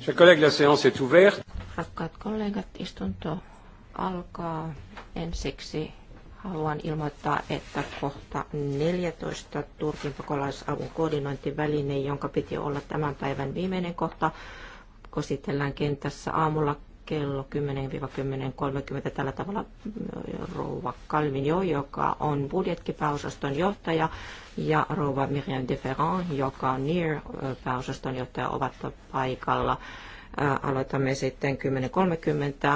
Chers collègues, la séance est ouverte. Rakkaat kollegat, istunto alkaa. Ensiksi haluan ilmoittaa, että kohta 14 Turkin pakolaisavun koordinointiväline, jonka piti olla tämän päivän viimeinen kohta, kositellään kentässä aamulla kello 10-10.30 tällä tavalla äh, rouva Calvinio, joka on budjettipääosaston johtaja, ja rouva Miriam Deferrand, joka on NIR-pääosaston johtaja, ovat paikalla. Aloitamme sitten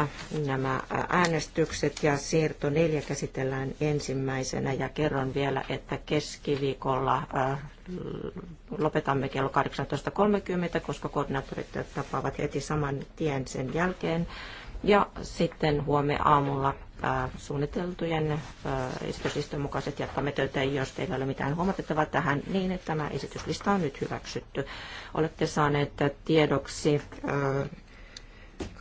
10.30 nämä äänestykset ja siirto neljä käsitellään ensimmäisenä ja kerron vielä, että keskiviikolla lopetamme kello 18.30, koska koordinaattorit tapaavat heti saman tien sen jälkeen. Ja sitten huomenna aamulla äh, suunniteltujen äh, esityslisten mukaiset jatkamme töitä, jos teillä ei ole mitään huomattavaa tähän, niin että tämä esityslista on nyt hyväksytty. Olette saaneet tiedoksi 21.22.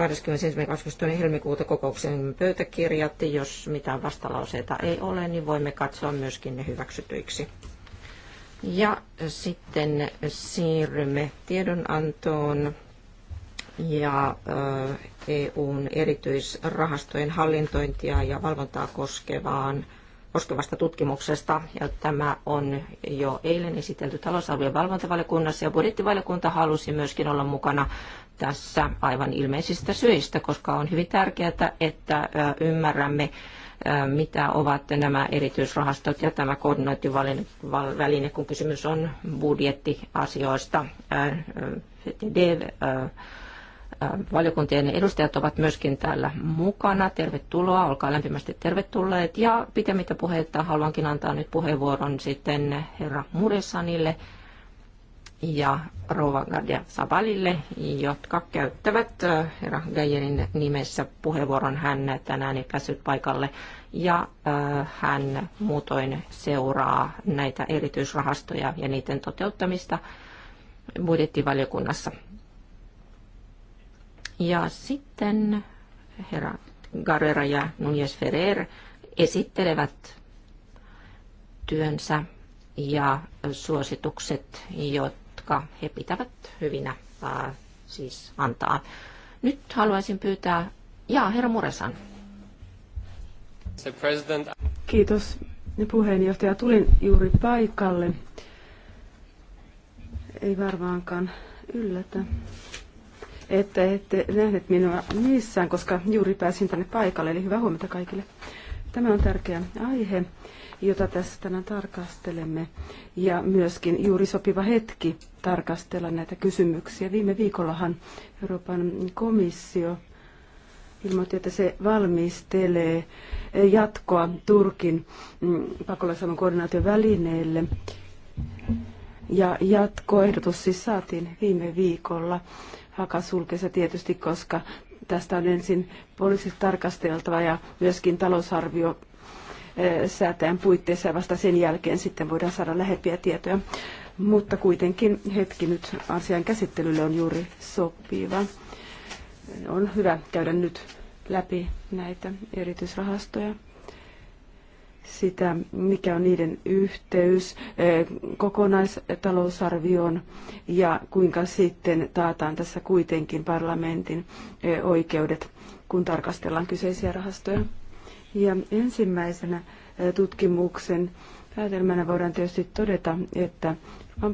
Äh, helmikuuta kokouksen pöytäkirjat. Jos mitään vastalauseita ei ole, niin voimme katsoa myöskin ne hyväksytyiksi. Ja sitten siirrymme tiedonantoon ja EUn erityisrahastojen hallintointia ja valvontaa koskevaan koskevasta tutkimuksesta. Ja tämä on jo eilen esitelty talousarvion valvontavaliokunnassa ja budjettivaliokunta halusi myöskin olla mukana tässä aivan ilmeisistä syistä, koska on hyvin tärkeää, että ymmärrämme, mitä ovat nämä erityisrahastot ja tämä koordinointiväline, kun kysymys on budjettiasioista. D valiokuntien edustajat ovat myöskin täällä mukana. Tervetuloa, olkaa lämpimästi tervetulleet. Ja pitemmittä puheita haluankin antaa nyt puheenvuoron sitten herra Muresanille ja Rova Gardia Sabalille, jotka käyttävät herra Geijerin nimessä puheenvuoron. Hän tänään ei päässyt paikalle ja hän muutoin seuraa näitä erityisrahastoja ja niiden toteuttamista budjettivaliokunnassa. Ja sitten herra Garrera ja Nunez Ferrer esittelevät työnsä ja suositukset, jotka he pitävät hyvinä ää, äh, siis antaa. Nyt haluaisin pyytää, ja herra Muresan. Kiitos puheenjohtaja. Tulin juuri paikalle. Ei varmaankaan yllätä, että ette nähneet minua missään, koska juuri pääsin tänne paikalle, eli hyvää huomenta kaikille. Tämä on tärkeä aihe, jota tässä tänään tarkastelemme, ja myöskin juuri sopiva hetki tarkastella näitä kysymyksiä. Viime viikollahan Euroopan komissio ilmoitti, että se valmistelee jatkoa Turkin mm, pakolaisalan koordinaation välineelle. Ja jatkoehdotus siis saatiin viime viikolla hakasulkeessa tietysti, koska tästä on ensin poliisit tarkasteltava ja myöskin talousarvio eh, säätäjän puitteissa ja vasta sen jälkeen sitten voidaan saada lähempiä tietoja. Mutta kuitenkin hetki nyt asian käsittelylle on juuri sopiva. On hyvä käydä nyt läpi näitä erityisrahastoja sitä, mikä on niiden yhteys eh, kokonaistalousarvioon ja kuinka sitten taataan tässä kuitenkin parlamentin eh, oikeudet, kun tarkastellaan kyseisiä rahastoja. Ja ensimmäisenä eh, tutkimuksen päätelmänä voidaan tietysti todeta, että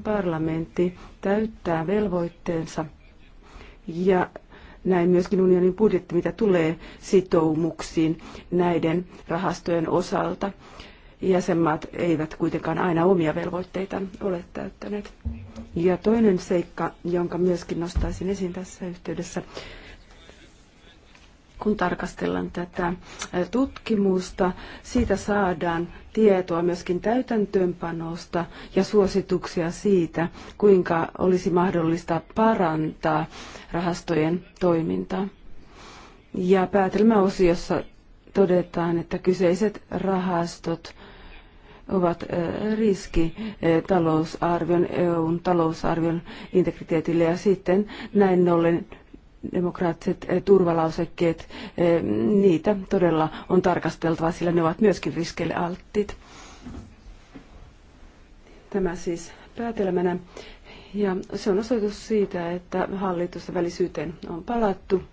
parlamentti täyttää velvoitteensa ja näin myöskin unionin budjetti, mitä tulee sitoumuksiin näiden rahastojen osalta. Jäsenmaat eivät kuitenkaan aina omia velvoitteita ole täyttäneet. Ja toinen seikka, jonka myöskin nostaisin esiin tässä yhteydessä, kun tarkastellaan tätä tutkimusta, siitä saadaan tietoa myöskin täytäntöönpanosta ja suosituksia siitä, kuinka olisi mahdollista parantaa rahastojen toimintaa. Ja päätelmäosiossa todetaan, että kyseiset rahastot ovat riski talousarvion, EUn talousarvion integriteetille ja sitten näin ollen demokraattiset eh, turvalausekkeet, eh, niitä todella on tarkasteltava, sillä ne ovat myöskin riskeille alttiit. Tämä siis päätelmänä. Ja se on osoitus siitä, että hallitusten välisyyteen on palattu.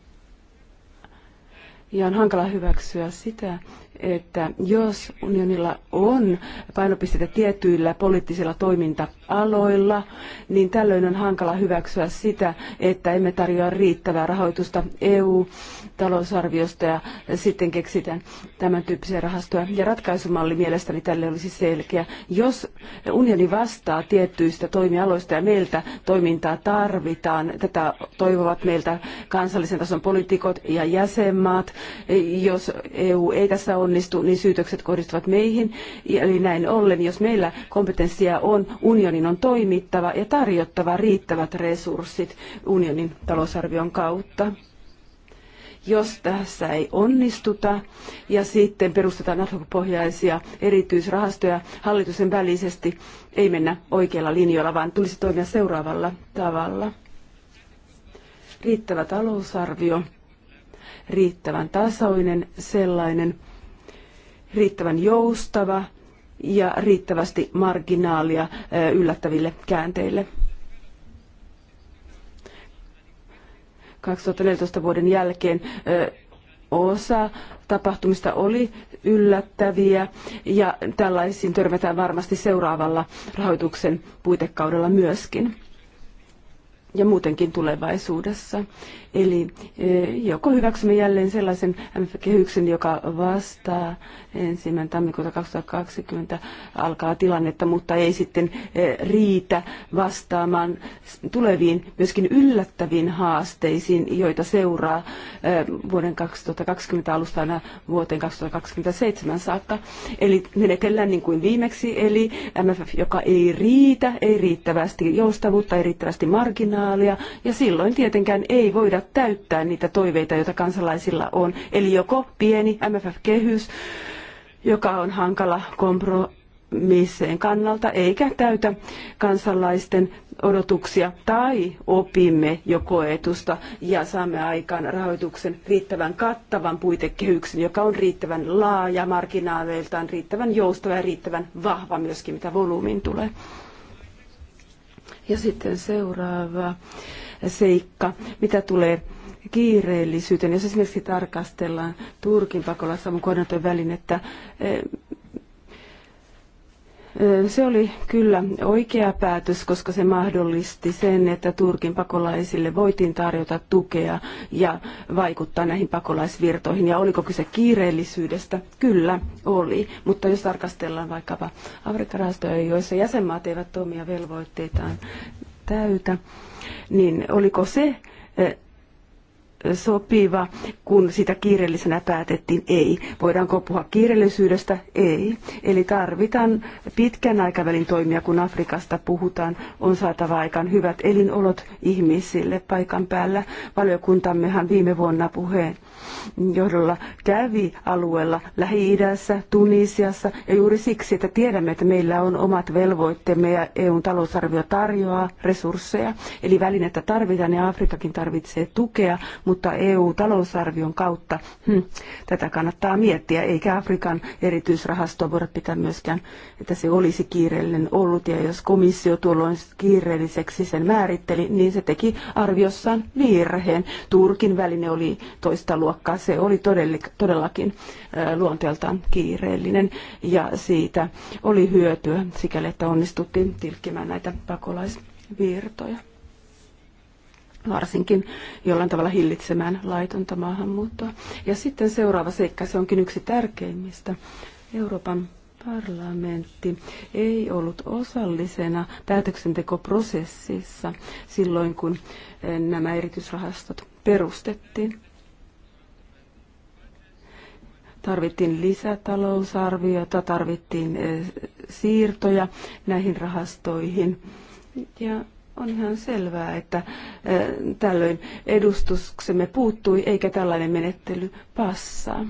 Ja on hankala hyväksyä sitä, että jos unionilla on painopistettä tietyillä poliittisilla toiminta-aloilla, niin tällöin on hankala hyväksyä sitä, että emme tarjoa riittävää rahoitusta EU-talousarviosta ja sitten keksitään tämän tyyppisiä rahastoja. Ja ratkaisumalli mielestäni tälle olisi selkeä. Jos unioni vastaa tiettyistä toimialoista ja meiltä toimintaa tarvitaan, tätä toivovat meiltä kansallisen tason poliitikot ja jäsenmaat, jos EU ei tässä epäonnistu, niin syytökset kohdistuvat meihin. Eli näin ollen, jos meillä kompetenssia on, unionin on toimittava ja tarjottava riittävät resurssit unionin talousarvion kautta jos tässä ei onnistuta ja sitten perustetaan NATO-pohjaisia erityisrahastoja hallitusten välisesti, ei mennä oikeilla linjoilla, vaan tulisi toimia seuraavalla tavalla. Riittävä talousarvio, riittävän tasoinen sellainen, riittävän joustava ja riittävästi marginaalia yllättäville käänteille. 2014 vuoden jälkeen osa tapahtumista oli yllättäviä ja tällaisiin törmätään varmasti seuraavalla rahoituksen puitekaudella myöskin ja muutenkin tulevaisuudessa. Eli e, joko hyväksymme jälleen sellaisen kehyksen, joka vastaa ensimmäinen tammikuuta 2020 alkaa tilannetta, mutta ei sitten e, riitä vastaamaan tuleviin myöskin yllättäviin haasteisiin, joita seuraa e, vuoden 2020 alusta aina vuoteen 2027 saakka. Eli menetellään niin kuin viimeksi, eli MFF, joka ei riitä, ei riittävästi joustavuutta, ei riittävästi markkinaa, signaalia, ja silloin tietenkään ei voida täyttää niitä toiveita, joita kansalaisilla on. Eli joko pieni MFF-kehys, joka on hankala kompromisseen kannalta, eikä täytä kansalaisten odotuksia, tai opimme jo koetusta ja saamme aikaan rahoituksen riittävän kattavan puitekehyksen, joka on riittävän laaja marginaaleiltaan, riittävän joustava ja riittävän vahva myöskin, mitä volyymiin tulee. Ja sitten seuraava seikka, mitä tulee kiireellisyyteen. Jos esimerkiksi tarkastellaan Turkin pakolaisavun koordinaation välinettä, eh, se oli kyllä oikea päätös, koska se mahdollisti sen, että Turkin pakolaisille voitiin tarjota tukea ja vaikuttaa näihin pakolaisvirtoihin. Ja oliko kyse kiireellisyydestä? Kyllä oli. Mutta jos tarkastellaan vaikkapa Afrikan rahastoja, joissa jäsenmaat eivät omia velvoitteitaan täytä, niin oliko se sopiva, kun sitä kiireellisenä päätettiin? Ei. Voidaanko puhua kiireellisyydestä? Ei. Eli tarvitaan pitkän aikavälin toimia, kun Afrikasta puhutaan. On saatava aikaan hyvät elinolot ihmisille paikan päällä. Valiokuntammehan viime vuonna puheen johdolla kävi alueella Lähi-idässä, Tunisiassa ja juuri siksi, että tiedämme, että meillä on omat velvoitteemme ja EUn talousarvio tarjoaa resursseja. Eli välinettä tarvitaan ja Afrikakin tarvitsee tukea, mutta mutta EU-talousarvion kautta hmm, tätä kannattaa miettiä, eikä Afrikan erityisrahastoa voida pitää myöskään, että se olisi kiireellinen ollut, ja jos komissio tuolloin kiireelliseksi sen määritteli, niin se teki arviossaan virheen. Turkin väline oli toista luokkaa, se oli todellakin luonteeltaan kiireellinen, ja siitä oli hyötyä sikäli, että onnistuttiin tilkkimään näitä pakolaisvirtoja varsinkin jollain tavalla hillitsemään laitonta maahanmuuttoa. Ja sitten seuraava seikka, se onkin yksi tärkeimmistä. Euroopan parlamentti ei ollut osallisena päätöksentekoprosessissa silloin, kun eh, nämä erityisrahastot perustettiin. Tarvittiin lisätalousarviota, tarvittiin eh, siirtoja näihin rahastoihin ja on ihan selvää, että tällöin edustuksemme puuttui eikä tällainen menettely passaa.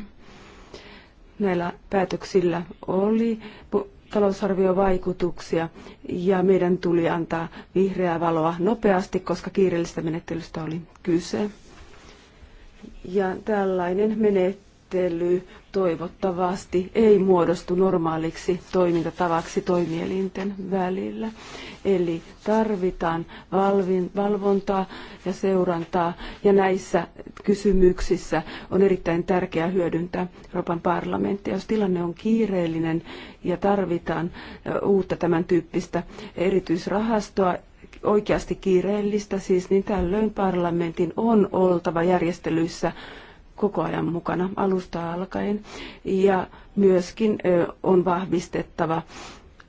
Näillä päätöksillä oli talousarviovaikutuksia ja meidän tuli antaa vihreää valoa nopeasti, koska kiireellistä menettelystä oli kyse. Ja tällainen menettely menettely toivottavasti ei muodostu normaaliksi toimintatavaksi toimielinten välillä. Eli tarvitaan valvin, valvontaa ja seurantaa, ja näissä kysymyksissä on erittäin tärkeää hyödyntää Euroopan parlamenttia. Jos tilanne on kiireellinen ja tarvitaan uutta tämän tyyppistä erityisrahastoa, oikeasti kiireellistä siis, niin tällöin parlamentin on oltava järjestelyissä koko ajan mukana alusta alkaen. Ja myöskin on vahvistettava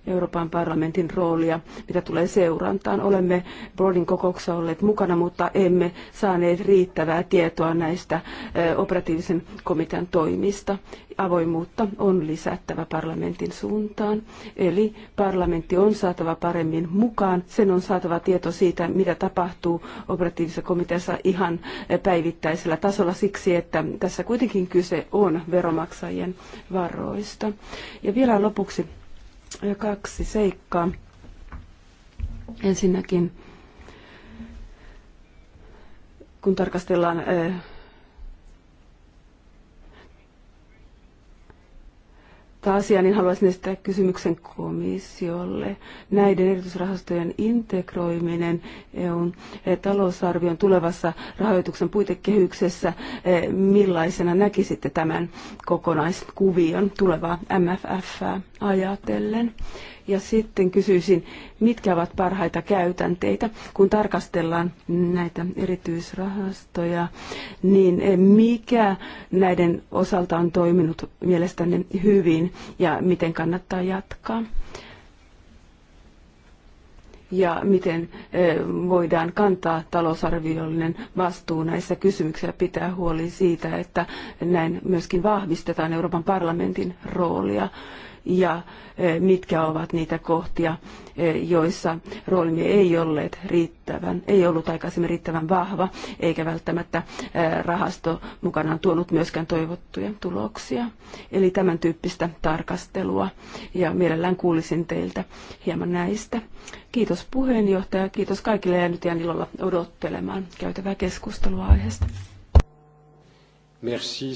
Euroopan parlamentin roolia, mitä tulee seurantaan. Olemme Broadin kokouksessa olleet mukana, mutta emme saaneet riittävää tietoa näistä eh, operatiivisen komitean toimista. Avoimuutta on lisättävä parlamentin suuntaan, eli parlamentti on saatava paremmin mukaan. Sen on saatava tieto siitä, mitä tapahtuu operatiivisessa komiteassa ihan eh, päivittäisellä tasolla siksi, että tässä kuitenkin kyse on veromaksajien varoista. Ja vielä lopuksi ja kaksi seikkaa. Ensinnäkin, kun tarkastellaan tätä asiaa, niin haluaisin esittää kysymyksen komissiolle. Näiden erityisrahastojen integroiminen EUn talousarvion tulevassa rahoituksen puitekehyksessä, millaisena näkisitte tämän kokonaiskuvion tulevaa MFFää? ajatellen. Ja sitten kysyisin, mitkä ovat parhaita käytänteitä, kun tarkastellaan näitä erityisrahastoja, niin mikä näiden osalta on toiminut mielestäni hyvin ja miten kannattaa jatkaa? ja miten eh, voidaan kantaa talousarviollinen vastuu näissä kysymyksissä pitää huoli siitä, että näin myöskin vahvistetaan Euroopan parlamentin roolia ja eh, mitkä ovat niitä kohtia, eh, joissa roolimme ei olleet riittävän, ei ollut aikaisemmin riittävän vahva, eikä välttämättä eh, rahasto mukanaan tuonut myöskään toivottuja tuloksia. Eli tämän tyyppistä tarkastelua, ja mielellään kuulisin teiltä hieman näistä. Kiitos puheenjohtaja, kiitos kaikille, ja nyt jään ilolla odottelemaan käytävää keskustelua aiheesta. Merci.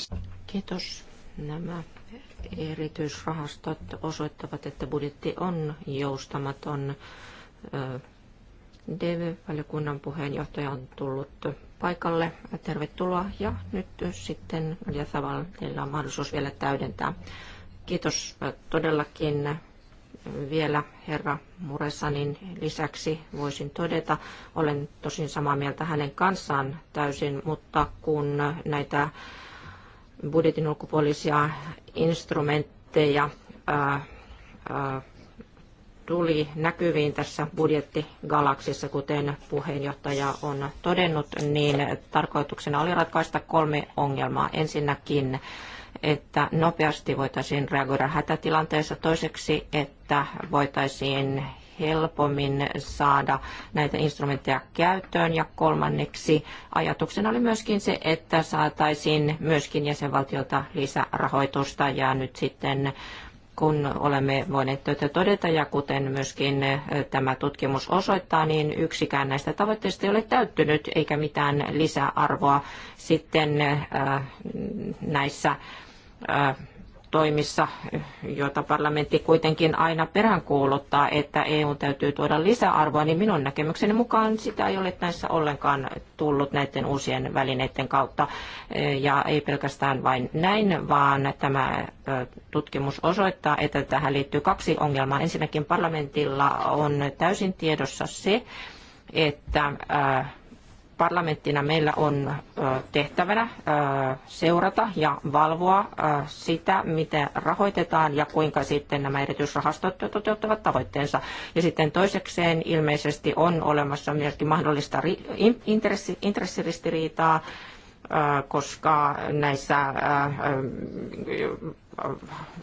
Kiitos. Nämä erityisrahastot osoittavat, että budjetti on joustamaton. DV-valiokunnan puheenjohtaja on tullut paikalle. Tervetuloa ja nyt sitten Maria Saval, teillä on mahdollisuus vielä täydentää. Kiitos todellakin vielä herra Muresanin lisäksi voisin todeta. Olen tosin samaa mieltä hänen kanssaan täysin, mutta kun näitä budjetin ulkopuolisia instrumentteja tuli näkyviin tässä budjettigalaksissa, kuten puheenjohtaja on todennut, niin tarkoituksena oli ratkaista kolme ongelmaa. Ensinnäkin, että nopeasti voitaisiin reagoida hätätilanteessa. Toiseksi, että voitaisiin helpommin saada näitä instrumentteja käyttöön. Ja kolmanneksi ajatuksena oli myöskin se, että saataisiin myöskin jäsenvaltiota lisärahoitusta ja nyt sitten kun olemme voineet todeta ja kuten myöskin eh, tämä tutkimus osoittaa, niin yksikään näistä tavoitteista ei ole täyttynyt eikä mitään lisäarvoa sitten eh, näissä eh, toimissa, joita parlamentti kuitenkin aina peräänkuuluttaa, että EU täytyy tuoda lisäarvoa, niin minun näkemykseni mukaan sitä ei ole näissä ollenkaan tullut näiden uusien välineiden kautta. Ja ei pelkästään vain näin, vaan tämä tutkimus osoittaa, että tähän liittyy kaksi ongelmaa. Ensinnäkin parlamentilla on täysin tiedossa se, että parlamenttina meillä on tehtävänä seurata ja valvoa sitä, mitä rahoitetaan ja kuinka sitten nämä erityisrahastot toteuttavat tavoitteensa. Ja sitten toisekseen ilmeisesti on olemassa myöskin mahdollista intressiristiriitaa, koska näissä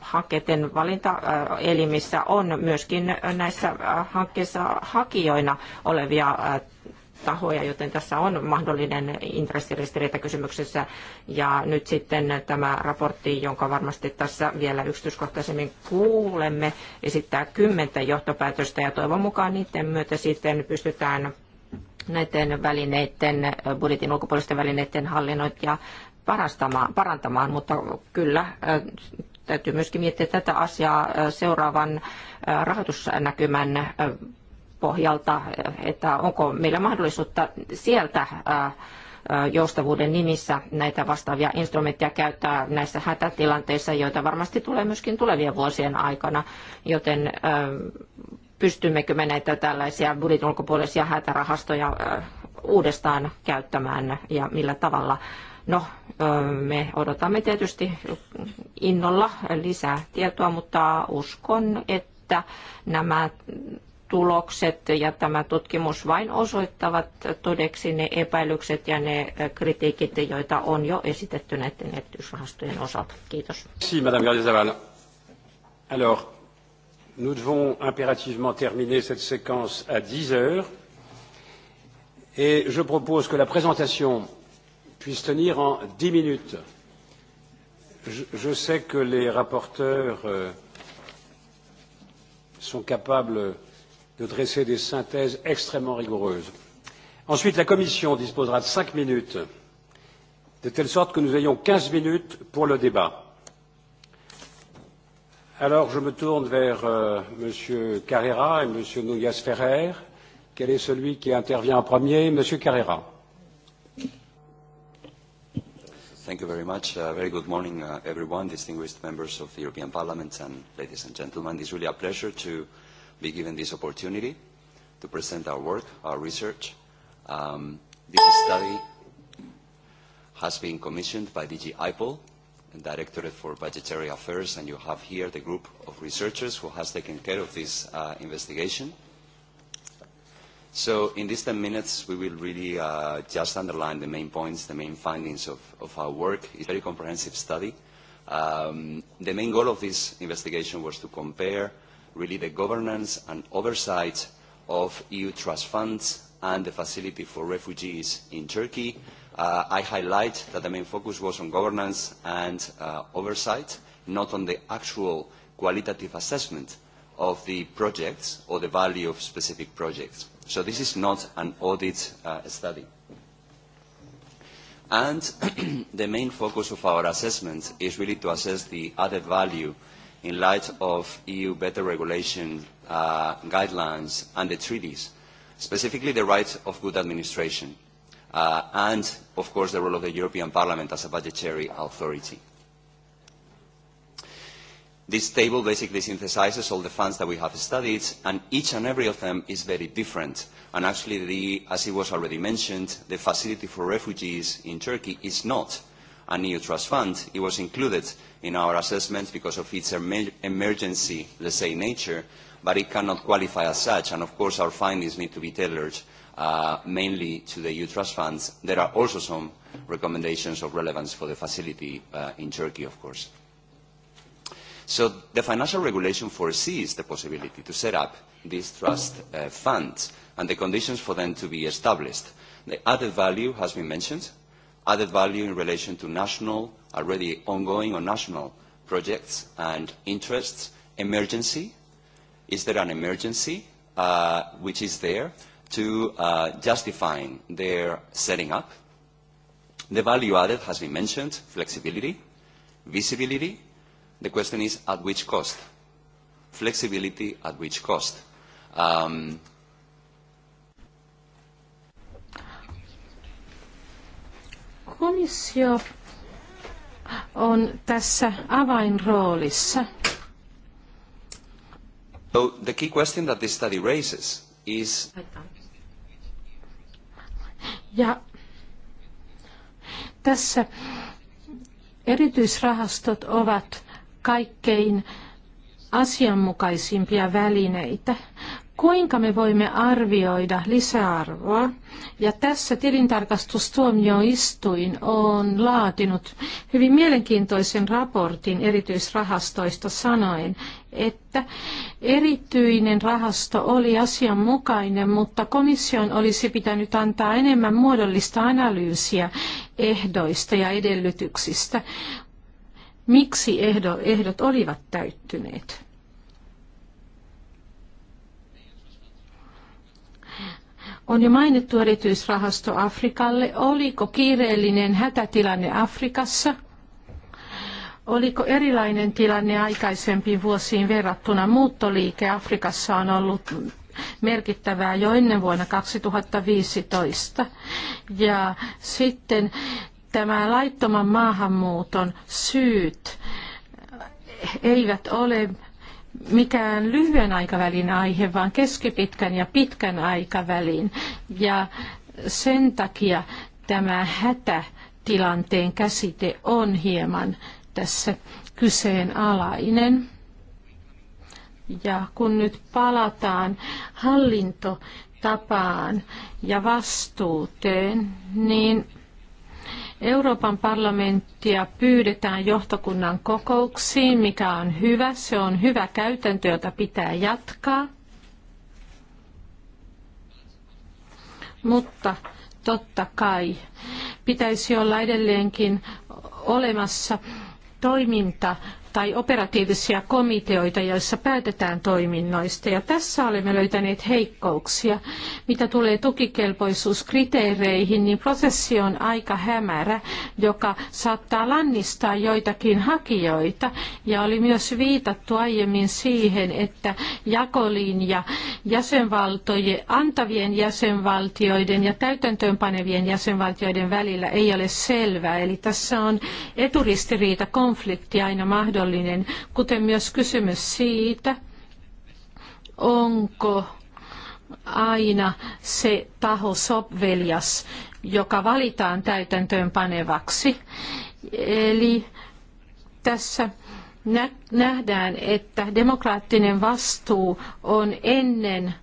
hankkeiden valintaelimissä on myöskin näissä hankkeissa hakijoina olevia tahoja, joten tässä on mahdollinen intressiristiriita kysymyksessä. Ja nyt sitten tämä raportti, jonka varmasti tässä vielä yksityiskohtaisemmin kuulemme, esittää kymmentä johtopäätöstä ja toivon mukaan niiden myötä sitten pystytään näiden välineiden, budjetin ulkopuolisten välineiden hallinnointia parantamaan, mutta kyllä täytyy myöskin miettiä tätä asiaa seuraavan rahoitusnäkymän pohjalta, että onko meillä mahdollisuutta sieltä joustavuuden nimissä näitä vastaavia instrumentteja käyttää näissä hätätilanteissa, joita varmasti tulee myöskin tulevien vuosien aikana, joten pystymmekö me näitä tällaisia budjetin ulkopuolisia hätärahastoja uudestaan käyttämään ja millä tavalla. No, me odotamme tietysti innolla lisää tietoa, mutta uskon, että nämä tulokset ja tämä tutkimus vain osoittavat todeksi ne epäilykset ja ne äh, kritiikit, joita on jo esitetty näiden erityisrahastojen osalta. Kiitos. Si, Madame Gardizaval. Alors, nous devons impérativement terminer cette séquence à 10 heures et je propose que la présentation puisse tenir en 10 minutes. Je, je sais que les rapporteurs euh, sont capables de dresser des synthèses extrêmement rigoureuses. Ensuite, la Commission disposera de cinq minutes, de telle sorte que nous ayons quinze minutes pour le débat. Alors, je me tourne vers euh, M. Carrera et M. Nougas Ferrer. Quel est celui qui intervient en premier M. Carrera. Thank you very much. Uh, very good morning, uh, everyone, distinguished members of the European Parliament, and ladies and gentlemen. It's really a pleasure to be given this opportunity to present our work, our research. Um, this study has been commissioned by DG IPOL, Directorate for Budgetary Affairs, and you have here the group of researchers who has taken care of this uh, investigation. So in these 10 minutes, we will really uh, just underline the main points, the main findings of, of our work. It's a very comprehensive study. Um, the main goal of this investigation was to compare really the governance and oversight of EU trust funds and the facility for refugees in Turkey. Uh, I highlight that the main focus was on governance and uh, oversight, not on the actual qualitative assessment of the projects or the value of specific projects. So this is not an audit uh, study. And the main focus of our assessment is really to assess the added value in light of EU better regulation uh, guidelines and the treaties, specifically the rights of good administration, uh, and, of course, the role of the European Parliament as a budgetary authority. This table basically synthesizes all the funds that we have studied, and each and every of them is very different. And actually, the, as it was already mentioned, the facility for refugees in Turkey is not a new trust fund. It was included in our assessment because of its emer emergency, let's say, nature, but it cannot qualify as such. And of course, our findings need to be tailored uh, mainly to the EU trust funds. There are also some recommendations of relevance for the facility uh, in Turkey, of course. So the financial regulation foresees the possibility to set up these trust uh, funds and the conditions for them to be established. The added value has been mentioned added value in relation to national, already ongoing or national projects and interests. Emergency, is there an emergency uh, which is there to uh, justifying their setting up? The value added has been mentioned, flexibility, visibility. The question is at which cost? Flexibility at which cost? Um, Komissio on tässä avainroolissa. So the key question that this study raises is... Ja tässä erityisrahastot ovat kaikkein asianmukaisimpia välineitä kuinka me voimme arvioida lisäarvoa. Ja tässä tilintarkastustuomioistuin on laatinut hyvin mielenkiintoisen raportin erityisrahastoista sanoen, että erityinen rahasto oli asianmukainen, mutta komission olisi pitänyt antaa enemmän muodollista analyysiä ehdoista ja edellytyksistä. Miksi ehdot olivat täyttyneet? On jo mainittu erityisrahasto Afrikalle. Oliko kiireellinen hätätilanne Afrikassa? Oliko erilainen tilanne aikaisempiin vuosiin verrattuna? Muuttoliike Afrikassa on ollut merkittävää jo ennen vuonna 2015. Ja sitten tämä laittoman maahanmuuton syyt eivät ole mikään lyhyen aikavälin aihe, vaan keskipitkän ja pitkän aikavälin. Ja sen takia tämä hätätilanteen käsite on hieman tässä kyseenalainen. Ja kun nyt palataan hallintotapaan ja vastuuteen, niin Euroopan parlamenttia pyydetään johtokunnan kokouksiin, mikä on hyvä. Se on hyvä käytäntö, jota pitää jatkaa. Mutta totta kai pitäisi olla edelleenkin olemassa toiminta, tai operatiivisia komiteoita, joissa päätetään toiminnoista. Ja tässä olemme löytäneet heikkouksia. Mitä tulee tukikelpoisuuskriteereihin, niin prosessi on aika hämärä, joka saattaa lannistaa joitakin hakijoita. Ja oli myös viitattu aiemmin siihen, että jakolinja jäsenvaltojen, antavien jäsenvaltioiden ja täytäntöönpanevien jäsenvaltioiden välillä ei ole selvä. Eli tässä on eturistiriita, konflikti aina mahdollinen mahdollinen, kuten myös kysymys siitä, onko aina se taho sopvelias, joka valitaan täytäntöönpanevaksi. Eli tässä nähdään, että demokraattinen vastuu on ennen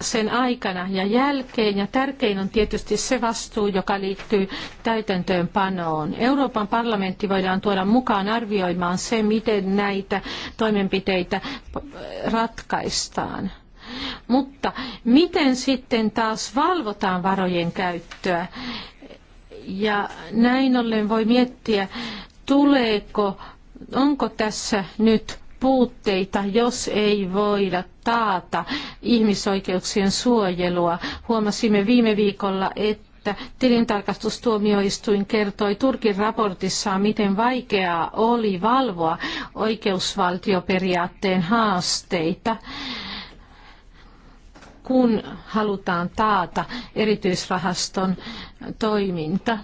sen aikana ja jälkeen. Ja tärkein on tietysti se vastuu, joka liittyy täytäntöönpanoon. Euroopan parlamentti voidaan tuoda mukaan arvioimaan se, miten näitä toimenpiteitä ratkaistaan. Mutta miten sitten taas valvotaan varojen käyttöä? Ja näin ollen voi miettiä, tuleeko, onko tässä nyt puutteita, jos ei voida taata ihmisoikeuksien suojelua. Huomasimme viime viikolla, että tilintarkastustuomioistuin kertoi Turkin raportissaan, miten vaikeaa oli valvoa oikeusvaltioperiaatteen haasteita kun halutaan taata erityisrahaston toiminta.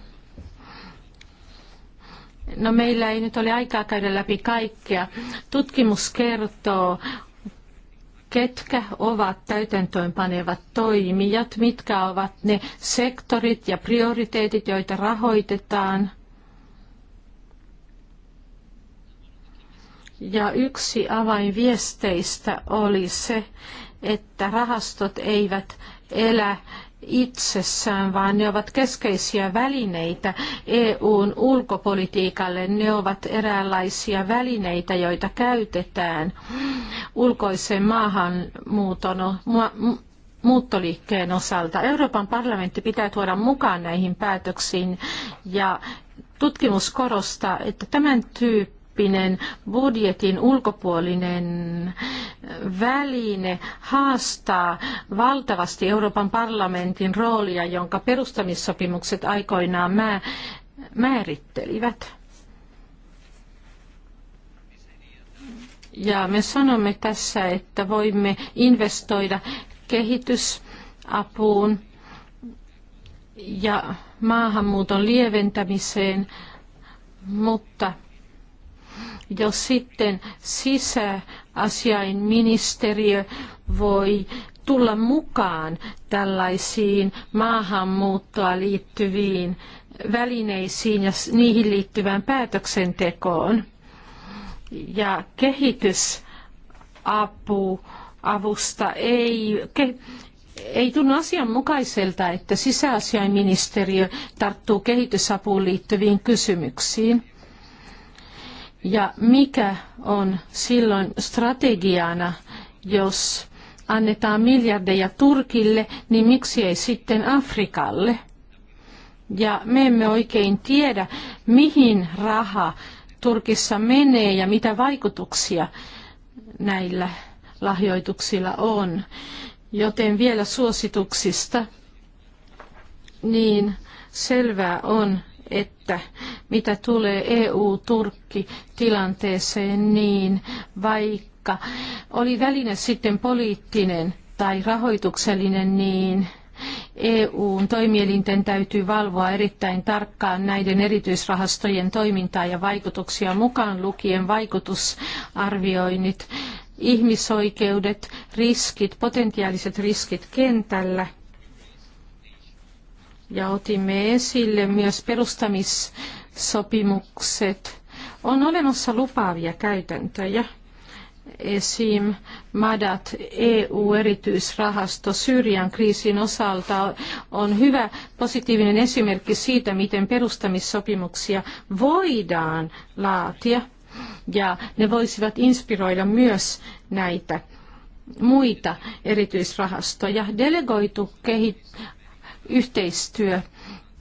No meillä ei nyt ole aikaa käydä läpi kaikkea. Tutkimus kertoo, ketkä ovat täytäntöönpanevat toimijat, mitkä ovat ne sektorit ja prioriteetit, joita rahoitetaan. Ja yksi avainviesteistä oli se, että rahastot eivät elä itsessään, vaan ne ovat keskeisiä välineitä EUn ulkopolitiikalle. Ne ovat eräänlaisia välineitä, joita käytetään ulkoisen maahanmuuton ma- muuttoliikkeen osalta. Euroopan parlamentti pitää tuoda mukaan näihin päätöksiin ja tutkimus korostaa, että tämän tyyppi tyyppinen budjetin ulkopuolinen väline haastaa valtavasti Euroopan parlamentin roolia, jonka perustamissopimukset aikoinaan määrittelivät. Ja me sanomme tässä, että voimme investoida kehitysapuun ja maahanmuuton lieventämiseen, mutta ja sitten sisäasiainministeriö voi tulla mukaan tällaisiin maahanmuuttoa liittyviin välineisiin ja niihin liittyvään päätöksentekoon. Ja kehitysapu avusta ei, ke, ei tunnu asianmukaiselta, että sisäasiainministeriö tarttuu kehitysapuun liittyviin kysymyksiin. Ja mikä on silloin strategiana, jos annetaan miljardeja Turkille, niin miksi ei sitten Afrikalle? Ja me emme oikein tiedä, mihin raha Turkissa menee ja mitä vaikutuksia näillä lahjoituksilla on. Joten vielä suosituksista, niin selvää on, että mitä tulee EU-Turkki-tilanteeseen, niin vaikka oli väline sitten poliittinen tai rahoituksellinen, niin EUn toimielinten täytyy valvoa erittäin tarkkaan näiden erityisrahastojen toimintaa ja vaikutuksia mukaan lukien vaikutusarvioinnit, ihmisoikeudet, riskit, potentiaaliset riskit kentällä. Ja otimme esille myös perustamis- sopimukset. On olemassa lupaavia käytäntöjä. Esim. Madat EU-erityisrahasto Syyrian kriisin osalta on hyvä positiivinen esimerkki siitä, miten perustamissopimuksia voidaan laatia. Ja ne voisivat inspiroida myös näitä muita erityisrahastoja. Delegoitu kehi- yhteistyö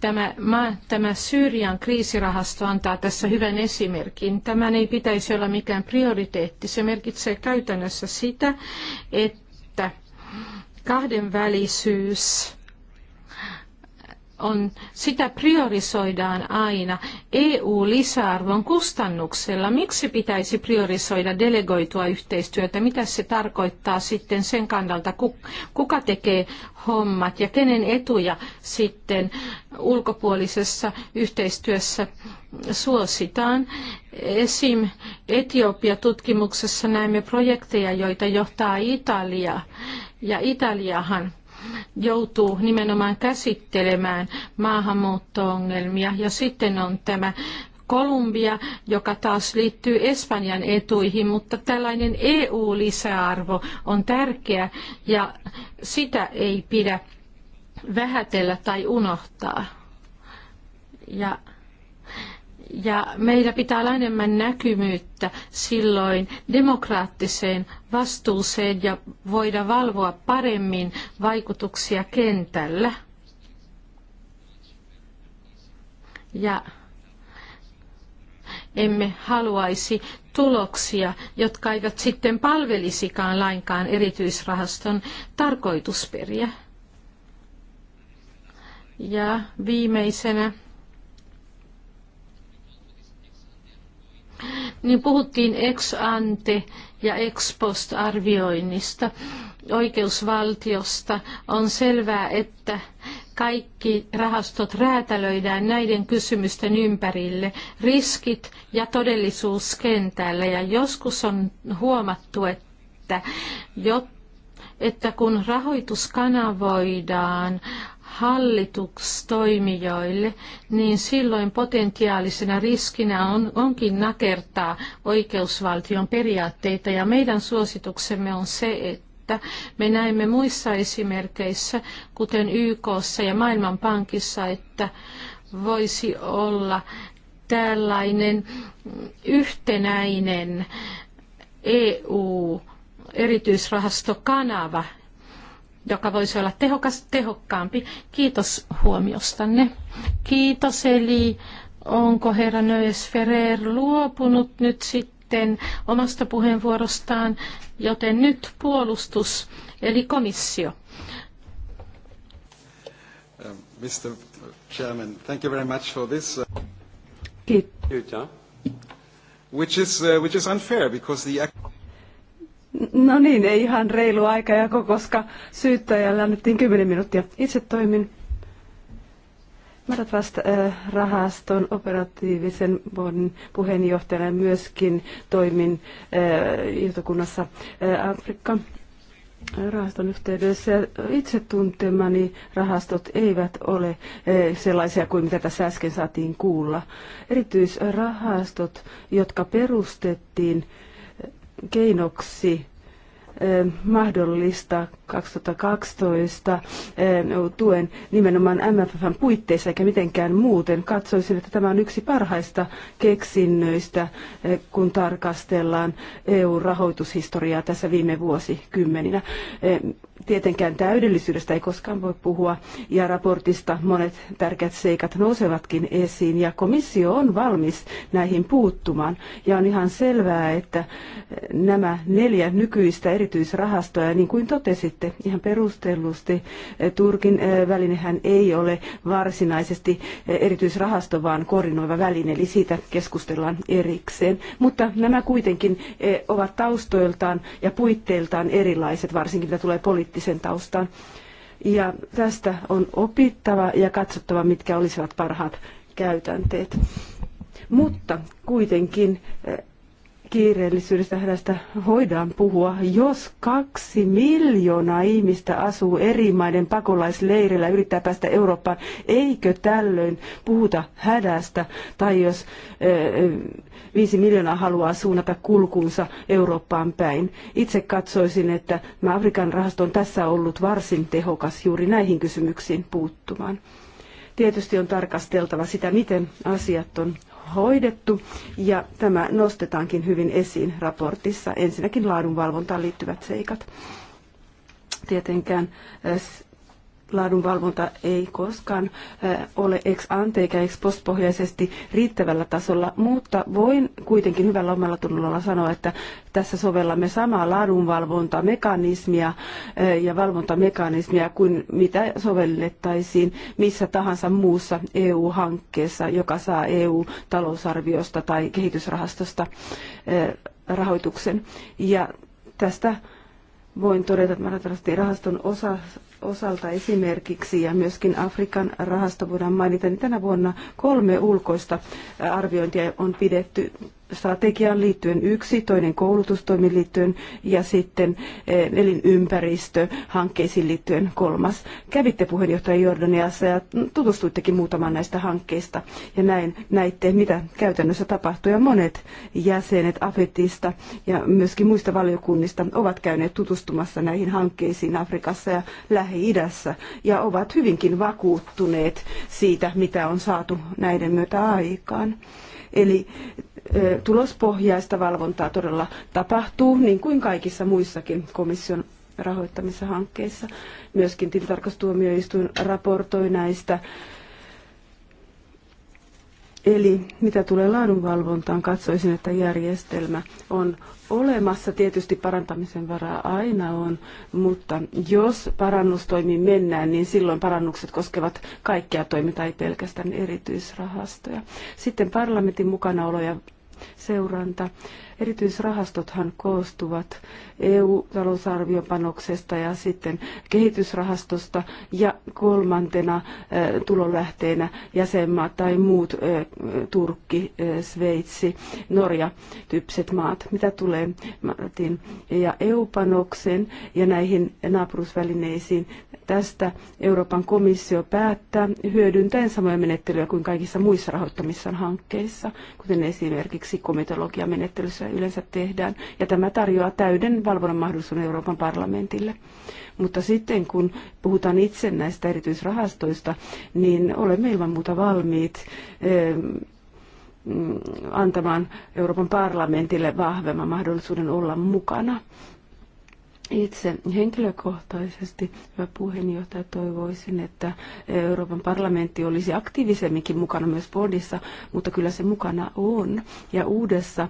Tämä, tämä Syyrian kriisirahasto antaa tässä hyvän esimerkin. Tämän ei pitäisi olla mikään prioriteetti. Se merkitsee käytännössä sitä, että kahdenvälisyys on, sitä priorisoidaan aina EU-lisäarvon kustannuksella. Miksi pitäisi priorisoida delegoitua yhteistyötä? Mitä se tarkoittaa sitten sen kannalta, kuka tekee hommat ja kenen etuja sitten ulkopuolisessa yhteistyössä suositaan. Esim. Etiopia-tutkimuksessa näemme projekteja, joita johtaa Italia. Ja Italiahan joutuu nimenomaan käsittelemään maahanmuutto-ongelmia. Ja sitten on tämä Kolumbia, joka taas liittyy Espanjan etuihin, mutta tällainen EU-lisäarvo on tärkeä ja sitä ei pidä vähätellä tai unohtaa. Ja ja meillä pitää olla enemmän näkymyyttä silloin demokraattiseen vastuuseen ja voida valvoa paremmin vaikutuksia kentällä. Ja emme haluaisi tuloksia, jotka eivät sitten palvelisikaan lainkaan erityisrahaston tarkoitusperiä. Ja viimeisenä niin puhuttiin ex ante ja ex post arvioinnista, oikeusvaltiosta. On selvää, että kaikki rahastot räätälöidään näiden kysymysten ympärille, riskit ja todellisuus kentällä. Ja joskus on huomattu, että, jo, että kun rahoitus kanavoidaan hallitustoimijoille, niin silloin potentiaalisena riskinä on, onkin nakertaa oikeusvaltion periaatteita. Ja meidän suosituksemme on se, että että me näemme muissa esimerkeissä, kuten YKssa ja Maailmanpankissa, että voisi olla tällainen yhtenäinen EU erityisrahastokanava, joka voisi olla tehokas, tehokkaampi. Kiitos huomiostanne. Kiitos, eli onko herra Nöes Ferrer luopunut nyt sitten omasta puheenvuorostaan, joten nyt puolustus, eli komissio. Mr. Um, Chairman, thank you very much for this. Uh, Kiitos. Which is, uh, which is unfair because the No niin, ei ihan reilu aikajako, koska syyttäjällä annettiin 10 minuuttia. Itse toimin vasta äh, rahaston operatiivisen vuoden puheenjohtajana myöskin toimin johtokunnassa äh, äh, Afrikka rahaston yhteydessä. Itse tuntemani rahastot eivät ole sellaisia kuin mitä tässä äsken saatiin kuulla. Erityisrahastot, jotka perustettiin keinoksi eh, mahdollista 2012 eh, tuen nimenomaan MFFn puitteissa eikä mitenkään muuten. Katsoisin, että tämä on yksi parhaista keksinnöistä, eh, kun tarkastellaan EU-rahoitushistoriaa tässä viime vuosikymmeninä. Tietenkään täydellisyydestä ei koskaan voi puhua ja raportista monet tärkeät seikat nousevatkin esiin ja komissio on valmis näihin puuttumaan. Ja on ihan selvää, että nämä neljä nykyistä erityisrahastoa, ja niin kuin totesitte ihan perustellusti, Turkin eh, välinehän ei ole varsinaisesti eh, erityisrahasto, vaan koordinoiva väline, eli siitä keskustellaan erikseen. Mutta nämä kuitenkin eh, ovat taustoiltaan ja puitteiltaan erilaiset, varsinkin mitä tulee poliittiseen poliittisen taustan. Ja tästä on opittava ja katsottava, mitkä olisivat parhaat käytänteet. Mutta kuitenkin eh, kiireellisyydestä hädästä voidaan puhua, jos kaksi miljoonaa ihmistä asuu eri maiden pakolaisleirillä ja yrittää päästä Eurooppaan, eikö tällöin puhuta hädästä? Tai jos eh, viisi miljoonaa haluaa suunnata kulkunsa Eurooppaan päin. Itse katsoisin, että Afrikan rahasto on tässä ollut varsin tehokas juuri näihin kysymyksiin puuttumaan. Tietysti on tarkasteltava sitä, miten asiat on hoidettu ja tämä nostetaankin hyvin esiin raportissa. Ensinnäkin laadunvalvontaan liittyvät seikat. Tietenkään laadunvalvonta ei koskaan äh, ole ex ante eikä ex post pohjaisesti riittävällä tasolla, mutta voin kuitenkin hyvällä omalla tunnolla sanoa, että tässä sovellamme samaa laadunvalvontamekanismia äh, ja valvontamekanismia kuin mitä sovellettaisiin missä tahansa muussa EU-hankkeessa, joka saa EU-talousarviosta tai kehitysrahastosta äh, rahoituksen. Ja tästä voin todeta, että rahaston osa osalta esimerkiksi ja myöskin Afrikan rahasto voidaan mainita, niin tänä vuonna kolme ulkoista arviointia on pidetty strategiaan liittyen yksi, toinen koulutustoimiin liittyen ja sitten eh, elinympäristöhankkeisiin liittyen kolmas. Kävitte puheenjohtaja Jordaniassa ja tutustuittekin muutamaan näistä hankkeista ja näin näitte, mitä käytännössä tapahtui Ja monet jäsenet AFETista ja myöskin muista valiokunnista ovat käyneet tutustumassa näihin hankkeisiin Afrikassa ja Lähi-idässä ja ovat hyvinkin vakuuttuneet siitä, mitä on saatu näiden myötä aikaan. Eli tulospohjaista valvontaa todella tapahtuu, niin kuin kaikissa muissakin komission rahoittamissa hankkeissa. Myöskin tilintarkastustuomioistuin raportoi näistä. Eli mitä tulee laadunvalvontaan, katsoisin, että järjestelmä on olemassa. Tietysti parantamisen varaa aina on, mutta jos parannustoimiin mennään, niin silloin parannukset koskevat kaikkia toimintaa, ei pelkästään erityisrahastoja. Sitten parlamentin mukanaolo ja seuranta Erityisrahastothan koostuvat EU-talousarviopanoksesta ja sitten kehitysrahastosta ja kolmantena tulolähteenä jäsenmaat tai muut Turkki, Sveitsi, Norja tyyppiset maat, mitä tulee Martin ja eu panoksen ja näihin naapurusvälineisiin. Tästä Euroopan komissio päättää hyödyntäen samoja menettelyjä kuin kaikissa muissa rahoittamissa hankkeissa, kuten esimerkiksi komitologiamenettelyssä yleensä tehdään, ja tämä tarjoaa täyden valvonnan mahdollisuuden Euroopan parlamentille. Mutta sitten kun puhutaan itse näistä erityisrahastoista, niin olemme ilman muuta valmiit mm, antamaan Euroopan parlamentille vahvemman mahdollisuuden olla mukana. Itse henkilökohtaisesti, hyvä puheenjohtaja, toivoisin, että Euroopan parlamentti olisi aktiivisemminkin mukana myös Bodissa, mutta kyllä se mukana on. Ja uudessa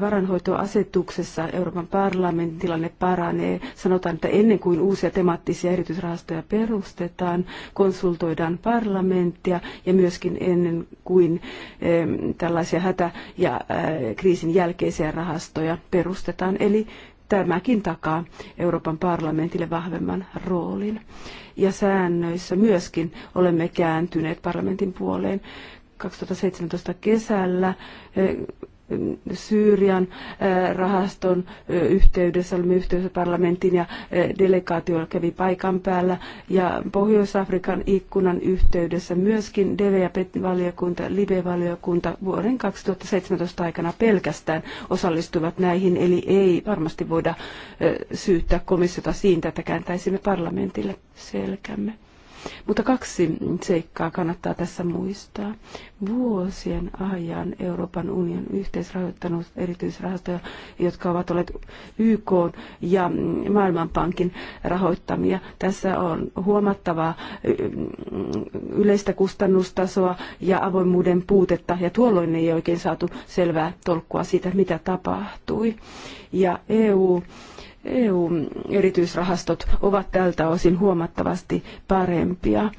varainhoitoasetuksessa Euroopan parlamentin tilanne paranee. Sanotaan, että ennen kuin uusia temaattisia erityisrahastoja perustetaan, konsultoidaan parlamenttia ja myöskin ennen kuin tällaisia hätä- ja kriisin jälkeisiä rahastoja perustetaan. Eli tämäkin takaa Euroopan parlamentille vahvemman roolin. Ja säännöissä myöskin olemme kääntyneet parlamentin puoleen. 2017 kesällä Syyrian eh, rahaston eh, yhteydessä, olimme yhteydessä parlamentin ja eh, delegaatio kävi paikan päällä. Ja Pohjois-Afrikan ikkunan yhteydessä myöskin DEVE- ja PET-valiokunta, LIBE-valiokunta vuoden 2017 aikana pelkästään osallistuivat näihin, eli ei varmasti voida syyttää komissiota siitä, että kääntäisimme parlamentille selkämme. Mutta kaksi seikkaa kannattaa tässä muistaa. Vuosien ajan Euroopan union yhteisrahoittanut erityisrahastoja, jotka ovat olleet YK ja Maailmanpankin rahoittamia. Tässä on huomattavaa mm, yleistä kustannustasoa ja avoimuuden puutetta, ja tuolloin ei oikein saatu selvää tolkkua siitä, mitä tapahtui. Ja EU EU-erityisrahastot ovat tältä osin huomattavasti parempia.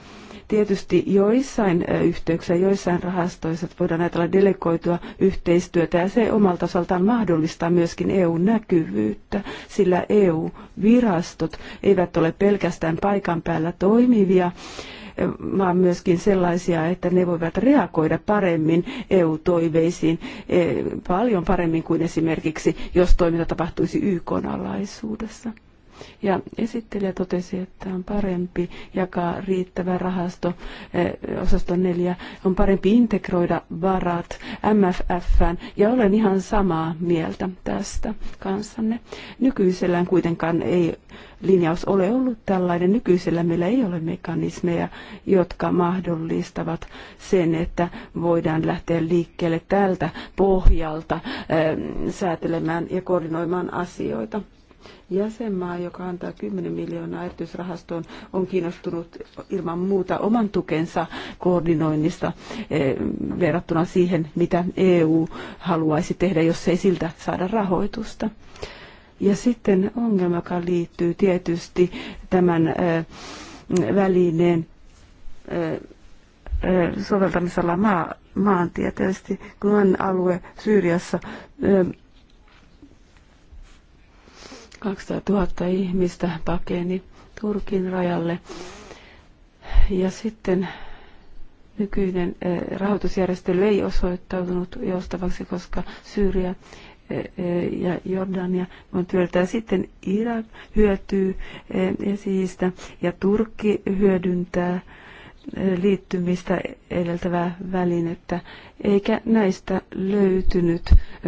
Tietysti joissain yhteyksissä, joissain rahastoissa voidaan ajatella delegoitua yhteistyötä ja se omalta osaltaan mahdollistaa myöskin EU-näkyvyyttä, sillä EU-virastot eivät ole pelkästään paikan päällä toimivia vaan myöskin sellaisia, että ne voivat reagoida paremmin EU-toiveisiin, e, paljon paremmin kuin esimerkiksi, jos toiminta tapahtuisi YK-alaisuudessa. Ja esittelijä totesi, että on parempi jakaa riittävä rahasto, eh, osasto 4, on parempi integroida varat MFFään, ja olen ihan samaa mieltä tästä kanssanne. Nykyisellään kuitenkaan ei linjaus ole ollut tällainen. Nykyisellä meillä ei ole mekanismeja, jotka mahdollistavat sen, että voidaan lähteä liikkeelle tältä pohjalta eh, säätelemään ja koordinoimaan asioita. Jäsenmaa, joka antaa 10 miljoonaa erityisrahastoon, on kiinnostunut ilman muuta oman tukensa koordinoinnista eh, verrattuna siihen, mitä EU haluaisi tehdä, jos ei siltä saada rahoitusta. Ja sitten ongelma, joka liittyy tietysti tämän eh, välineen eh, soveltamisella maa, maantieteellisesti, kun alue Syyriassa 200 000 ihmistä pakeni Turkin rajalle. Ja sitten nykyinen eh, rahoitusjärjestely ei osoittautunut joustavaksi, koska Syyria eh, eh, ja Jordania on työtä. Sitten Irak hyötyy esiistä ja Turkki hyödyntää liittymistä edeltävää välinettä, eikä näistä löytynyt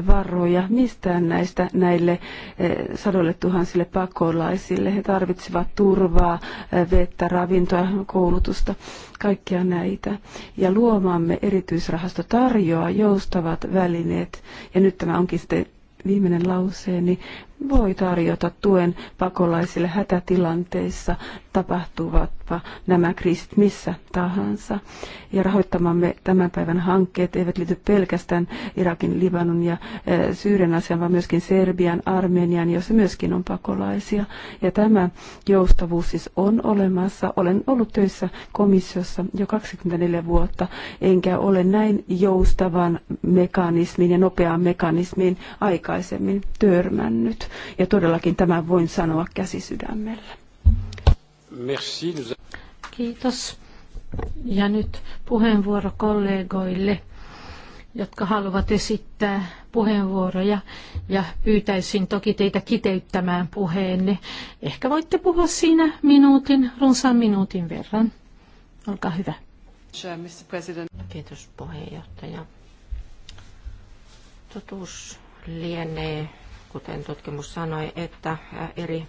varoja mistään näistä näille eh, sadolle tuhansille pakolaisille. He tarvitsevat turvaa, eh, vettä, ravintoa, koulutusta, kaikkia näitä. Ja luomamme erityisrahasto tarjoaa joustavat välineet, ja nyt tämä onkin sitten viimeinen lauseeni, voi tarjota tuen pakolaisille hätätilanteissa tapahtuvatpa nämä kriisit missä tahansa. Ja rahoittamamme tämän päivän hankkeet eivät liity pelkästään Irakin, Libanon ja eh, Syyrian asiaan, vaan myöskin Serbian, Armenian, jossa myöskin on pakolaisia. Ja tämä joustavuus siis on olemassa. Olen ollut töissä komissiossa jo 24 vuotta, enkä ole näin joustavan mekanismin ja nopean mekanismin aikaisemmin törmännyt. Ja todellakin tämän voin sanoa käsi Merci. Kiitos. Ja nyt puheenvuoro kollegoille, jotka haluavat esittää puheenvuoroja. Ja pyytäisin toki teitä kiteyttämään puheenne. Ehkä voitte puhua siinä minuutin, runsaan minuutin verran. Olkaa hyvä. Kiitos puheenjohtaja. Totuus lienee, kuten tutkimus sanoi, että eri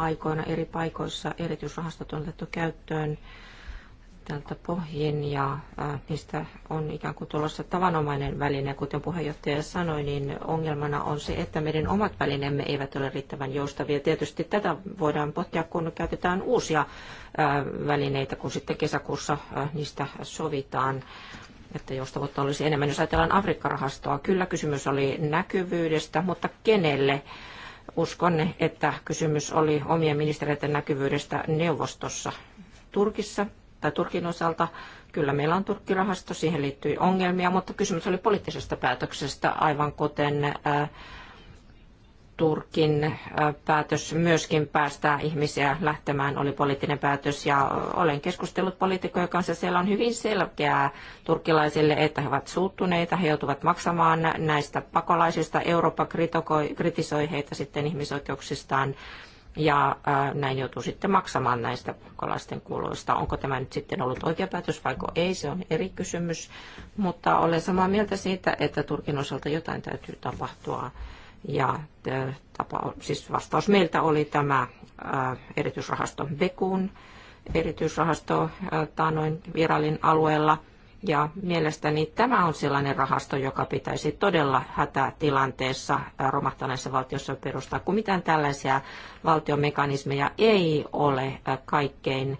aikoina eri paikoissa erityisrahastot on otettu käyttöön tältä pohjin ja niistä on ikään kuin tulossa tavanomainen väline. Kuten puheenjohtaja sanoi, niin ongelmana on se, että meidän omat välineemme eivät ole riittävän joustavia. Tietysti tätä voidaan potkia, kun käytetään uusia välineitä, kun sitten kesäkuussa niistä sovitaan että joustavuutta olisi enemmän. Jos ajatellaan Afrikkarahastoa, kyllä kysymys oli näkyvyydestä, mutta kenelle? Uskon, että kysymys oli omien ministereiden näkyvyydestä neuvostossa Turkissa tai Turkin osalta. Kyllä meillä on Turkkirahasto, siihen liittyy ongelmia, mutta kysymys oli poliittisesta päätöksestä, aivan kuten ää, äh, Turkin äh, päätös myöskin päästää ihmisiä lähtemään oli poliittinen päätös ja olen keskustellut poliitikkojen kanssa. Siellä on hyvin selkeää turkilaisille, että he ovat suuttuneita, he joutuvat maksamaan näistä pakolaisista. Eurooppa kritisoi heitä sitten ihmisoikeuksistaan ja äh, näin joutuu sitten maksamaan näistä pakolaisten kuuluista. Onko tämä nyt sitten ollut oikea päätös vai ei, se on eri kysymys, mutta olen samaa mieltä siitä, että Turkin osalta jotain täytyy tapahtua ja tapa, siis vastaus meiltä oli tämä erityisrahasto Bekun erityisrahasto Taanoin virallin alueella. Ja mielestäni tämä on sellainen rahasto, joka pitäisi todella hätätilanteessa romahtaneessa valtiossa perustaa, kun mitään tällaisia valtiomekanismeja ei ole kaikkein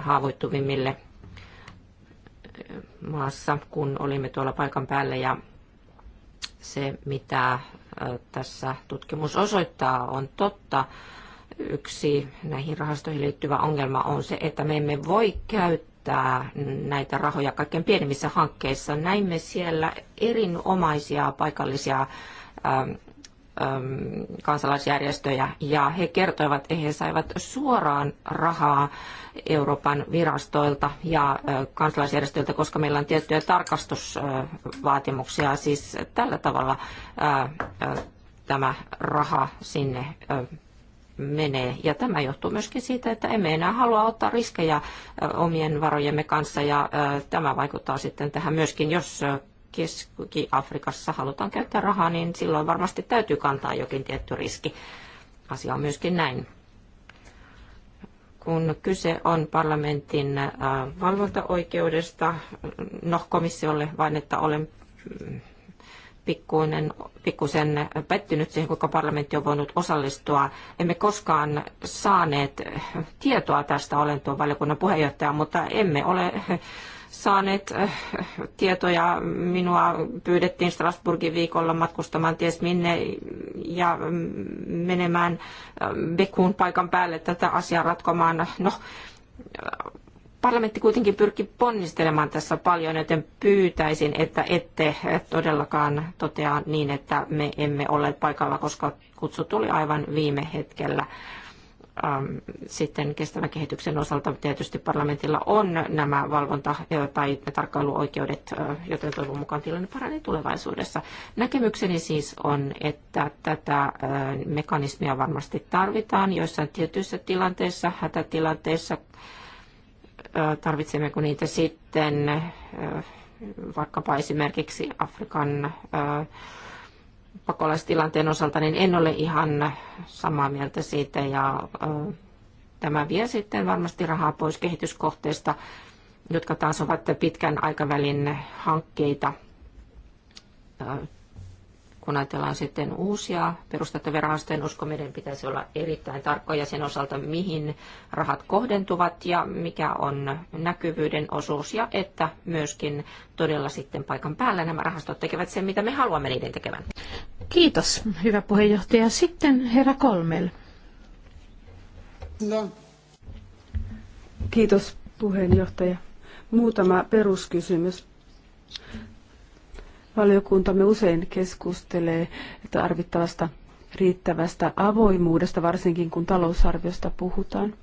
haavoittuvimmille maassa, kun olimme tuolla paikan päällä ja se, mitä tässä tutkimus osoittaa, on totta. Yksi näihin rahastoihin liittyvä ongelma on se, että me emme voi käyttää näitä rahoja kaikkein pienemmissä hankkeissa. Näimme siellä erinomaisia paikallisia Ähm, kansalaisjärjestöjä ja he kertoivat, että he saivat suoraan rahaa Euroopan virastoilta ja kansalaisjärjestöiltä, koska meillä on tiettyjä tarkastusvaatimuksia. Siis tällä tavalla tämä raha sinne menee. Ja tämä johtuu myöskin siitä, että emme enää halua ottaa riskejä omien varojemme kanssa ja tämä vaikuttaa sitten tähän myöskin, jos Keski-Afrikassa halutaan käyttää rahaa, niin silloin varmasti täytyy kantaa jokin tietty riski. Asia on myöskin näin. Kun kyse on parlamentin äh, valvontaoikeudesta, no komissiolle vain, että olen mm, pikkuinen, pikkusen pettynyt siihen, kuinka parlamentti on voinut osallistua. Emme koskaan saaneet äh, tietoa tästä, olen tuon valiokunnan puheenjohtaja, mutta emme ole äh, saaneet eh, tietoja. Minua pyydettiin Strasburgin viikolla matkustamaan ties minne ja menemään eh, Bekuun paikan päälle tätä asiaa ratkomaan. No, eh, parlamentti kuitenkin pyrkii ponnistelemaan tässä paljon, joten pyytäisin, että ette todellakaan totea niin, että me emme olleet paikalla, koska kutsu tuli aivan viime hetkellä. Ähm, sitten kestävän kehityksen osalta tietysti parlamentilla on nämä valvonta- tai tarkkailuoikeudet, joten toivon mukaan tilanne paranee tulevaisuudessa. Näkemykseni siis on, että tätä mekanismia varmasti tarvitaan joissain tietyissä tilanteissa, hätätilanteissa. Tarvitsemmeko niitä sitten vaikkapa esimerkiksi Afrikan pakolaistilanteen osalta, niin en ole ihan samaa mieltä siitä ja tämä vie sitten varmasti rahaa pois kehityskohteista, jotka taas ovat pitkän aikavälin hankkeita kun ajatellaan sitten uusia perustettavia rahastoja, niin usko meidän pitäisi olla erittäin tarkkoja sen osalta, mihin rahat kohdentuvat ja mikä on näkyvyyden osuus ja että myöskin todella sitten paikan päällä nämä rahastot tekevät sen, mitä me haluamme niiden tekevän. Kiitos, hyvä puheenjohtaja. Sitten herra Kolmel. No. Kiitos puheenjohtaja. Muutama peruskysymys. Valiokuntamme usein keskustelee tarvittavasta riittävästä avoimuudesta, varsinkin kun talousarviosta puhutaan.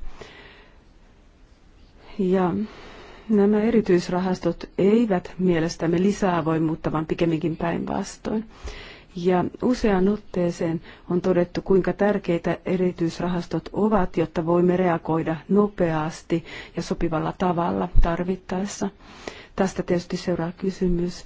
Ja nämä erityisrahastot eivät mielestämme lisää avoimuutta, vaan pikemminkin päinvastoin. Ja useaan otteeseen on todettu, kuinka tärkeitä erityisrahastot ovat, jotta voimme reagoida nopeasti ja sopivalla tavalla tarvittaessa. Tästä tietysti seuraa kysymys,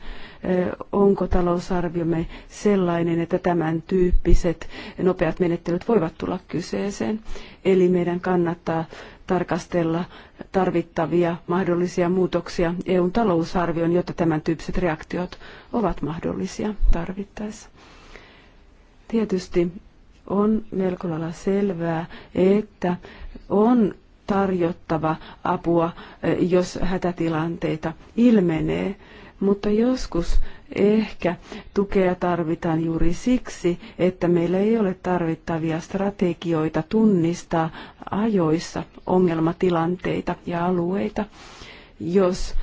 onko talousarviomme sellainen, että tämän tyyppiset nopeat menettelyt voivat tulla kyseeseen. Eli meidän kannattaa tarkastella tarvittavia mahdollisia muutoksia EUn talousarvioon, jotta tämän tyyppiset reaktiot ovat mahdollisia tarvittaessa. Tietysti on melko lailla selvää, että on tarjottava apua, eh, jos hätätilanteita ilmenee. Mutta joskus ehkä tukea tarvitaan juuri siksi, että meillä ei ole tarvittavia strategioita tunnistaa ajoissa ongelmatilanteita ja alueita jos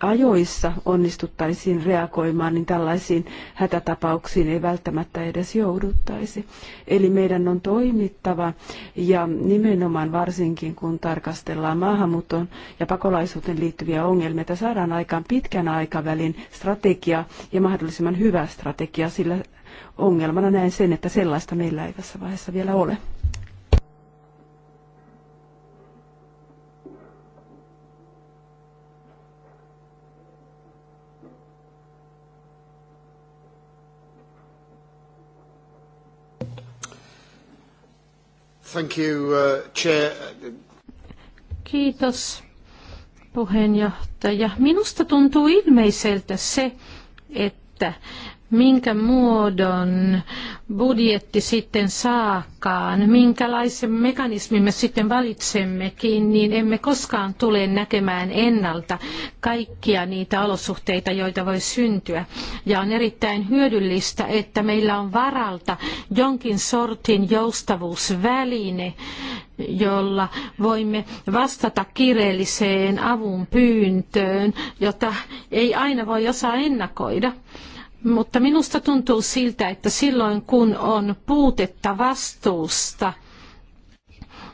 ajoissa onnistuttaisiin reagoimaan, niin tällaisiin hätätapauksiin ei välttämättä edes jouduttaisi. Eli meidän on toimittava ja nimenomaan varsinkin kun tarkastellaan maahanmuuttoon ja pakolaisuuteen liittyviä ongelmia, että saadaan aikaan pitkän aikavälin strategia ja mahdollisimman hyvä strategia, sillä ongelmana näen sen, että sellaista meillä ei tässä vaiheessa vielä ole. Thank you, uh, chair. Kiitos puheenjohtaja. Minusta tuntuu ilmeiseltä se, että minkä muodon budjetti sitten saakaan, minkälaisen mekanismin me sitten valitsemmekin, niin emme koskaan tule näkemään ennalta kaikkia niitä olosuhteita, joita voi syntyä. Ja on erittäin hyödyllistä, että meillä on varalta jonkin sortin joustavuusväline, jolla voimme vastata kiireelliseen avun pyyntöön, jota ei aina voi osaa ennakoida. Mutta minusta tuntuu siltä, että silloin kun on puutetta vastuusta –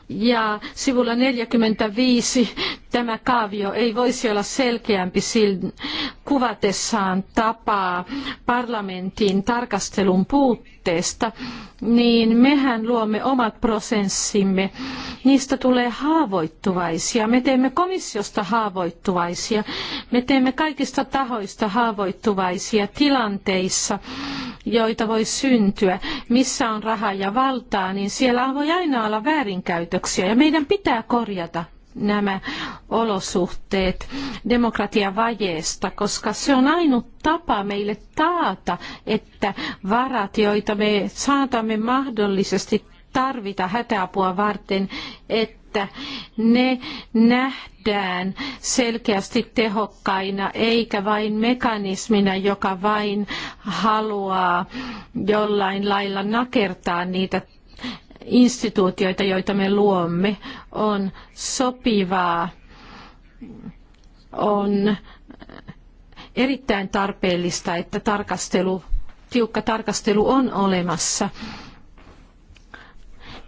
ja sivulla 45 tämä kaavio ei voisi olla selkeämpi kuvatessaan tapaa parlamentin tarkastelun puutteesta, niin mehän luomme omat prosessimme. Niistä tulee haavoittuvaisia. Me teemme komissiosta haavoittuvaisia. Me teemme kaikista tahoista haavoittuvaisia tilanteissa, joita voi syntyä, missä on rahaa ja valtaa, niin siellä voi aina olla väärinkäytöksiä ja meidän pitää korjata nämä olosuhteet demokratiavajeesta, koska se on ainut tapa meille taata, että varat, joita me saatamme mahdollisesti tarvita hätäapua varten, että ne nähdään selkeästi tehokkaina, eikä vain mekanismina, joka vain haluaa jollain lailla nakertaa niitä instituutioita, joita me luomme, on sopivaa, on erittäin tarpeellista, että tarkastelu, tiukka tarkastelu on olemassa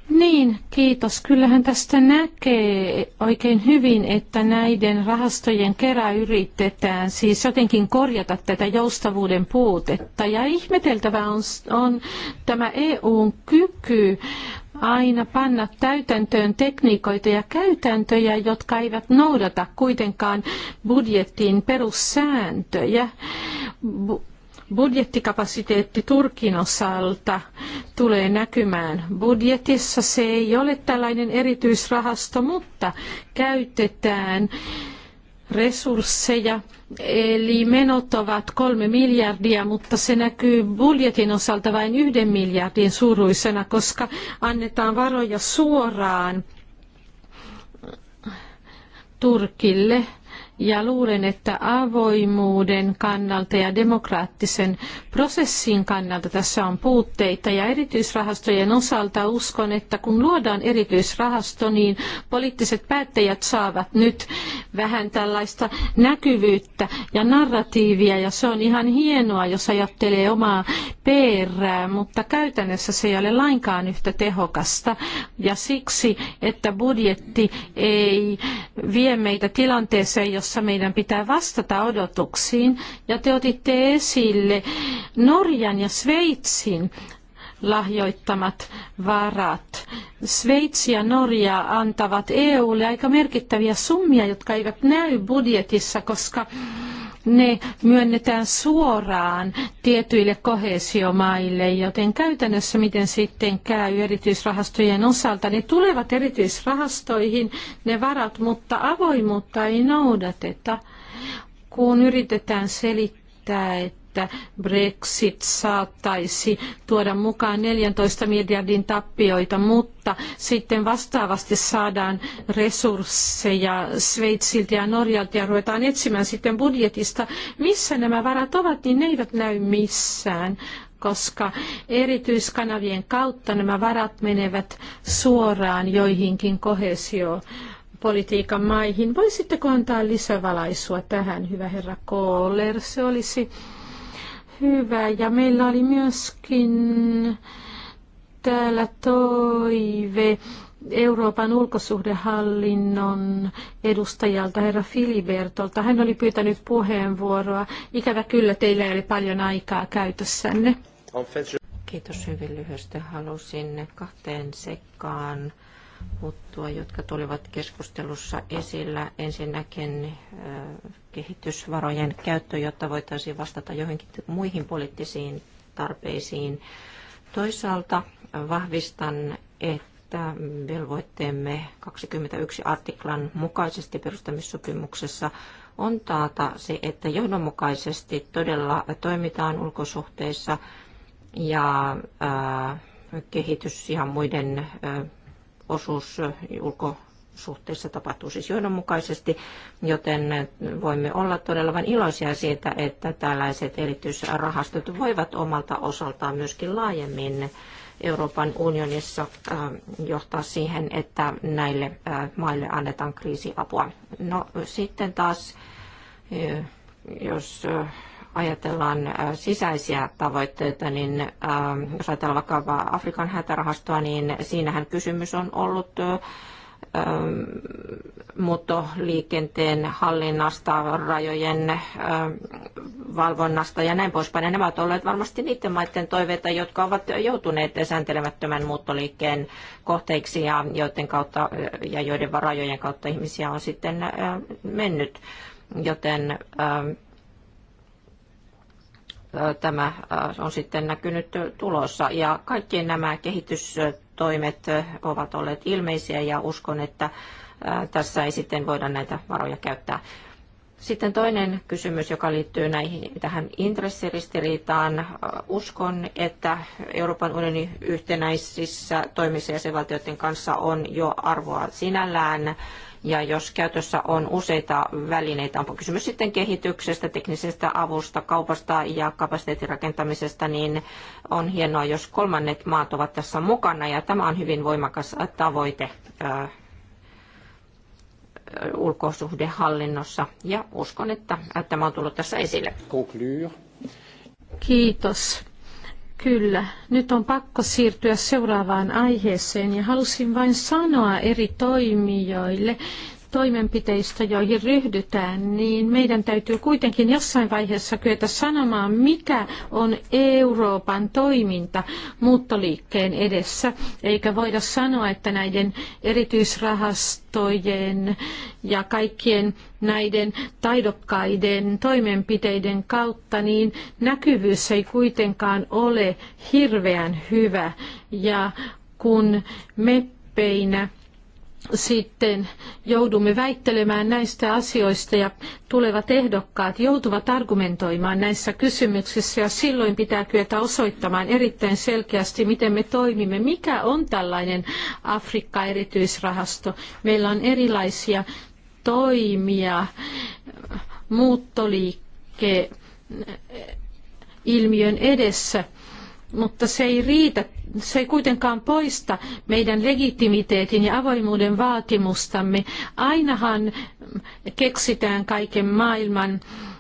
niin, kiitos. Kyllähän tästä näkee oikein hyvin, että näiden rahastojen kerä yritetään siis jotenkin korjata tätä joustavuuden puutetta. Ja ihmeteltävä on, on tämä EUn kyky aina panna täytäntöön tekniikoita ja käytäntöjä, jotka eivät noudata kuitenkaan budjettiin perussääntöjä. Bu- budjettikapasiteetti Turkin osalta tulee näkymään budjetissa. Se ei ole tällainen erityisrahasto, mutta käytetään resursseja, eli menot ovat kolme miljardia, mutta se näkyy budjetin osalta vain yhden miljardin suuruisena, koska annetaan varoja suoraan Turkille ja luulen, että avoimuuden kannalta ja demokraattisen prosessin kannalta tässä on puutteita. Ja erityisrahastojen osalta uskon, että kun luodaan erityisrahasto, niin poliittiset päättäjät saavat nyt vähän tällaista näkyvyyttä ja narratiivia. Ja se on ihan hienoa, jos ajattelee omaa PR, mutta käytännössä se ei ole lainkaan yhtä tehokasta. Ja siksi, että budjetti ei vie meitä tilanteeseen, jos jossa meidän pitää vastata odotuksiin. Ja te otitte esille Norjan ja Sveitsin lahjoittamat varat. Sveitsi ja Norja antavat EUlle aika merkittäviä summia, jotka eivät näy budjetissa, koska ne myönnetään suoraan tietyille kohesiomaille, joten käytännössä miten sitten käy erityisrahastojen osalta, ne tulevat erityisrahastoihin ne varat, mutta avoimuutta ei noudateta, kun yritetään selittää, että että Brexit saattaisi tuoda mukaan 14 miljardin tappioita, mutta sitten vastaavasti saadaan resursseja Sveitsiltä ja Norjalta ja ruvetaan etsimään sitten budjetista, missä nämä varat ovat, niin ne eivät näy missään koska erityiskanavien kautta nämä varat menevät suoraan joihinkin kohesiopolitiikan maihin. Voisitteko antaa lisävalaisua tähän, hyvä herra Kohler? Se olisi hyvä ja meillä oli myöskin täällä toive Euroopan ulkosuhdehallinnon edustajalta, herra Filibertolta. Hän oli pyytänyt puheenvuoroa. Ikävä kyllä, teillä ei ole paljon aikaa käytössänne. Kiitos hyvin lyhyesti. Halusin kahteen sekkaan puuttua, jotka tulivat keskustelussa esillä. Ensinnäkin kehitysvarojen käyttö, jotta voitaisiin vastata johonkin muihin poliittisiin tarpeisiin. Toisaalta vahvistan, että velvoitteemme 21 artiklan mukaisesti perustamissopimuksessa on taata se, että johdonmukaisesti todella toimitaan ulkosuhteissa ja kehitys ja muiden ää, osuus ulko- suhteessa tapahtuu siis johdonmukaisesti, joten voimme olla todella vain iloisia siitä, että tällaiset erityisrahastot voivat omalta osaltaan myöskin laajemmin Euroopan unionissa äh, johtaa siihen, että näille äh, maille annetaan kriisiapua. No sitten taas, äh, jos ajatellaan sisäisiä tavoitteita, niin jos ajatellaan vaikka Afrikan hätärahastoa, niin siinähän kysymys on ollut Ähm, muuttoliikenteen hallinnasta, rajojen ähm, valvonnasta ja näin poispäin. Ja nämä ovat olleet varmasti niiden maiden toiveita, jotka ovat joutuneet sääntelemättömän muuttoliikkeen kohteiksi ja, joiden kautta, äh, ja joiden rajojen kautta ihmisiä on sitten äh, mennyt. Joten ähm, äh, tämä on sitten näkynyt tulossa. Ja kaikki nämä kehitys toimet ovat olleet ilmeisiä ja uskon, että tässä ei sitten voida näitä varoja käyttää. Sitten toinen kysymys, joka liittyy näihin, tähän intressiristiriitaan. Uskon, että Euroopan unionin yhtenäisissä toimissa jäsenvaltioiden kanssa on jo arvoa sinällään ja jos käytössä on useita välineitä, onpa kysymys sitten kehityksestä, teknisestä avusta, kaupasta ja kapasiteetin rakentamisesta, niin on hienoa, jos kolmannet maat ovat tässä mukana. Ja tämä on hyvin voimakas tavoite ulkosuhdehallinnossa ja uskon, että tämä on tullut tässä esille. Kiitos. Kyllä, nyt on pakko siirtyä seuraavaan aiheeseen ja halusin vain sanoa eri toimijoille toimenpiteistä, joihin ryhdytään, niin meidän täytyy kuitenkin jossain vaiheessa kyetä sanomaan, mikä on Euroopan toiminta muuttoliikkeen edessä, eikä voida sanoa, että näiden erityisrahastojen ja kaikkien näiden taidokkaiden toimenpiteiden kautta, niin näkyvyys ei kuitenkaan ole hirveän hyvä. Ja kun me peinä sitten joudumme väittelemään näistä asioista ja tulevat ehdokkaat joutuvat argumentoimaan näissä kysymyksissä ja silloin pitää kyetä osoittamaan erittäin selkeästi, miten me toimimme. Mikä on tällainen Afrikka-erityisrahasto? Meillä on erilaisia toimia, muuttoliikkeen ilmiön edessä – mutta se ei riitä, se ei kuitenkaan poista meidän legitimiteetin ja avoimuuden vaatimustamme. Ainahan keksitään kaiken maailman äh,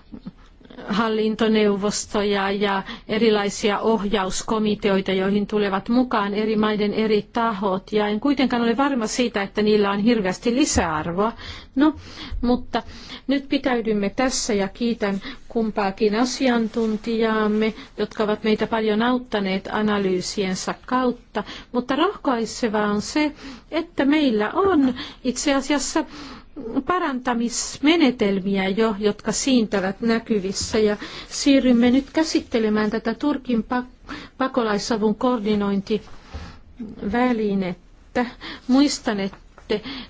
hallintoneuvostoja ja erilaisia ohjauskomiteoita, joihin tulevat mukaan eri maiden eri tahot. Ja en kuitenkaan ole varma siitä, että niillä on hirveästi lisäarvoa. No, mutta nyt pitäydymme tässä ja kiitän kumpaakin asiantuntijaamme, jotka ovat meitä paljon auttaneet analyysiensa kautta. Mutta rohkaisevaa on se, että meillä on itse asiassa parantamismenetelmiä jo, jotka siintävät näkyvissä. Ja siirrymme nyt käsittelemään tätä Turkin pakolaisavun koordinointivälinettä. Muistan, että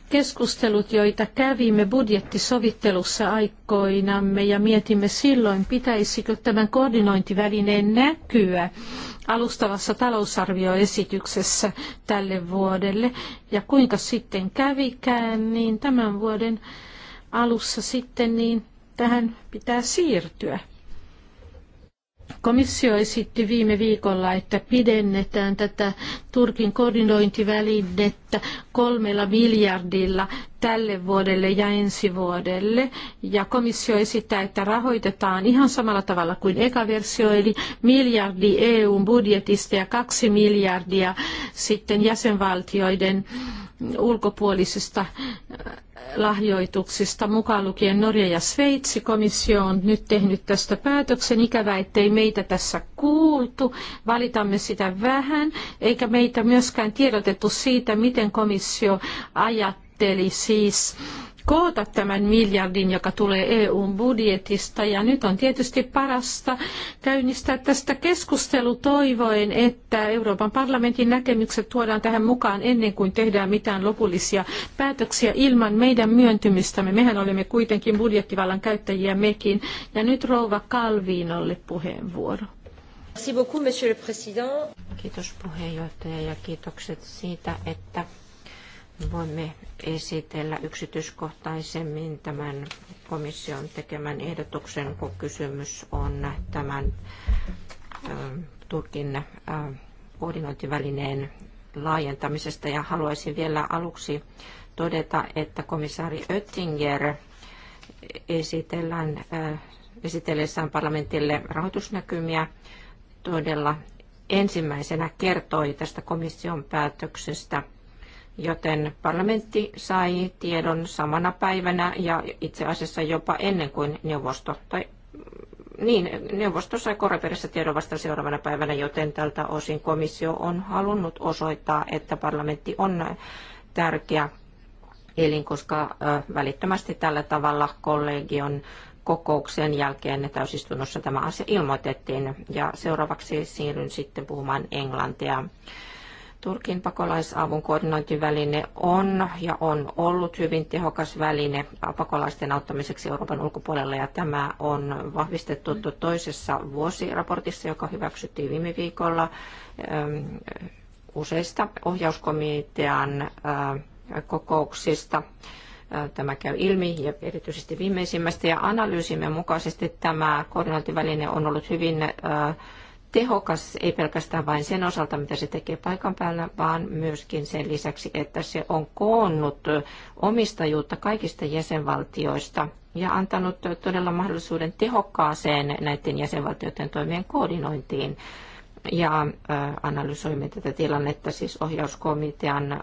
keskustelut, joita kävimme budjettisovittelussa aikoinamme ja mietimme silloin, pitäisikö tämän koordinointivälineen näkyä alustavassa talousarvioesityksessä tälle vuodelle. Ja kuinka sitten kävikään, niin tämän vuoden alussa sitten niin tähän pitää siirtyä. Komissio esitti viime viikolla, että pidennetään tätä Turkin koordinointivälinettä kolmella miljardilla tälle vuodelle ja ensi vuodelle. Ja komissio esittää, että rahoitetaan ihan samalla tavalla kuin eka versio, eli miljardi EUn budjetista ja kaksi miljardia sitten jäsenvaltioiden ulkopuolisista lahjoituksista, mukaan lukien Norja ja Sveitsi. Komissio on nyt tehnyt tästä päätöksen. Ikävä, ettei meitä tässä kuultu. Valitamme sitä vähän, eikä meitä myöskään tiedotettu siitä, miten komissio ajatteli siis koota tämän miljardin, joka tulee EUn budjetista. Ja nyt on tietysti parasta käynnistää tästä keskustelu toivoen, että Euroopan parlamentin näkemykset tuodaan tähän mukaan ennen kuin tehdään mitään lopullisia päätöksiä ilman meidän myöntymistämme, Mehän olemme kuitenkin budjettivallan käyttäjiä mekin. Ja nyt rouva Kalviinolle puheenvuoro. Kiitos puheenjohtaja ja kiitokset siitä, että voimme esitellä yksityiskohtaisemmin tämän komission tekemän ehdotuksen, kun kysymys on tämän Turkin koordinointivälineen laajentamisesta. Ja haluaisin vielä aluksi todeta, että komissaari Oettinger esitellään, esitellessään parlamentille rahoitusnäkymiä todella ensimmäisenä kertoi tästä komission päätöksestä – joten parlamentti sai tiedon samana päivänä ja itse asiassa jopa ennen kuin neuvosto tai niin, neuvosto sai Koreperissä tiedon vasta seuraavana päivänä, joten tältä osin komissio on halunnut osoittaa, että parlamentti on tärkeä elin, koska välittömästi tällä tavalla kollegion kokouksen jälkeen täysistunnossa tämä asia ilmoitettiin. Ja seuraavaksi siirryn sitten puhumaan englantia. Turkin pakolaisavun koordinointiväline on ja on ollut hyvin tehokas väline pakolaisten auttamiseksi Euroopan ulkopuolella ja tämä on vahvistettu mm. toisessa vuosiraportissa, joka hyväksyttiin viime viikolla ähm, useista ohjauskomitean äh, kokouksista äh, tämä käy ilmi ja erityisesti viimeisimmästä. Ja analyysimme mukaisesti tämä koordinointiväline on ollut hyvin äh, tehokas ei pelkästään vain sen osalta, mitä se tekee paikan päällä, vaan myöskin sen lisäksi, että se on koonnut omistajuutta kaikista jäsenvaltioista ja antanut todella mahdollisuuden tehokkaaseen näiden jäsenvaltioiden toimien koordinointiin. Ja analysoimme tätä tilannetta siis ohjauskomitean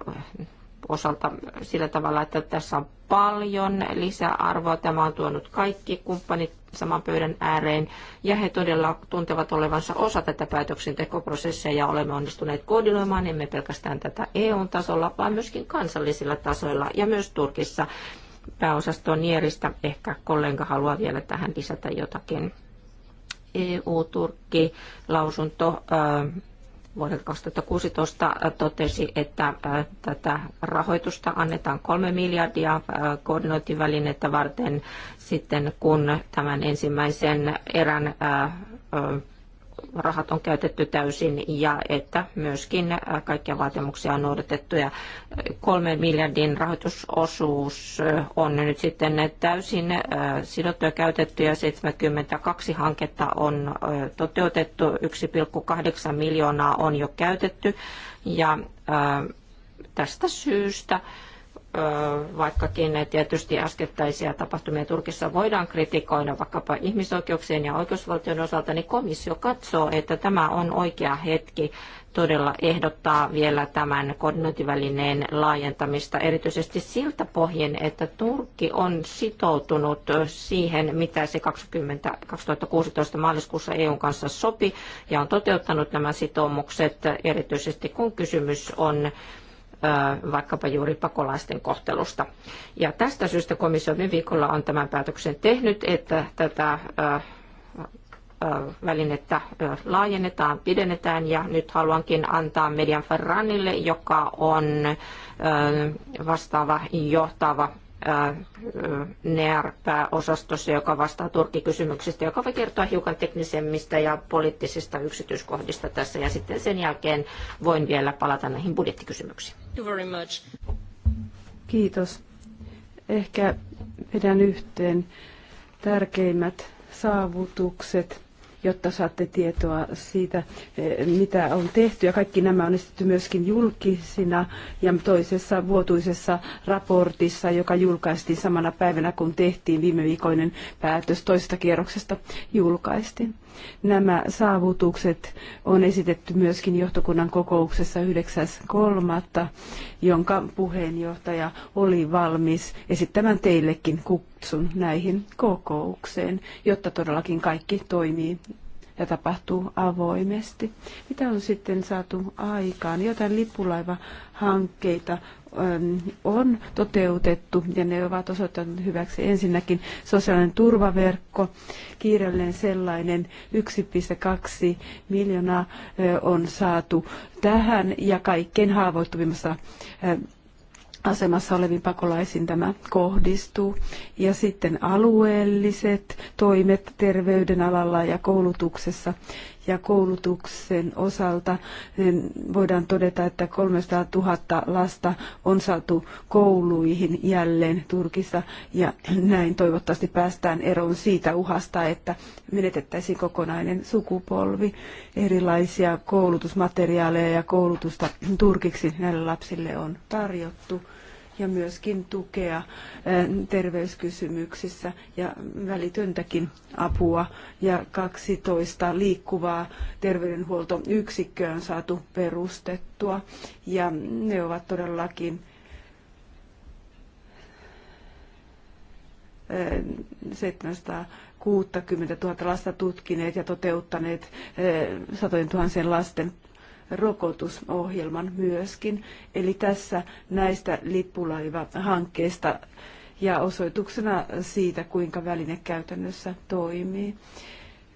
osalta sillä tavalla, että tässä on paljon lisäarvoa. Tämä on tuonut kaikki kumppanit saman pöydän ääreen ja he todella tuntevat olevansa osa tätä päätöksentekoprosessia ja olemme onnistuneet koordinoimaan emme pelkästään tätä EU-tasolla, vaan myöskin kansallisilla tasoilla ja myös Turkissa Pääosasto Nieristä. Ehkä kollega haluaa vielä tähän lisätä jotakin. EU-Turkki-lausunto vuoden 2016 äh, totesi, että äh, tätä rahoitusta annetaan kolme miljardia äh, koordinointivälinettä varten sitten, kun tämän ensimmäisen erän rahat on käytetty täysin ja että myöskin kaikkia vaatimuksia on noudatettu. Ja kolmen miljardin rahoitusosuus on nyt sitten täysin äh, sidottu ja käytetty ja 72 hanketta on äh, toteutettu, 1,8 miljoonaa on jo käytetty ja äh, tästä syystä vaikkakin tietysti äskettäisiä tapahtumia Turkissa voidaan kritikoida vaikkapa ihmisoikeuksien ja oikeusvaltion osalta, niin komissio katsoo, että tämä on oikea hetki todella ehdottaa vielä tämän koordinointivälineen laajentamista erityisesti siltä pohjin, että Turkki on sitoutunut siihen, mitä se 20, 2016 maaliskuussa EUn kanssa sopi ja on toteuttanut nämä sitoumukset erityisesti kun kysymys on vaikkapa juuri pakolaisten kohtelusta. Ja tästä syystä komissio viime viikolla on tämän päätöksen tehnyt, että tätä välinettä laajennetaan, pidennetään ja nyt haluankin antaa Median Ferranille, joka on vastaava johtava ner pääosastossa joka vastaa Turkki-kysymyksistä, joka voi kertoa hiukan teknisemmistä ja poliittisista yksityiskohdista tässä. Ja sitten sen jälkeen voin vielä palata näihin budjettikysymyksiin. Kiitos. Ehkä vedän yhteen tärkeimmät saavutukset jotta saatte tietoa siitä, eh, mitä on tehty. Ja kaikki nämä on esitetty myöskin julkisina ja toisessa vuotuisessa raportissa, joka julkaistiin samana päivänä, kun tehtiin viime viikoinen päätös toista kierroksesta, julkaistiin. Nämä saavutukset on esitetty myöskin johtokunnan kokouksessa 9.3., jonka puheenjohtaja oli valmis esittämään teillekin kutsun näihin kokoukseen, jotta todellakin kaikki toimii ja tapahtuu avoimesti. Mitä on sitten saatu aikaan? Jotain lippulaivahankkeita Ähm, on toteutettu ja ne ovat osoittaneet hyväksi ensinnäkin sosiaalinen turvaverkko, kiireellinen sellainen 1,2 miljoonaa äh, on saatu tähän ja kaikkein haavoittuvimmassa äh, asemassa oleviin pakolaisiin tämä kohdistuu. Ja sitten alueelliset toimet terveyden alalla ja koulutuksessa ja koulutuksen osalta niin voidaan todeta, että 300 000 lasta on saatu kouluihin jälleen Turkissa ja näin toivottavasti päästään eroon siitä uhasta, että menetettäisiin kokonainen sukupolvi. Erilaisia koulutusmateriaaleja ja koulutusta turkiksi näille lapsille on tarjottu ja myöskin tukea terveyskysymyksissä ja välityntäkin apua. Ja 12 liikkuvaa terveydenhuoltoyksikköä on saatu perustettua ja ne ovat todellakin seitsemästä 60 000 lasta tutkineet ja toteuttaneet satojen tuhansien lasten rokotusohjelman myöskin. Eli tässä näistä lippulaiva-hankkeista ja osoituksena siitä, kuinka väline käytännössä toimii.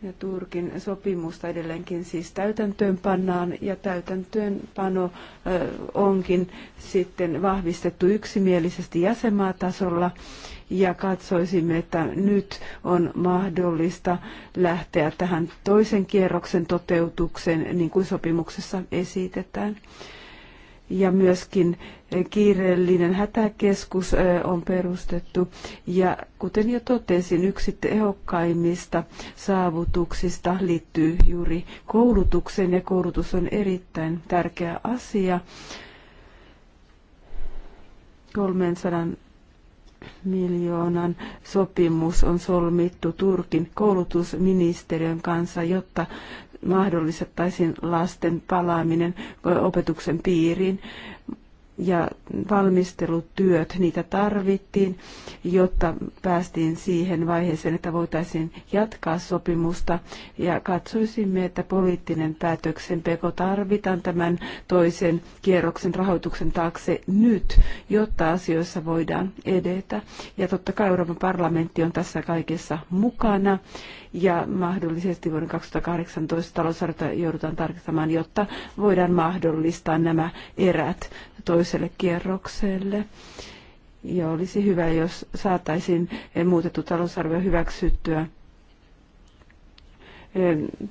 Ja Turkin sopimusta edelleenkin siis täytäntöön pannaan ja täytäntöönpano onkin sitten vahvistettu yksimielisesti jäsenmaatasolla. tasolla ja katsoisimme, että nyt on mahdollista lähteä tähän toisen kierroksen toteutukseen, niin kuin sopimuksessa esitetään. Ja myöskin kiireellinen hätäkeskus on perustettu. Ja kuten jo totesin, yksi tehokkaimmista saavutuksista liittyy juuri koulutukseen, ja koulutus on erittäin tärkeä asia. 300 miljoonan sopimus on solmittu Turkin koulutusministeriön kanssa, jotta mahdollistettaisiin lasten palaaminen opetuksen piiriin ja valmistelutyöt, niitä tarvittiin, jotta päästiin siihen vaiheeseen, että voitaisiin jatkaa sopimusta ja katsoisimme, että poliittinen päätöksenteko tarvitaan tämän toisen kierroksen rahoituksen taakse nyt, jotta asioissa voidaan edetä. Ja totta kai Euroopan parlamentti on tässä kaikessa mukana ja mahdollisesti vuoden 2018 talousarviota joudutaan tarkistamaan, jotta voidaan mahdollistaa nämä erät toisen toiselle kierrokselle. Ja olisi hyvä, jos saataisiin muutettu talousarvio hyväksyttyä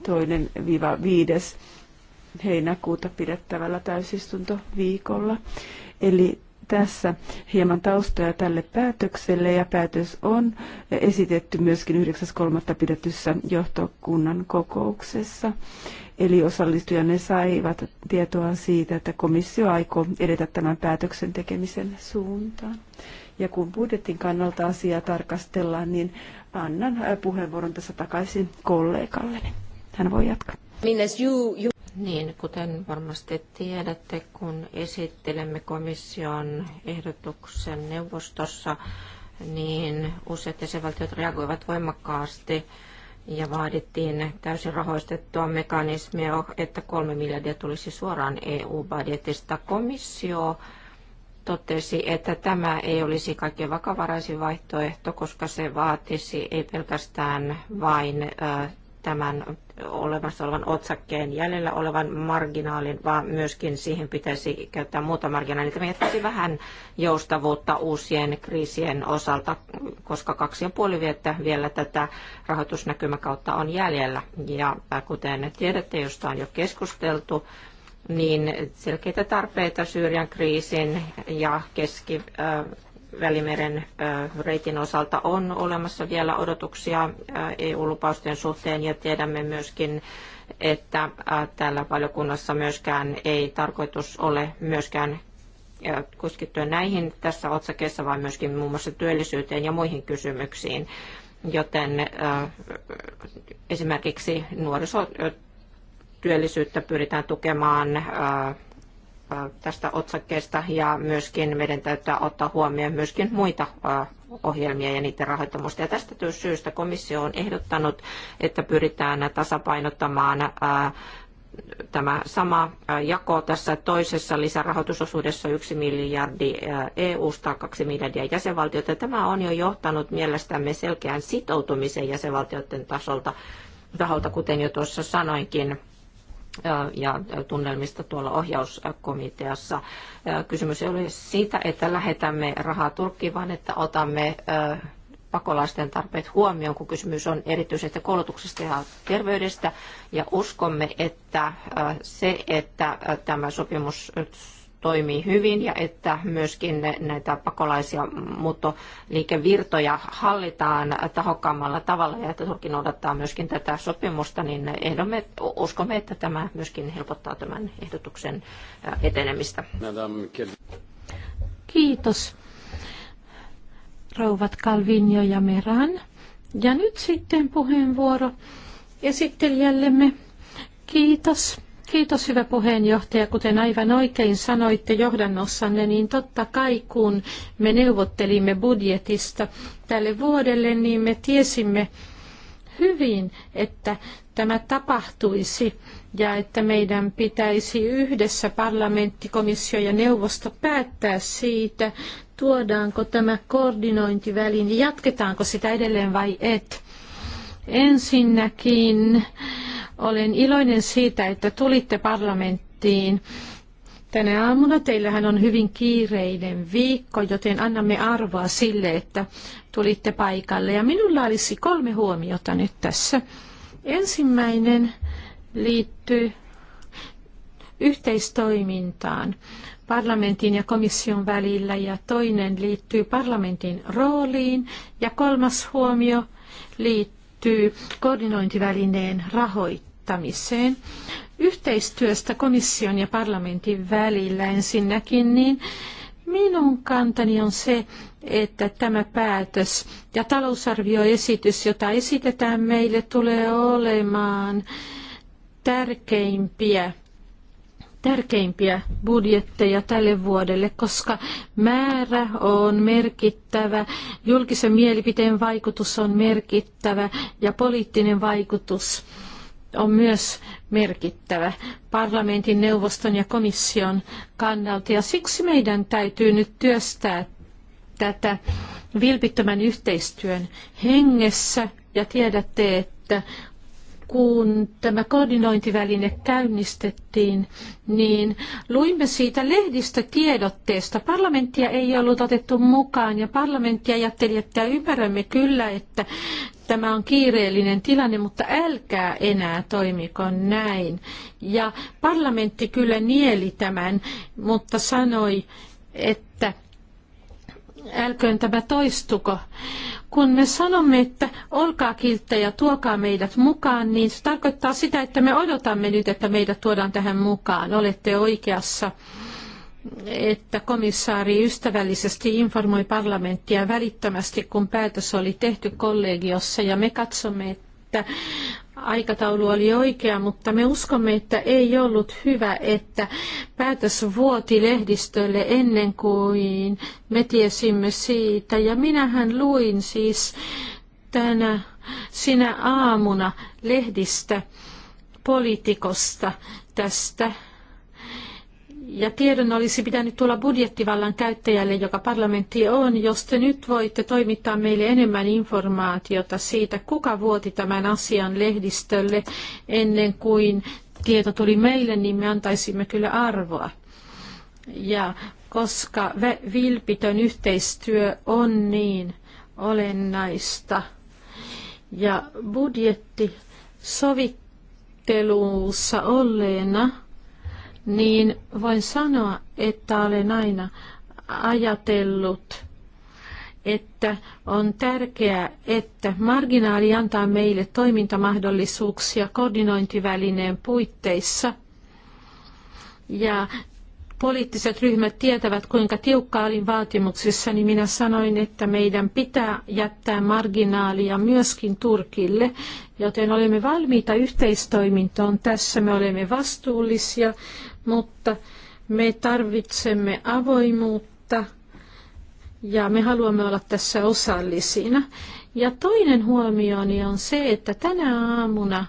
toinen viiva viides heinäkuuta pidettävällä täysistuntoviikolla. Eli tässä hieman taustoja tälle päätökselle ja päätös on esitetty myöskin 9.3. pidetyssä johtokunnan kokouksessa. Eli osallistujanne saivat tietoa siitä, että komissio aikoo edetä tämän päätöksen tekemisen suuntaan. Ja kun budjetin kannalta asiaa tarkastellaan, niin annan puheenvuoron tässä takaisin kollegalleni. Hän voi jatkaa. you, you... Niin, kuten varmasti tiedätte, kun esittelemme komission ehdotuksen neuvostossa, niin useat jäsenvaltiot reagoivat voimakkaasti ja vaadittiin täysin rahoistettua mekanismia, että kolme miljardia tulisi suoraan EU-budjetista. Komissio totesi, että tämä ei olisi kaikkein vakavaraisin vaihtoehto, koska se vaatisi ei pelkästään vain tämän olemassa olevan otsakkeen jäljellä olevan marginaalin, vaan myöskin siihen pitäisi käyttää muuta marginaalia. Tämä jättäisi vähän joustavuutta uusien kriisien osalta, koska kaksi ja puoli viettä vielä tätä rahoitusnäkymäkautta on jäljellä. Ja äh, kuten tiedätte, josta on jo keskusteltu, niin selkeitä tarpeita Syyrian kriisin ja keski äh, Välimeren reitin osalta on olemassa vielä odotuksia EU-lupausten suhteen ja tiedämme myöskin, että täällä valiokunnassa myöskään ei tarkoitus ole myöskään kuskittua näihin tässä otsakeessa, vaan myöskin muun muassa työllisyyteen ja muihin kysymyksiin. Joten esimerkiksi nuorisotyöllisyyttä pyritään tukemaan tästä otsakkeesta ja myöskin meidän täytyy ottaa huomioon myöskin muita ohjelmia ja niiden rahoittamusta. Ja tästä syystä komissio on ehdottanut, että pyritään tasapainottamaan tämä sama jako tässä toisessa lisärahoitusosuudessa 1 miljardi EU-sta, 2 miljardia jäsenvaltiota. Tämä on jo johtanut mielestämme selkeään sitoutumiseen jäsenvaltioiden tasolta, taholta, kuten jo tuossa sanoinkin ja tunnelmista tuolla ohjauskomiteassa. Kysymys ei ole siitä, että lähetämme rahaa Turkkiin, vaan että otamme pakolaisten tarpeet huomioon, kun kysymys on erityisesti koulutuksesta ja terveydestä. Ja uskomme, että se, että tämä sopimus toimii hyvin ja että myöskin näitä pakolaisia muuttoliikevirtoja hallitaan tahokkaammalla tavalla ja että Turkki noudattaa myöskin tätä sopimusta, niin ehdomme, uskomme, että tämä myöskin helpottaa tämän ehdotuksen etenemistä. Kiitos. Rouvat Calvinio ja Meran. Ja nyt sitten puheenvuoro esittelijällemme. Kiitos. Kiitos hyvä puheenjohtaja. Kuten aivan oikein sanoitte johdannossanne, niin totta kai kun me neuvottelimme budjetista tälle vuodelle, niin me tiesimme hyvin, että tämä tapahtuisi ja että meidän pitäisi yhdessä parlamentti, komissio ja neuvosto päättää siitä, tuodaanko tämä koordinointiväline, jatketaanko sitä edelleen vai et. Ensinnäkin olen iloinen siitä, että tulitte parlamenttiin. Tänä aamuna teillähän on hyvin kiireinen viikko, joten annamme arvoa sille, että tulitte paikalle. Ja minulla olisi kolme huomiota nyt tässä. Ensimmäinen liittyy yhteistoimintaan parlamentin ja komission välillä ja toinen liittyy parlamentin rooliin ja kolmas huomio liittyy liittyy koordinointivälineen rahoittamiseen. Yhteistyöstä komission ja parlamentin välillä ensinnäkin, niin minun kantani on se, että tämä päätös ja talousarvioesitys, jota esitetään meille, tulee olemaan tärkeimpiä tärkeimpiä budjetteja tälle vuodelle, koska määrä on merkittävä, julkisen mielipiteen vaikutus on merkittävä ja poliittinen vaikutus on myös merkittävä parlamentin, neuvoston ja komission kannalta. Ja siksi meidän täytyy nyt työstää tätä vilpittömän yhteistyön hengessä. Ja tiedätte, että kun tämä koordinointiväline käynnistettiin, niin luimme siitä lehdistötiedotteesta. Parlamenttia ei ollut otettu mukaan ja parlamentti ajatteli, että ymmärrämme kyllä, että tämä on kiireellinen tilanne, mutta älkää enää toimiko näin. Ja parlamentti kyllä nieli tämän, mutta sanoi, että älköön tämä toistuko. Kun me sanomme, että olkaa kilttejä, tuokaa meidät mukaan, niin se tarkoittaa sitä, että me odotamme nyt, että meidät tuodaan tähän mukaan. Olette oikeassa että komissaari ystävällisesti informoi parlamenttia välittömästi, kun päätös oli tehty kollegiossa, ja me katsomme, että aikataulu oli oikea, mutta me uskomme, että ei ollut hyvä, että päätös vuoti lehdistölle ennen kuin me tiesimme siitä. Ja minähän luin siis tänä sinä aamuna lehdistä poliitikosta tästä ja tiedon olisi pitänyt tulla budjettivallan käyttäjälle, joka parlamentti on, jos te nyt voitte toimittaa meille enemmän informaatiota siitä, kuka vuoti tämän asian lehdistölle ennen kuin tieto tuli meille, niin me antaisimme kyllä arvoa. Ja koska vilpitön yhteistyö on niin olennaista ja budjetti sovittelussa olleena, niin voin sanoa, että olen aina ajatellut, että on tärkeää, että marginaali antaa meille toimintamahdollisuuksia koordinointivälineen puitteissa. Ja poliittiset ryhmät tietävät, kuinka tiukka olin vaatimuksissa, niin minä sanoin, että meidän pitää jättää marginaalia myöskin Turkille, joten olemme valmiita yhteistoimintoon tässä. Me olemme vastuullisia, mutta me tarvitsemme avoimuutta ja me haluamme olla tässä osallisina. Ja toinen huomioni on se, että tänä aamuna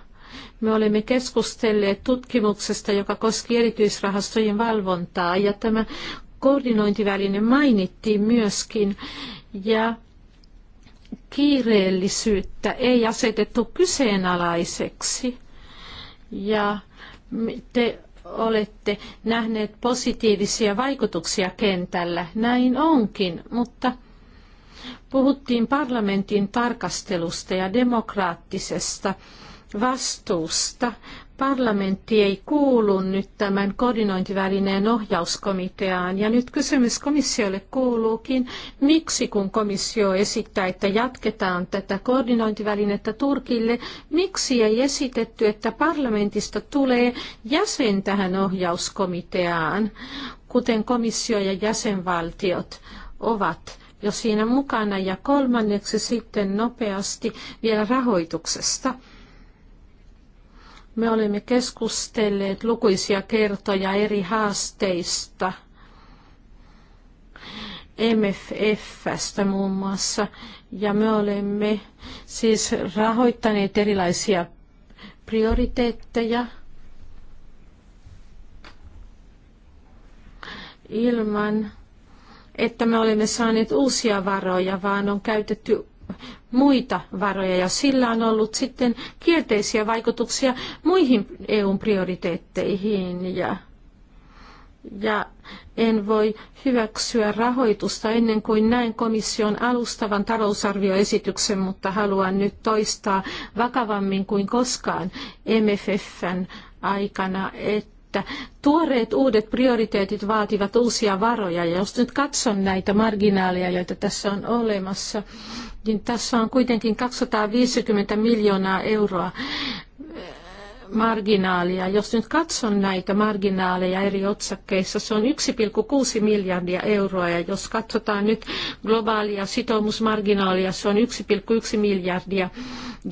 me olemme keskustelleet tutkimuksesta, joka koski erityisrahastojen valvontaa ja tämä koordinointiväline mainittiin myöskin. Ja kiireellisyyttä ei asetettu kyseenalaiseksi. Ja te olette nähneet positiivisia vaikutuksia kentällä. Näin onkin, mutta puhuttiin parlamentin tarkastelusta ja demokraattisesta vastuusta, parlamentti ei kuulu nyt tämän koordinointivälineen ohjauskomiteaan. Ja nyt kysymys komissiolle kuuluukin, miksi kun komissio esittää, että jatketaan tätä koordinointivälinettä Turkille, miksi ei esitetty, että parlamentista tulee jäsen tähän ohjauskomiteaan, kuten komissio ja jäsenvaltiot ovat jo siinä mukana. Ja kolmanneksi sitten nopeasti vielä rahoituksesta. Me olemme keskustelleet lukuisia kertoja eri haasteista, MFFstä muun muassa, ja me olemme siis rahoittaneet erilaisia prioriteetteja ilman, että me olemme saaneet uusia varoja, vaan on käytetty muita varoja ja sillä on ollut sitten kielteisiä vaikutuksia muihin EUn prioriteetteihin ja, ja en voi hyväksyä rahoitusta ennen kuin näen komission alustavan talousarvioesityksen, mutta haluan nyt toistaa vakavammin kuin koskaan MFFn aikana, että tuoreet uudet prioriteetit vaativat uusia varoja. Ja jos nyt katson näitä marginaaleja, joita tässä on olemassa, niin tässä on kuitenkin 250 miljoonaa euroa marginaalia. Jos nyt katson näitä marginaaleja eri otsakkeissa, se on 1,6 miljardia euroa ja jos katsotaan nyt globaalia sitoumusmarginaalia, se on 1,1 miljardia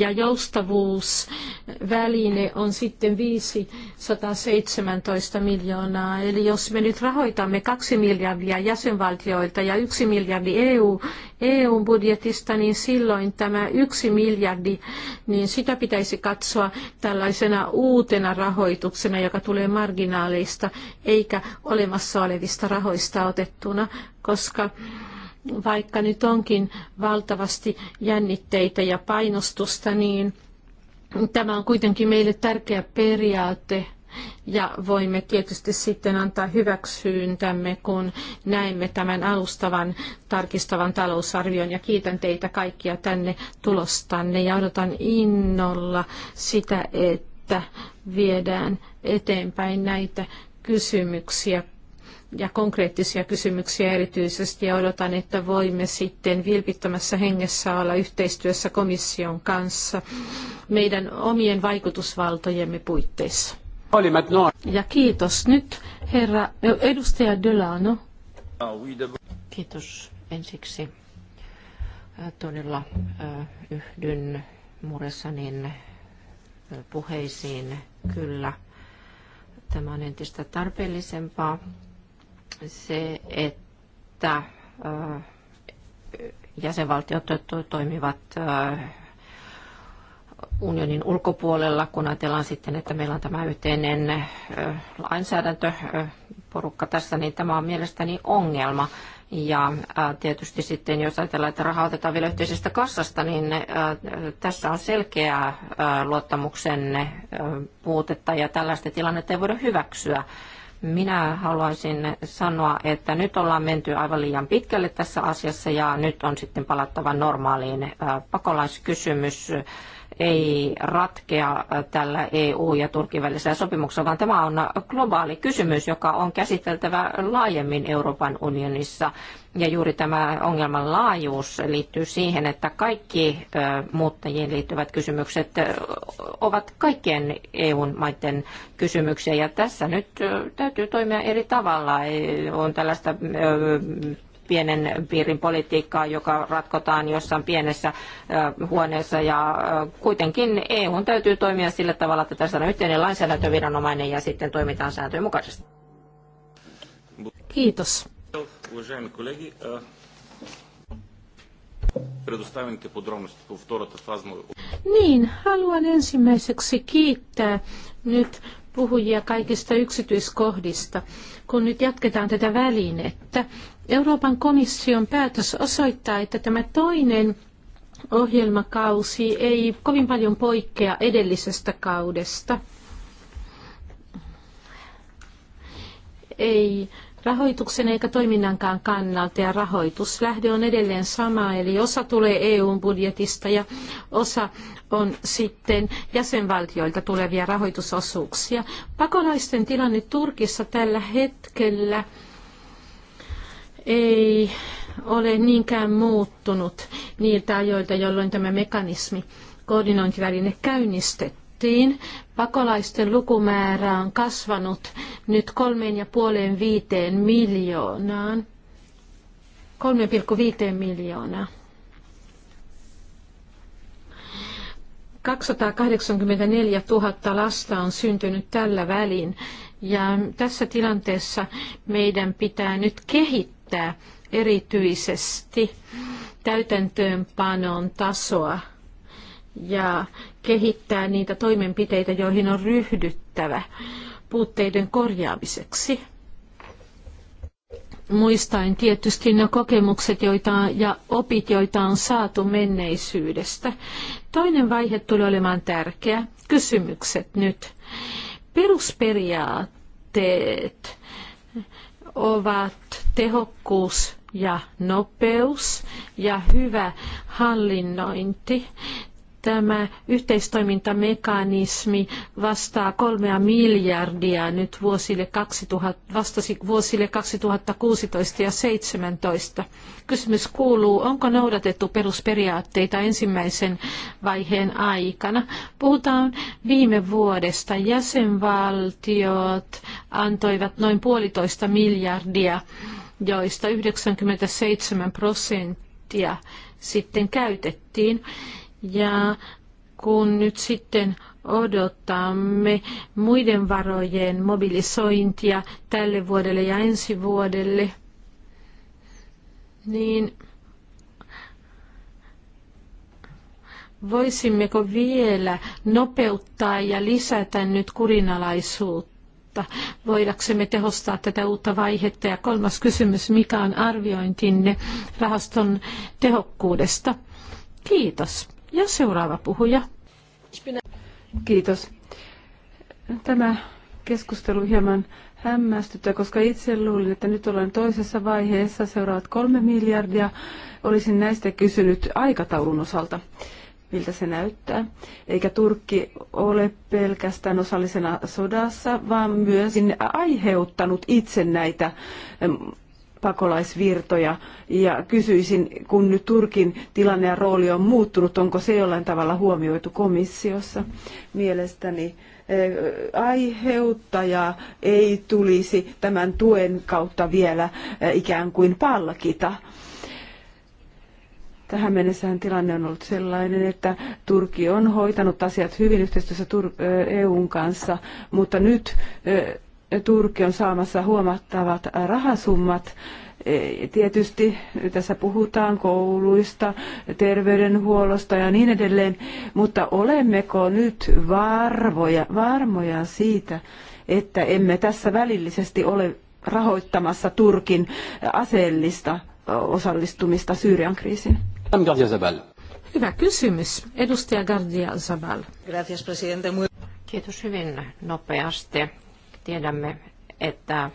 ja joustavuusväline on sitten 517 miljoonaa. Eli jos me nyt rahoitamme 2 miljardia jäsenvaltioilta ja 1 miljardi EU, EU-budjetista, niin silloin tämä 1 miljardi, niin sitä pitäisi katsoa tällaisena uutena rahoituksena, joka tulee marginaaleista eikä olemassa olevista rahoista otettuna, koska vaikka nyt onkin valtavasti jännitteitä ja painostusta, niin tämä on kuitenkin meille tärkeä periaate ja voimme tietysti sitten antaa hyväksyntämme, kun näemme tämän alustavan tarkistavan talousarvion. Ja kiitän teitä kaikkia tänne tulostanne ja odotan innolla sitä, että että viedään eteenpäin näitä kysymyksiä ja konkreettisia kysymyksiä erityisesti ja odotan, että voimme sitten vilpittömässä hengessä olla yhteistyössä komission kanssa meidän omien vaikutusvaltojemme puitteissa. Ja kiitos nyt herra edustaja Delano. Kiitos ensiksi. Äh, todella äh, yhdyn Muresanin puheisiin kyllä. Tämä on entistä tarpeellisempaa. Se, että jäsenvaltiot toimivat unionin ulkopuolella, kun ajatellaan sitten, että meillä on tämä yhteinen lainsäädäntöporukka tässä, niin tämä on mielestäni ongelma. Ja äh, tietysti sitten, jos ajatellaan, että rahaa otetaan vielä yhteisestä kassasta, niin äh, tässä on selkeää äh, luottamuksen puutetta ja tällaista tilannetta ei voida hyväksyä. Minä haluaisin sanoa, että nyt ollaan menty aivan liian pitkälle tässä asiassa ja nyt on sitten palattava normaaliin pakolaiskysymys ei ratkea tällä EU- ja Turkin välisellä sopimuksella, vaan tämä on globaali kysymys, joka on käsiteltävä laajemmin Euroopan unionissa. Ja juuri tämä ongelman laajuus liittyy siihen, että kaikki muuttajiin liittyvät kysymykset ovat kaikkien EU-maiden kysymyksiä. Ja tässä nyt täytyy toimia eri tavalla. On tällaista pienen piirin politiikkaa, joka ratkotaan jossain pienessä huoneessa. Ja kuitenkin EU täytyy toimia sillä tavalla, että tässä on yhteinen lainsäädäntöviranomainen ja sitten toimitaan sääntöjen mukaisesti. Kiitos. Niin, haluan ensimmäiseksi kiittää nyt puhujia kaikista yksityiskohdista. Kun nyt jatketaan tätä välinettä, Euroopan komission päätös osoittaa, että tämä toinen ohjelmakausi ei kovin paljon poikkea edellisestä kaudesta. Ei rahoituksen eikä toiminnankaan kannalta ja rahoituslähde on edelleen sama, eli osa tulee EU-budjetista ja osa on sitten jäsenvaltioilta tulevia rahoitusosuuksia. Pakolaisten tilanne Turkissa tällä hetkellä ei ole niinkään muuttunut niiltä ajoilta, jolloin tämä mekanismi koordinointiväline käynnistettiin. Pakolaisten lukumäärä on kasvanut nyt kolmeen ja puoleen viiteen miljoonaan. 3,5 miljoonaa. 284 000 lasta on syntynyt tällä välin ja tässä tilanteessa meidän pitää nyt kehittää käyttää erityisesti täytäntöönpanon tasoa ja kehittää niitä toimenpiteitä, joihin on ryhdyttävä puutteiden korjaamiseksi. Muistaen tietysti ne kokemukset joita, ja opit, joita on saatu menneisyydestä. Toinen vaihe tulee olemaan tärkeä. Kysymykset nyt. Perusperiaatteet ovat tehokkuus ja nopeus ja hyvä hallinnointi. Tämä yhteistoimintamekanismi vastaa kolmea miljardia nyt vuosille 2000, vastasi vuosille 2016 ja 2017. Kysymys kuuluu, onko noudatettu perusperiaatteita ensimmäisen vaiheen aikana? Puhutaan viime vuodesta. Jäsenvaltiot antoivat noin puolitoista miljardia, joista 97 prosenttia sitten käytettiin. Ja kun nyt sitten odotamme muiden varojen mobilisointia tälle vuodelle ja ensi vuodelle, niin voisimmeko vielä nopeuttaa ja lisätä nyt kurinalaisuutta? Voidaksemme tehostaa tätä uutta vaihetta? Ja kolmas kysymys, mikä on arviointinne rahaston tehokkuudesta? Kiitos. Ja seuraava puhuja. Kiitos. Tämä keskustelu hieman hämmästyttää, koska itse luulin, että nyt ollaan toisessa vaiheessa, seuraavat kolme miljardia. Olisin näistä kysynyt aikataulun osalta, miltä se näyttää. Eikä Turkki ole pelkästään osallisena sodassa, vaan myös aiheuttanut itse näitä pakolaisvirtoja. Ja kysyisin, kun nyt Turkin tilanne ja rooli on muuttunut, onko se jollain tavalla huomioitu komissiossa? Mielestäni eh, aiheuttaja ei tulisi tämän tuen kautta vielä eh, ikään kuin palkita. Tähän mennessähän tilanne on ollut sellainen, että Turkki on hoitanut asiat hyvin yhteistyössä EUn eh, e kanssa, mutta nyt Turkki on saamassa huomattavat rahasummat. E, tietysti tässä puhutaan kouluista, terveydenhuollosta ja niin edelleen, mutta olemmeko nyt varvoja, varmoja siitä, että emme tässä välillisesti ole rahoittamassa Turkin aseellista osallistumista Syyrian kriisiin? Hyvä kysymys. Edustaja Gardia Zabal. Kiitos hyvin nopeasti. Tiedämme, että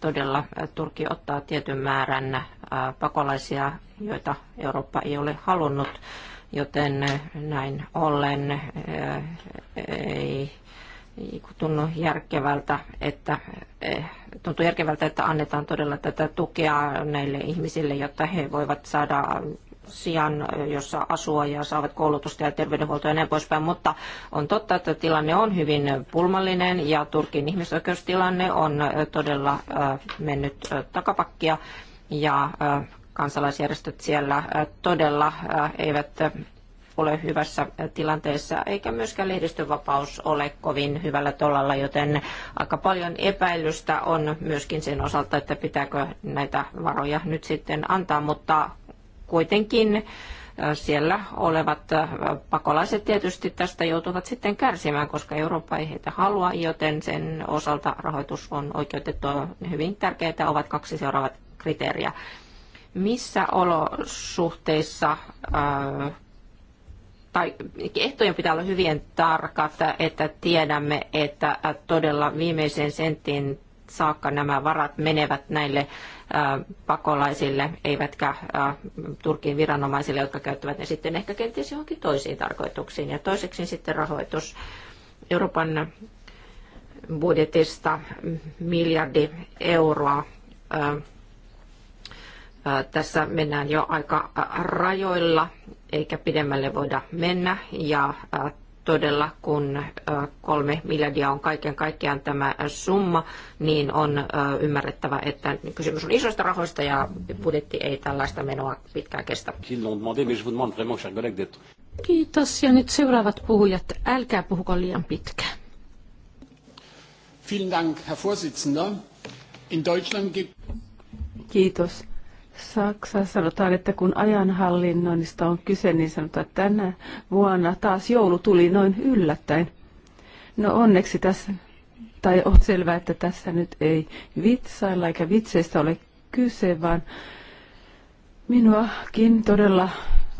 todella Turkki ottaa tietyn määrän pakolaisia, joita Eurooppa ei ole halunnut, joten näin ollen ei tunnu järkevältä, että tuntuu järkevältä, että annetaan todella tätä tukea näille ihmisille, jotta he voivat saada sijaan, jossa asua ja saavat koulutusta ja terveydenhuoltoa ja näin poispäin. Mutta on totta, että tilanne on hyvin pulmallinen ja Turkin ihmisoikeustilanne on todella mennyt takapakkia ja kansalaisjärjestöt siellä todella eivät ole hyvässä tilanteessa, eikä myöskään lehdistönvapaus ole kovin hyvällä tolalla, joten aika paljon epäilystä on myöskin sen osalta, että pitääkö näitä varoja nyt sitten antaa, mutta kuitenkin äh, siellä olevat äh, pakolaiset tietysti tästä joutuvat sitten kärsimään, koska Eurooppa ei heitä halua, joten sen osalta rahoitus on oikeutettu. hyvin tärkeää, ovat kaksi seuraavat kriteeriä. Missä olosuhteissa äh, tai ehtojen pitää olla hyvin tarkat, että tiedämme, että todella viimeisen sentin saakka nämä varat menevät näille pakolaisille, eivätkä Turkin viranomaisille, jotka käyttävät ne sitten ehkä kenties johonkin toisiin tarkoituksiin. Ja toiseksi sitten rahoitus Euroopan budjetista miljardi euroa tässä mennään jo aika rajoilla, eikä pidemmälle voida mennä. Ja todella, kun kolme miljardia on kaiken kaikkiaan tämä summa, niin on ymmärrettävä, että kysymys on isoista rahoista ja budjetti ei tällaista menoa pitkään kestä. Kiitos. Ja nyt seuraavat puhujat. Älkää puhuko liian pitkään. Vielen Dank, Herr Vorsitzender. In Deutschland gibt... Kiitos. Saksassa sanotaan, että kun ajanhallinnoinnista on kyse, niin sanotaan, että tänä vuonna taas joulu tuli noin yllättäen. No onneksi tässä, tai on selvää, että tässä nyt ei vitsailla eikä vitseistä ole kyse, vaan minuakin todella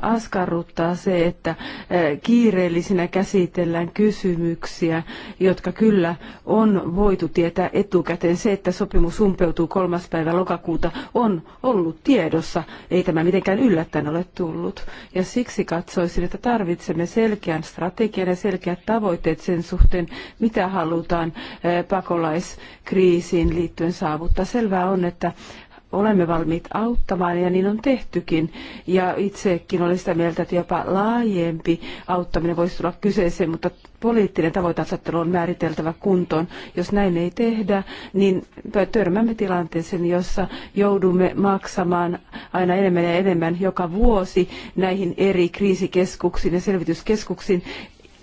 askarruttaa se, että eh, kiireellisinä käsitellään kysymyksiä, jotka kyllä on voitu tietää etukäteen. Se, että sopimus umpeutuu kolmas päivä lokakuuta, on ollut tiedossa. Ei tämä mitenkään yllättäen ole tullut. Ja siksi katsoisin, että tarvitsemme selkeän strategian ja selkeät tavoitteet sen suhteen, mitä halutaan eh, pakolaiskriisiin liittyen saavuttaa. Selvää on, että olemme valmiit auttamaan ja niin on tehtykin. Ja itsekin olen sitä mieltä, että jopa laajempi auttaminen voisi tulla kyseeseen, mutta poliittinen tavoiteasettelu on määriteltävä kuntoon. Jos näin ei tehdä, niin törmäämme tilanteeseen, jossa joudumme maksamaan aina enemmän ja enemmän joka vuosi näihin eri kriisikeskuksiin ja selvityskeskuksiin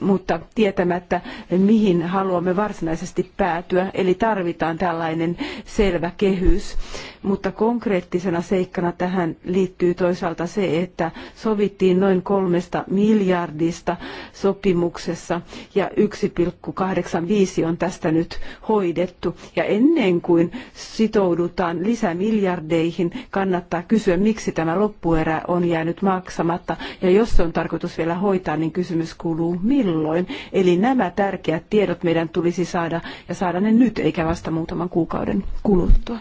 mutta tietämättä mihin haluamme varsinaisesti päätyä. Eli tarvitaan tällainen selvä kehys. Mutta konkreettisena seikkana tähän liittyy toisaalta se, että sovittiin noin kolmesta miljardista sopimuksessa ja 1,85 on tästä nyt hoidettu. Ja ennen kuin sitoudutaan lisämiljardeihin, kannattaa kysyä, miksi tämä loppuerä on jäänyt maksamatta. Ja jos se on tarkoitus vielä hoitaa, niin kysymys kuuluu, milloin? silloin. Eli nämä tärkeät tiedot meidän tulisi saada ja saada ne nyt eikä vasta muutaman kuukauden kuluttua.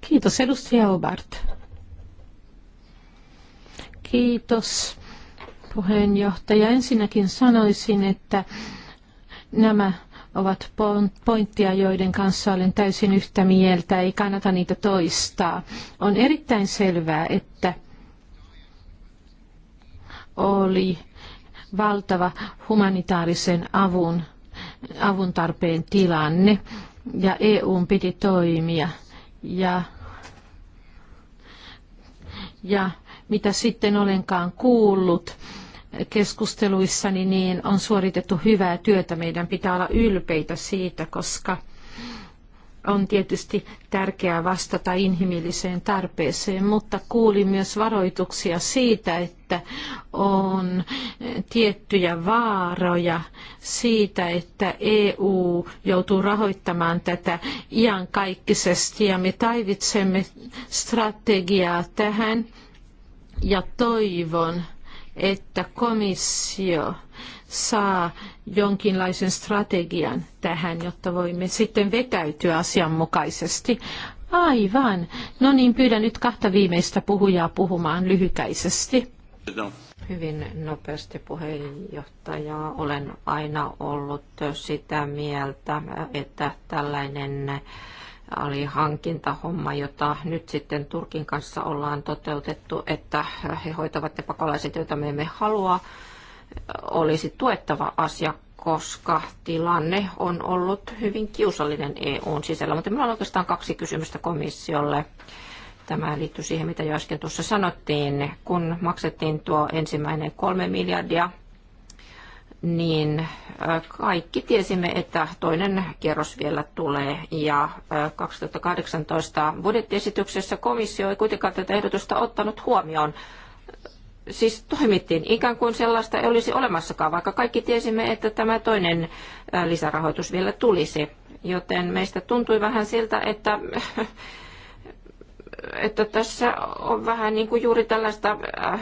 Kiitos edustaja Obart. Kiitos puheenjohtaja. Ensinnäkin sanoisin, että nämä ovat pointtia, joiden kanssa olen täysin yhtä mieltä, ei kannata niitä toistaa. On erittäin selvää, että oli valtava humanitaarisen avun, avun tarpeen tilanne ja EUn piti toimia. Ja, ja mitä sitten olenkaan kuullut keskusteluissani, niin on suoritettu hyvää työtä. Meidän pitää olla ylpeitä siitä, koska – on tietysti tärkeää vastata inhimilliseen tarpeeseen, mutta kuulin myös varoituksia siitä, että on tiettyjä vaaroja siitä, että EU joutuu rahoittamaan tätä iankaikkisesti ja me tarvitsemme strategiaa tähän ja toivon, että komissio saa jonkinlaisen strategian tähän, jotta voimme sitten vetäytyä asianmukaisesti. Aivan. No niin, pyydän nyt kahta viimeistä puhujaa puhumaan lyhykäisesti. Hyvin nopeasti puheenjohtaja. Olen aina ollut sitä mieltä, että tällainen hankintahomma, jota nyt sitten Turkin kanssa ollaan toteutettu, että he hoitavat ne pakolaiset, joita me emme halua olisi tuettava asia, koska tilanne on ollut hyvin kiusallinen EUn sisällä. Mutta minulla on oikeastaan kaksi kysymystä komissiolle. Tämä liittyy siihen, mitä jo äsken tuossa sanottiin. Kun maksettiin tuo ensimmäinen kolme miljardia, niin kaikki tiesimme, että toinen kierros vielä tulee. Ja 2018 budjettiesityksessä komissio ei kuitenkaan tätä ehdotusta ottanut huomioon siis toimittiin ikään kuin sellaista ei olisi olemassakaan, vaikka kaikki tiesimme, että tämä toinen äh, lisärahoitus vielä tulisi. Joten meistä tuntui vähän siltä, että, että tässä on vähän niin kuin juuri tällaista äh,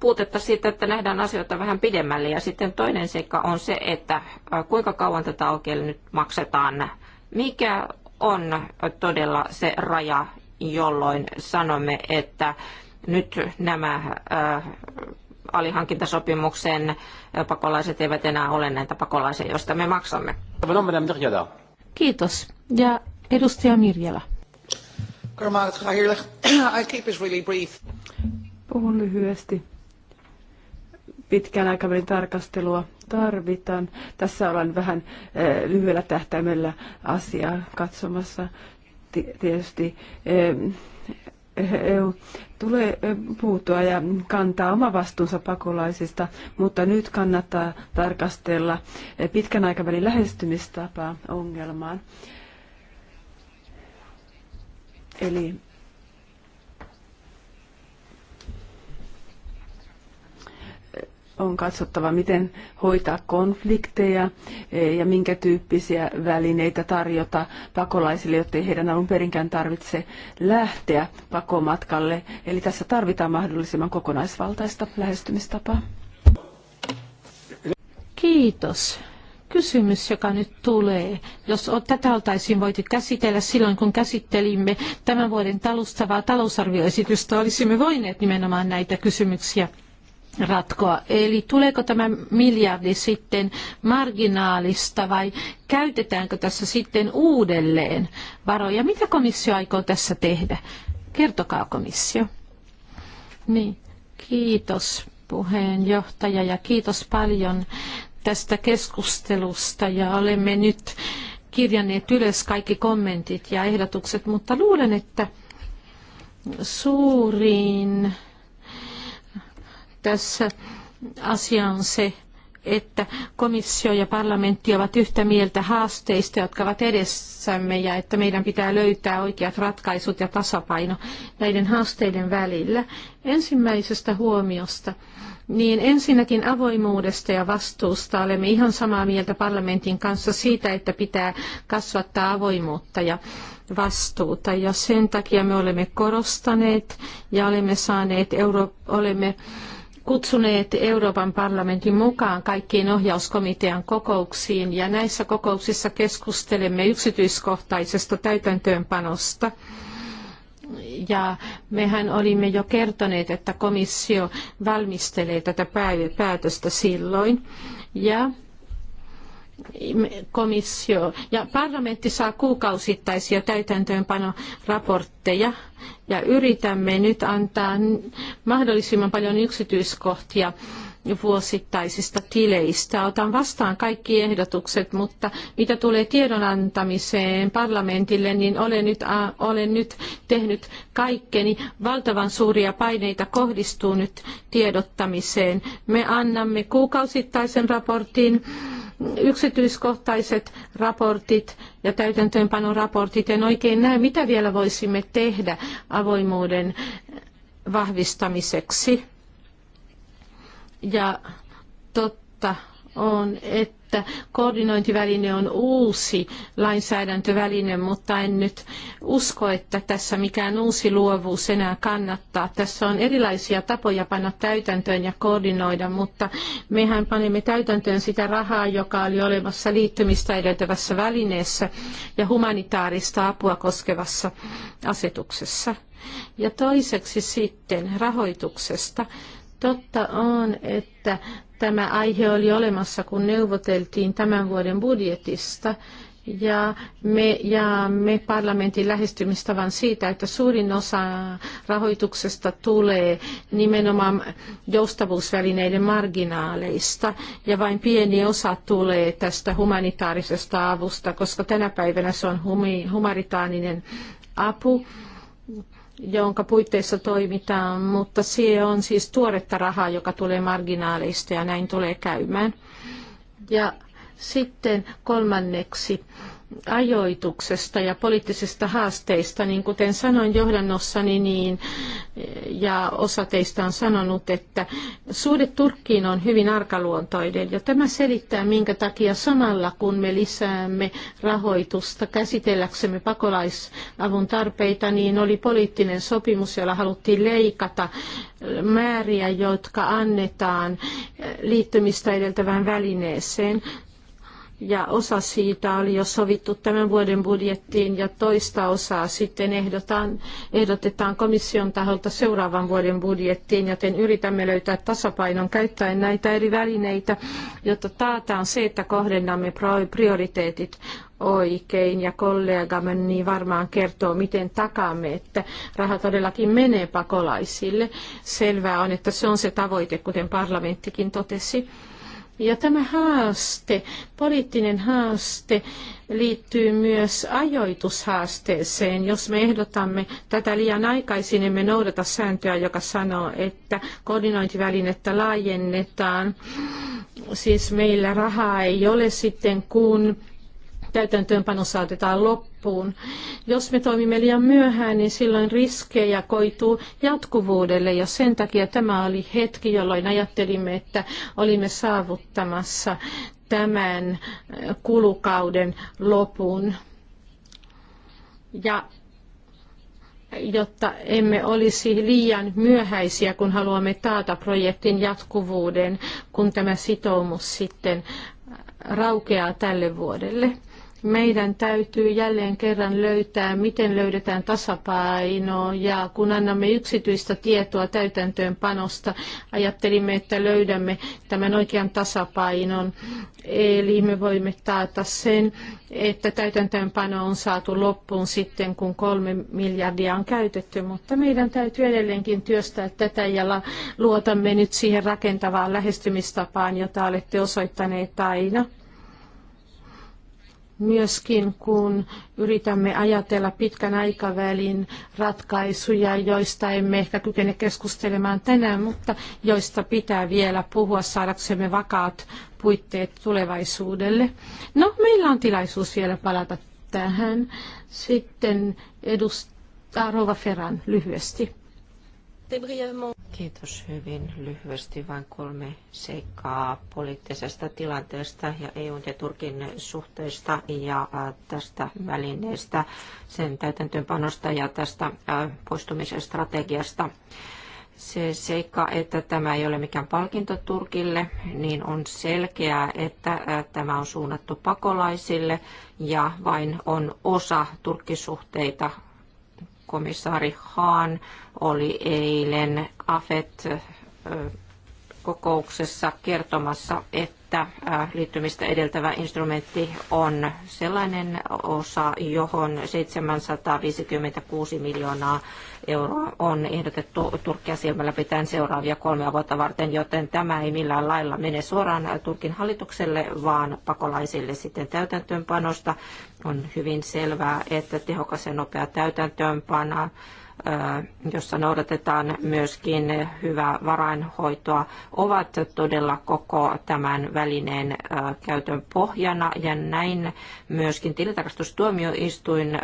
puutetta siitä, että nähdään asioita vähän pidemmälle. Ja sitten toinen seikka on se, että äh, kuinka kauan tätä oikein nyt maksetaan. Mikä on todella se raja, jolloin sanomme, että nyt nämä äh, alihankintasopimuksen pakolaiset eivät enää ole näitä pakolaisia, joista me maksamme. Kiitos. Ja edustaja Mirjala. Puhun lyhyesti. Pitkän aikavälin tarkastelua tarvitaan. Tässä ollaan vähän eh, lyhyellä tähtäimellä asiaa katsomassa tietysti eh, EU tulee puuttua ja kantaa oma vastuunsa pakolaisista, mutta nyt kannattaa tarkastella pitkän aikavälin lähestymistapaa ongelmaan. Eli on katsottava, miten hoitaa konflikteja e, ja minkä tyyppisiä välineitä tarjota pakolaisille, ei heidän alun perinkään tarvitse lähteä pakomatkalle. Eli tässä tarvitaan mahdollisimman kokonaisvaltaista lähestymistapaa. Kiitos. Kysymys, joka nyt tulee. Jos tätä oltaisiin voitu käsitellä silloin, kun käsittelimme tämän vuoden talustavaa talousarvioesitystä, olisimme voineet nimenomaan näitä kysymyksiä ratkoa. Eli tuleeko tämä miljardi sitten marginaalista vai käytetäänkö tässä sitten uudelleen varoja? Mitä komissio aikoo tässä tehdä? Kertokaa komissio. Niin, kiitos puheenjohtaja ja kiitos paljon tästä keskustelusta ja olemme nyt kirjanneet ylös kaikki kommentit ja ehdotukset, mutta luulen, että suurin tässä asia on se, että komissio ja parlamentti ovat yhtä mieltä haasteista, jotka ovat edessämme ja että meidän pitää löytää oikeat ratkaisut ja tasapaino näiden haasteiden välillä. Ensimmäisestä huomiosta. Niin ensinnäkin avoimuudesta ja vastuusta olemme ihan samaa mieltä parlamentin kanssa siitä, että pitää kasvattaa avoimuutta ja vastuuta. Ja sen takia me olemme korostaneet ja olemme saaneet, euro, olemme kutsuneet Euroopan parlamentin mukaan kaikkiin ohjauskomitean kokouksiin ja näissä kokouksissa keskustelemme yksityiskohtaisesta täytäntöönpanosta. Ja mehän olimme jo kertoneet, että komissio valmistelee tätä päätöstä silloin. Ja komissio ja parlamentti saa kuukausittaisia täytäntöönpanoraportteja ja yritämme nyt antaa mahdollisimman paljon yksityiskohtia vuosittaisista tileistä. Otan vastaan kaikki ehdotukset, mutta mitä tulee tiedon antamiseen parlamentille, niin olen nyt, a, olen nyt tehnyt kaikkeni. Valtavan suuria paineita kohdistuu nyt tiedottamiseen. Me annamme kuukausittaisen raportin yksityiskohtaiset raportit ja täytäntöönpanon raportit. En oikein näe, mitä vielä voisimme tehdä avoimuuden vahvistamiseksi. Ja totta on, että että koordinointiväline on uusi lainsäädäntöväline, mutta en nyt usko, että tässä mikään uusi luovuus enää kannattaa. Tässä on erilaisia tapoja panna täytäntöön ja koordinoida, mutta mehän panemme täytäntöön sitä rahaa, joka oli olemassa liittymistä edeltävässä välineessä ja humanitaarista apua koskevassa asetuksessa. Ja toiseksi sitten rahoituksesta. Totta on, että Tämä aihe oli olemassa, kun neuvoteltiin tämän vuoden budjetista. Ja me jaamme parlamentin lähestymistavan siitä, että suurin osa rahoituksesta tulee nimenomaan joustavuusvälineiden marginaaleista ja vain pieni osa tulee tästä humanitaarisesta avusta, koska tänä päivänä se on humanitaarinen apu jonka puitteissa toimitaan, mutta se on siis tuoretta rahaa, joka tulee marginaaleista ja näin tulee käymään. Ja sitten kolmanneksi ajoituksesta ja poliittisista haasteista, niin kuten sanoin johdannossani, niin, ja osa teistä on sanonut, että suhde Turkkiin on hyvin arkaluontoinen, ja tämä selittää, minkä takia samalla kun me lisäämme rahoitusta käsitelläksemme pakolaisavun tarpeita, niin oli poliittinen sopimus, jolla haluttiin leikata määriä, jotka annetaan liittymistä edeltävään välineeseen ja osa siitä oli jo sovittu tämän vuoden budjettiin ja toista osaa sitten ehdotan, ehdotetaan komission taholta seuraavan vuoden budjettiin, joten yritämme löytää tasapainon käyttäen näitä eri välineitä, jotta taataan se, että kohdennamme prioriteetit oikein ja kollegamme niin varmaan kertoo, miten takaamme, että raha todellakin menee pakolaisille. Selvää on, että se on se tavoite, kuten parlamenttikin totesi. Ja tämä haaste, poliittinen haaste, liittyy myös ajoitushaasteeseen. Jos me ehdotamme tätä liian aikaisin, emme noudata sääntöä, joka sanoo, että koordinointivälinettä laajennetaan. Siis meillä rahaa ei ole sitten, kun täytäntöönpano saatetaan loppuun. Jos me toimimme liian myöhään, niin silloin riskejä koituu jatkuvuudelle ja sen takia tämä oli hetki, jolloin ajattelimme, että olimme saavuttamassa tämän eh, kulukauden lopun. Ja jotta emme olisi liian myöhäisiä, kun haluamme taata projektin jatkuvuuden, kun tämä sitoumus sitten raukeaa tälle vuodelle meidän täytyy jälleen kerran löytää, miten löydetään tasapaino ja kun annamme yksityistä tietoa täytäntöönpanosta, ajattelimme, että löydämme tämän oikean tasapainon. Eli me voimme taata sen, että täytäntöönpano on saatu loppuun sitten, kun kolme miljardia on käytetty, mutta meidän täytyy edelleenkin työstää tätä ja luotamme nyt siihen rakentavaan lähestymistapaan, jota olette osoittaneet aina myöskin, kun yritämme ajatella pitkän aikavälin ratkaisuja, joista emme ehkä kykene keskustelemaan tänään, mutta joista pitää vielä puhua saadaksemme vakaat puitteet tulevaisuudelle. No, meillä on tilaisuus vielä palata tähän. Sitten edustaa Rova Ferran lyhyesti. Kiitos hyvin lyhyesti vain kolme seikkaa poliittisesta tilanteesta ja EUn ja Turkin suhteista ja tästä välineestä, sen täytäntöönpanosta ja tästä poistumisen strategiasta se seikka, että tämä ei ole mikään palkinto Turkille, niin on selkeää, että tämä on suunnattu pakolaisille ja vain on osa turkkisuhteita komissaari Haan oli eilen AFET kokouksessa kertomassa, että liittymistä edeltävä instrumentti on sellainen osa, johon 756 miljoonaa euroa on ehdotettu Turkkia silmällä pitäen seuraavia kolmea vuotta varten, joten tämä ei millään lailla mene suoraan Turkin hallitukselle, vaan pakolaisille sitten täytäntöönpanosta. On hyvin selvää, että tehokas ja nopea täytäntöönpano jossa noudatetaan myöskin hyvää varainhoitoa, ovat todella koko tämän välineen käytön pohjana. Ja näin myöskin tilintarkastustuomioistuin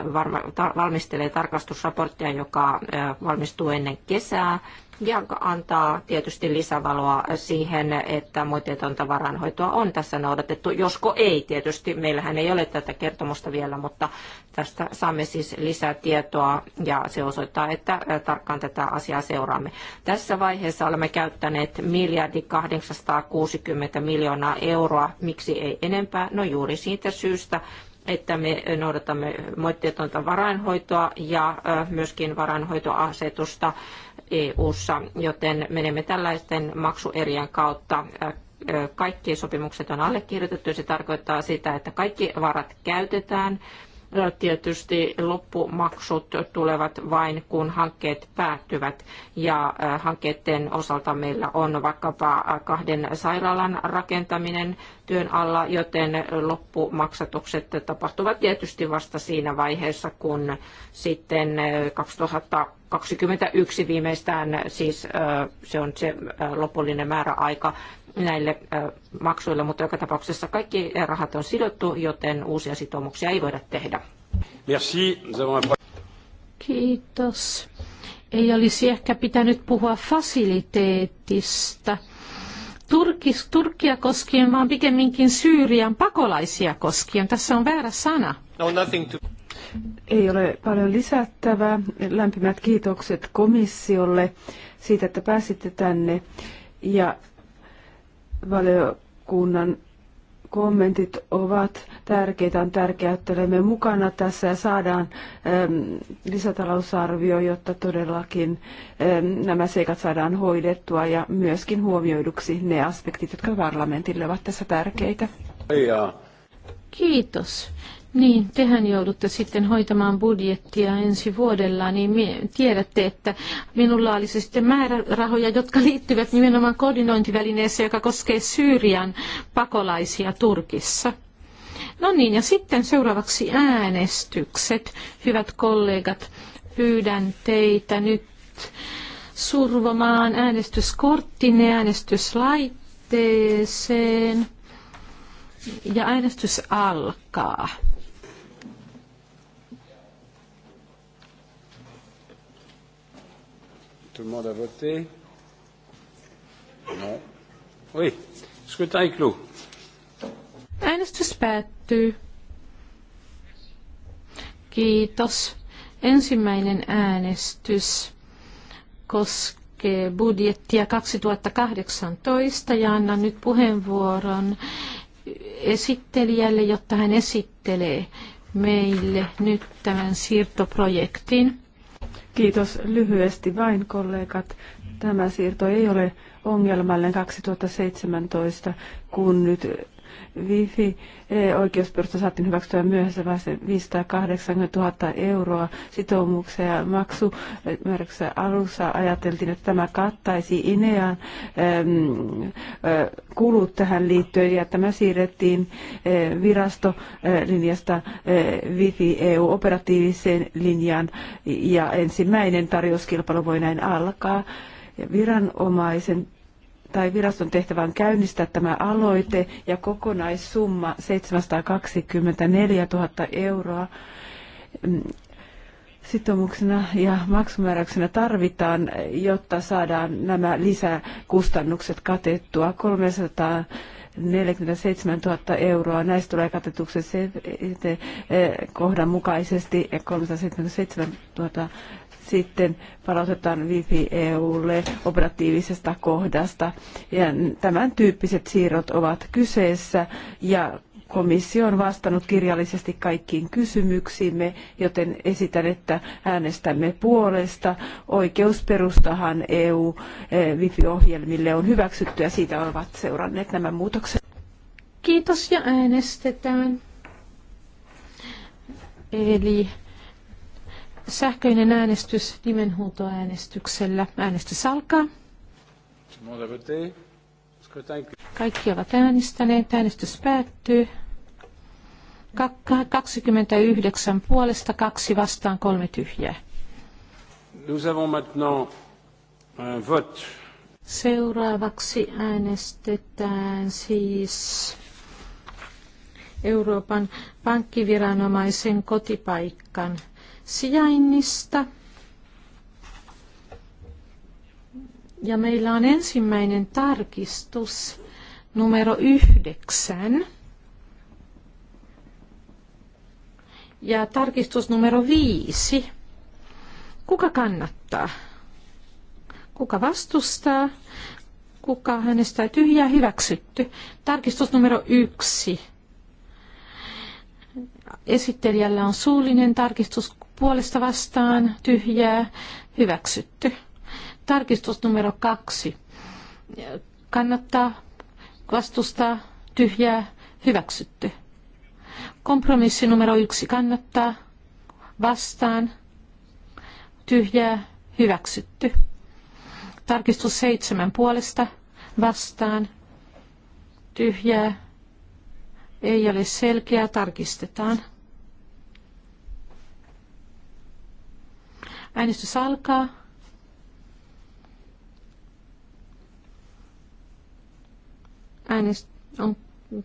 valmistelee tarkastusraporttia, joka valmistuu ennen kesää Bianca antaa tietysti lisävaloa siihen, että moitteetonta varanhoitoa on tässä noudatettu, josko ei tietysti. Meillähän ei ole tätä kertomusta vielä, mutta tästä saamme siis lisää tietoa ja se osoittaa, että tarkkaan tätä asiaa seuraamme. Tässä vaiheessa olemme käyttäneet miljardi 860 miljoonaa euroa. Miksi ei enempää? No juuri siitä syystä, että me noudatamme moitteetonta varainhoitoa ja myöskin varainhoitoasetusta EU-ssa, joten menemme tällaisten maksuerien kautta kaikki sopimukset on allekirjoitettu. Se tarkoittaa sitä, että kaikki varat käytetään. Tietysti loppumaksut tulevat vain, kun hankkeet päättyvät. Ja hankkeiden osalta meillä on vaikkapa kahden sairaalan rakentaminen työn alla, joten loppumaksatukset tapahtuvat tietysti vasta siinä vaiheessa, kun sitten 2000 21 viimeistään, siis se on se lopullinen määräaika näille maksuille, mutta joka tapauksessa kaikki rahat on sidottu, joten uusia sitoumuksia ei voida tehdä. Merci. Kiitos. Ei olisi ehkä pitänyt puhua fasiliteetista. Turkis, Turkia koskien, vaan pikemminkin Syyrian pakolaisia koskien. Tässä on väärä sana. No, nothing to... Ei ole paljon lisättävää. Lämpimät kiitokset komissiolle siitä, että pääsitte tänne. Ja valiokunnan kommentit ovat tärkeitä. On tärkeää, että olemme mukana tässä ja saadaan äm, lisätalousarvio, jotta todellakin äm, nämä seikat saadaan hoidettua ja myöskin huomioiduksi ne aspektit, jotka parlamentille ovat tässä tärkeitä. Kiitos. Niin, tehän joudutte sitten hoitamaan budjettia ensi vuodella, niin tiedätte, että minulla olisi sitten määrärahoja, jotka liittyvät nimenomaan koordinointivälineeseen, joka koskee Syyrian pakolaisia Turkissa. No niin, ja sitten seuraavaksi äänestykset. Hyvät kollegat, pyydän teitä nyt survomaan äänestyskorttinne äänestyslaitteeseen. Ja äänestys alkaa. Tout le monde a voté Non. Oui. Scrutin est clos. Äänestys päättyy. Kiitos. Ensimmäinen äänestys koskee budjettia 2018 ja annan nyt puheenvuoron esittelijälle, jotta hän esittelee meille nyt tämän siirtoprojektin. Kiitos lyhyesti vain kollegat. Tämä siirto ei ole ongelmallinen 2017, kun nyt Wifi-oikeusperusta eh, saatiin hyväksyä myöhässä vain 580 000 euroa sitoumuksia ja maksumääräyksessä eh, alussa ajateltiin, että tämä kattaisi Inean eh, kulut tähän liittyen ja tämä siirrettiin virastolinjasta Wifi EU-operatiiviseen linjaan ja ensimmäinen tarjouskilpailu voi näin alkaa. Ja viranomaisen tai viraston tehtävä on käynnistää tämä aloite ja kokonaissumma 724 000 euroa mm, sitoumuksena ja maksumääräyksenä tarvitaan, jotta saadaan nämä lisäkustannukset katettua. 300 47 000 euroa. Näistä tulee katetuksi eh, kohdan mukaisesti 377 000 sitten palautetaan Wifi EUlle operatiivisesta kohdasta. Ja tämän tyyppiset siirrot ovat kyseessä ja komissio on vastannut kirjallisesti kaikkiin kysymyksiimme, joten esitän, että äänestämme puolesta. Oikeusperustahan EU-wifi-ohjelmille eh, on hyväksytty ja siitä ovat seuranneet nämä muutokset. Kiitos ja äänestetään. Eli Sähköinen äänestys nimenhuutoäänestyksellä. Äänestys alkaa. Kaikki ovat äänestäneet. Äänestys päättyy. 29 puolesta, kaksi vastaan, kolme tyhjää. Nous avons maintenant un vote. Seuraavaksi äänestetään siis Euroopan pankkiviranomaisen kotipaikan sijainnista. Ja meillä on ensimmäinen tarkistus numero yhdeksän. Ja tarkistus numero viisi. Kuka kannattaa? Kuka vastustaa? Kuka hänestä tyhjää hyväksytty? Tarkistus numero yksi. Esittelijällä on suullinen tarkistus puolesta vastaan tyhjää hyväksytty. Tarkistus numero kaksi. Kannattaa vastustaa tyhjää hyväksytty. Kompromissi numero yksi kannattaa vastaan tyhjää hyväksytty. Tarkistus seitsemän puolesta vastaan tyhjää ei ole selkeää tarkistetaan. Äänestys alkaa.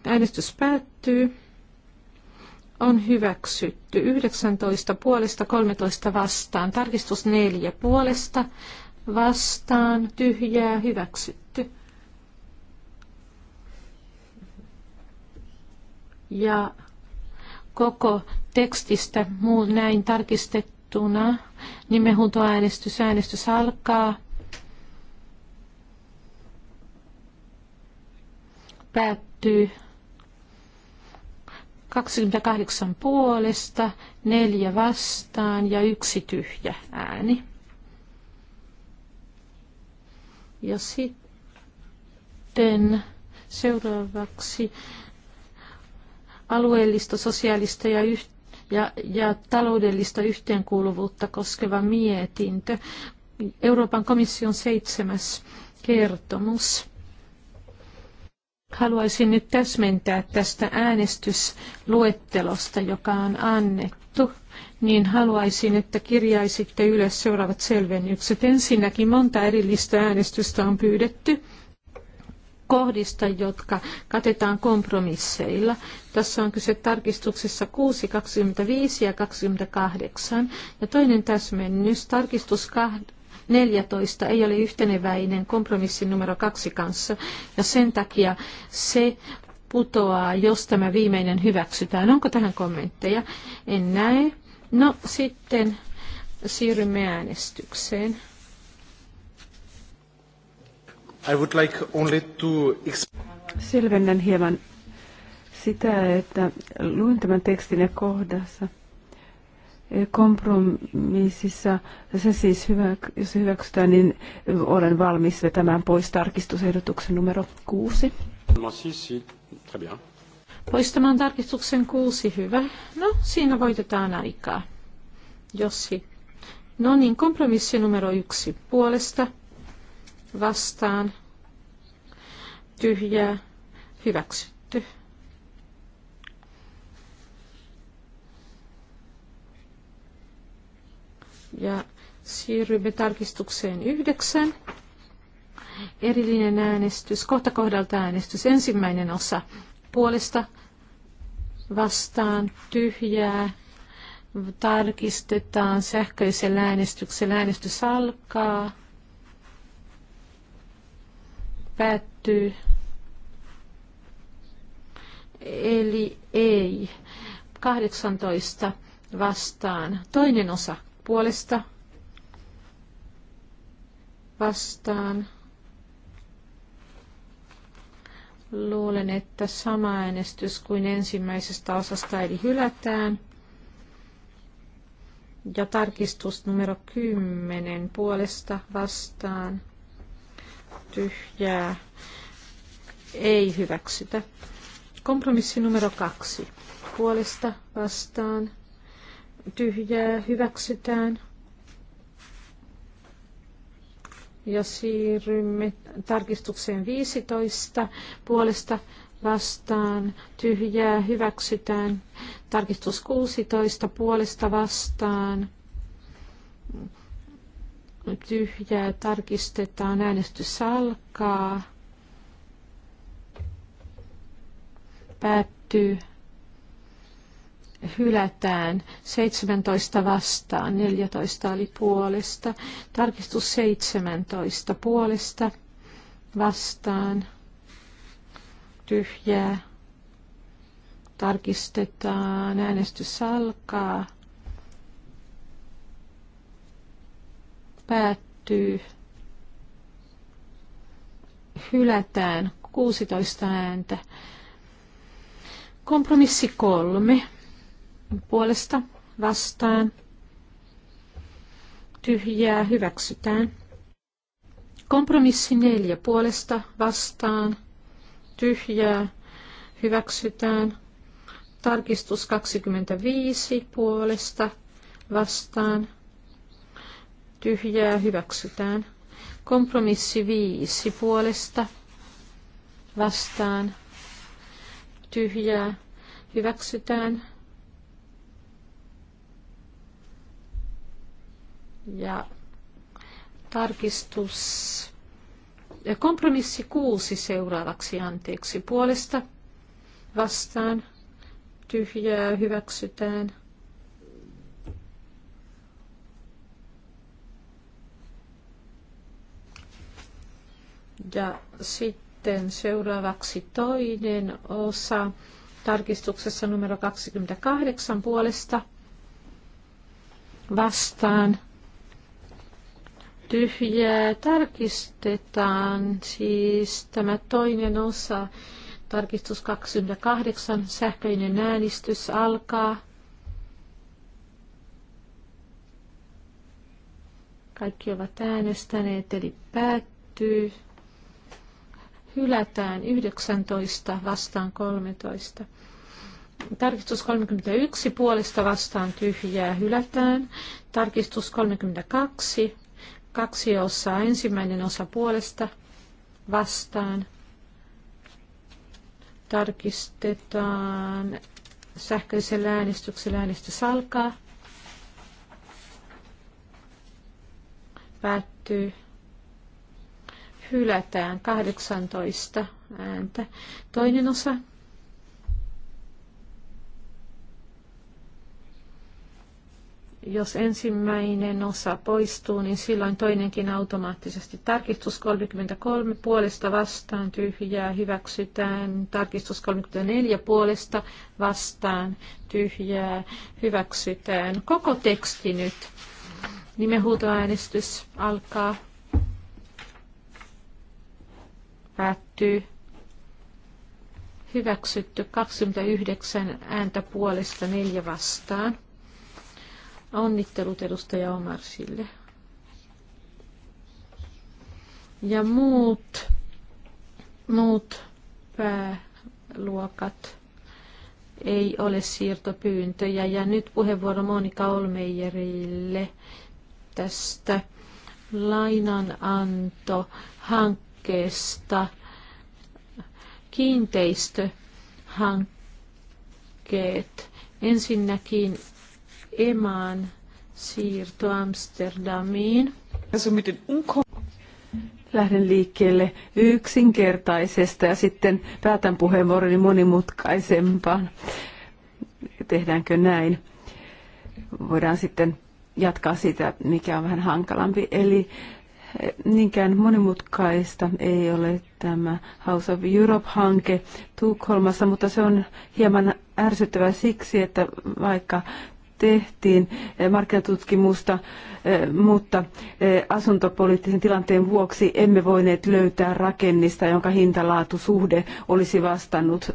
äänestys päättyy. On hyväksytty 19 puolesta, 13 vastaan. Tarkistus 4 puolesta, vastaan, tyhjää, hyväksytty. Ja koko tekstistä näin tarkistettu muutettuna. Nimenhuuntoäänestys, äänestys alkaa. Päättyy 28 puolesta, neljä vastaan ja yksi tyhjä ääni. Ja sitten seuraavaksi alueellista, sosiaalista ja yhteistyötä ja, ja taloudellista yhteenkuuluvuutta koskeva mietintö. Euroopan komission seitsemäs kertomus. Haluaisin nyt täsmentää tästä äänestysluettelosta, joka on annettu, niin haluaisin, että kirjaisitte ylös seuraavat selvennykset. Ensinnäkin monta erillistä äänestystä on pyydetty kohdista, jotka katetaan kompromisseilla. Tässä on kyse tarkistuksessa 6, 25 ja 28. Ja toinen täsmennys, tarkistus 14 ei ole yhteneväinen kompromissin numero 2 kanssa, ja sen takia se putoaa, jos tämä viimeinen hyväksytään. Onko tähän kommentteja? En näe. No sitten siirrymme äänestykseen. I would like only to... Selvennän hieman sitä, että luin tämän tekstin ja kohdassa e, kompromississa, se siis hyvä, jos hyväksytään, niin olen valmis vetämään pois tarkistusehdotuksen numero kuusi. Poistamaan tarkistuksen kuusi, hyvä. No, siinä voitetaan aikaa. Jossi. No niin, kompromissi numero yksi puolesta vastaan, tyhjää, hyväksytty. Ja siirrymme tarkistukseen yhdeksän. Erillinen äänestys, kohta kohdalta äänestys, ensimmäinen osa puolesta vastaan tyhjää. Tarkistetaan sähköisellä äänestyksellä. Äänestys alkaa. Päättyy. Eli ei. 18 vastaan. Toinen osa puolesta vastaan. Luulen, että sama äänestys kuin ensimmäisestä osasta, eli hylätään. Ja tarkistus numero 10 puolesta vastaan tyhjää ei hyväksytä. Kompromissi numero kaksi. Puolesta vastaan tyhjää hyväksytään. Ja siirrymme tarkistukseen 15. Puolesta vastaan tyhjää hyväksytään. Tarkistus 16. Puolesta vastaan tyhjää tarkistetaan. Äänestys alkaa. Päättyy. Hylätään 17 vastaan, 14 oli puolesta. Tarkistus 17 puolesta vastaan. Tyhjää. Tarkistetaan. Äänestys alkaa. päättyy, hylätään 16 ääntä. Kompromissi kolme puolesta vastaan. Tyhjää hyväksytään. Kompromissi neljä puolesta vastaan. Tyhjää hyväksytään. Tarkistus 25 puolesta vastaan tyhjää hyväksytään. Kompromissi viisi puolesta vastaan tyhjää hyväksytään. Ja tarkistus. Ja kompromissi kuusi seuraavaksi, anteeksi, puolesta vastaan tyhjää hyväksytään. Ja sitten seuraavaksi toinen osa tarkistuksessa numero 28 puolesta vastaan. Tyhjää tarkistetaan siis tämä toinen osa. Tarkistus 28, sähköinen äänestys alkaa. Kaikki ovat äänestäneet, eli päättyy hylätään 19 vastaan 13. Tarkistus 31 puolesta vastaan tyhjää hylätään. Tarkistus 32, kaksi osaa, ensimmäinen osa puolesta vastaan. Tarkistetaan sähköisellä äänestyksellä äänestys alkaa. Päättyy hylätään 18 ääntä. Toinen osa. Jos ensimmäinen osa poistuu, niin silloin toinenkin automaattisesti. Tarkistus 33 puolesta vastaan tyhjää hyväksytään. Tarkistus 34 puolesta vastaan tyhjää hyväksytään. Koko teksti nyt. Nimenhuutoäänestys alkaa. Päättyy. Hyväksytty 29 ääntä puolesta neljä vastaan. Onnittelut edustaja Omarsille. Ja muut, muut pääluokat ei ole siirtopyyntöjä. Ja nyt puheenvuoro Monika Olmeijerille tästä lainananto hankkeesta kiinteistöhankkeet. Ensinnäkin Emaan siirto Amsterdamiin. Lähden liikkeelle yksinkertaisesta ja sitten päätän puheenvuoroni monimutkaisempaan. Tehdäänkö näin? Voidaan sitten jatkaa sitä, mikä on vähän hankalampi. Eli niinkään monimutkaista ei ole tämä House of Europe-hanke Tukholmassa, mutta se on hieman ärsyttävää siksi, että vaikka tehtiin eh, markkinatutkimusta, eh, mutta eh, asuntopoliittisen tilanteen vuoksi emme voineet löytää rakennista, jonka hintalaatusuhde olisi vastannut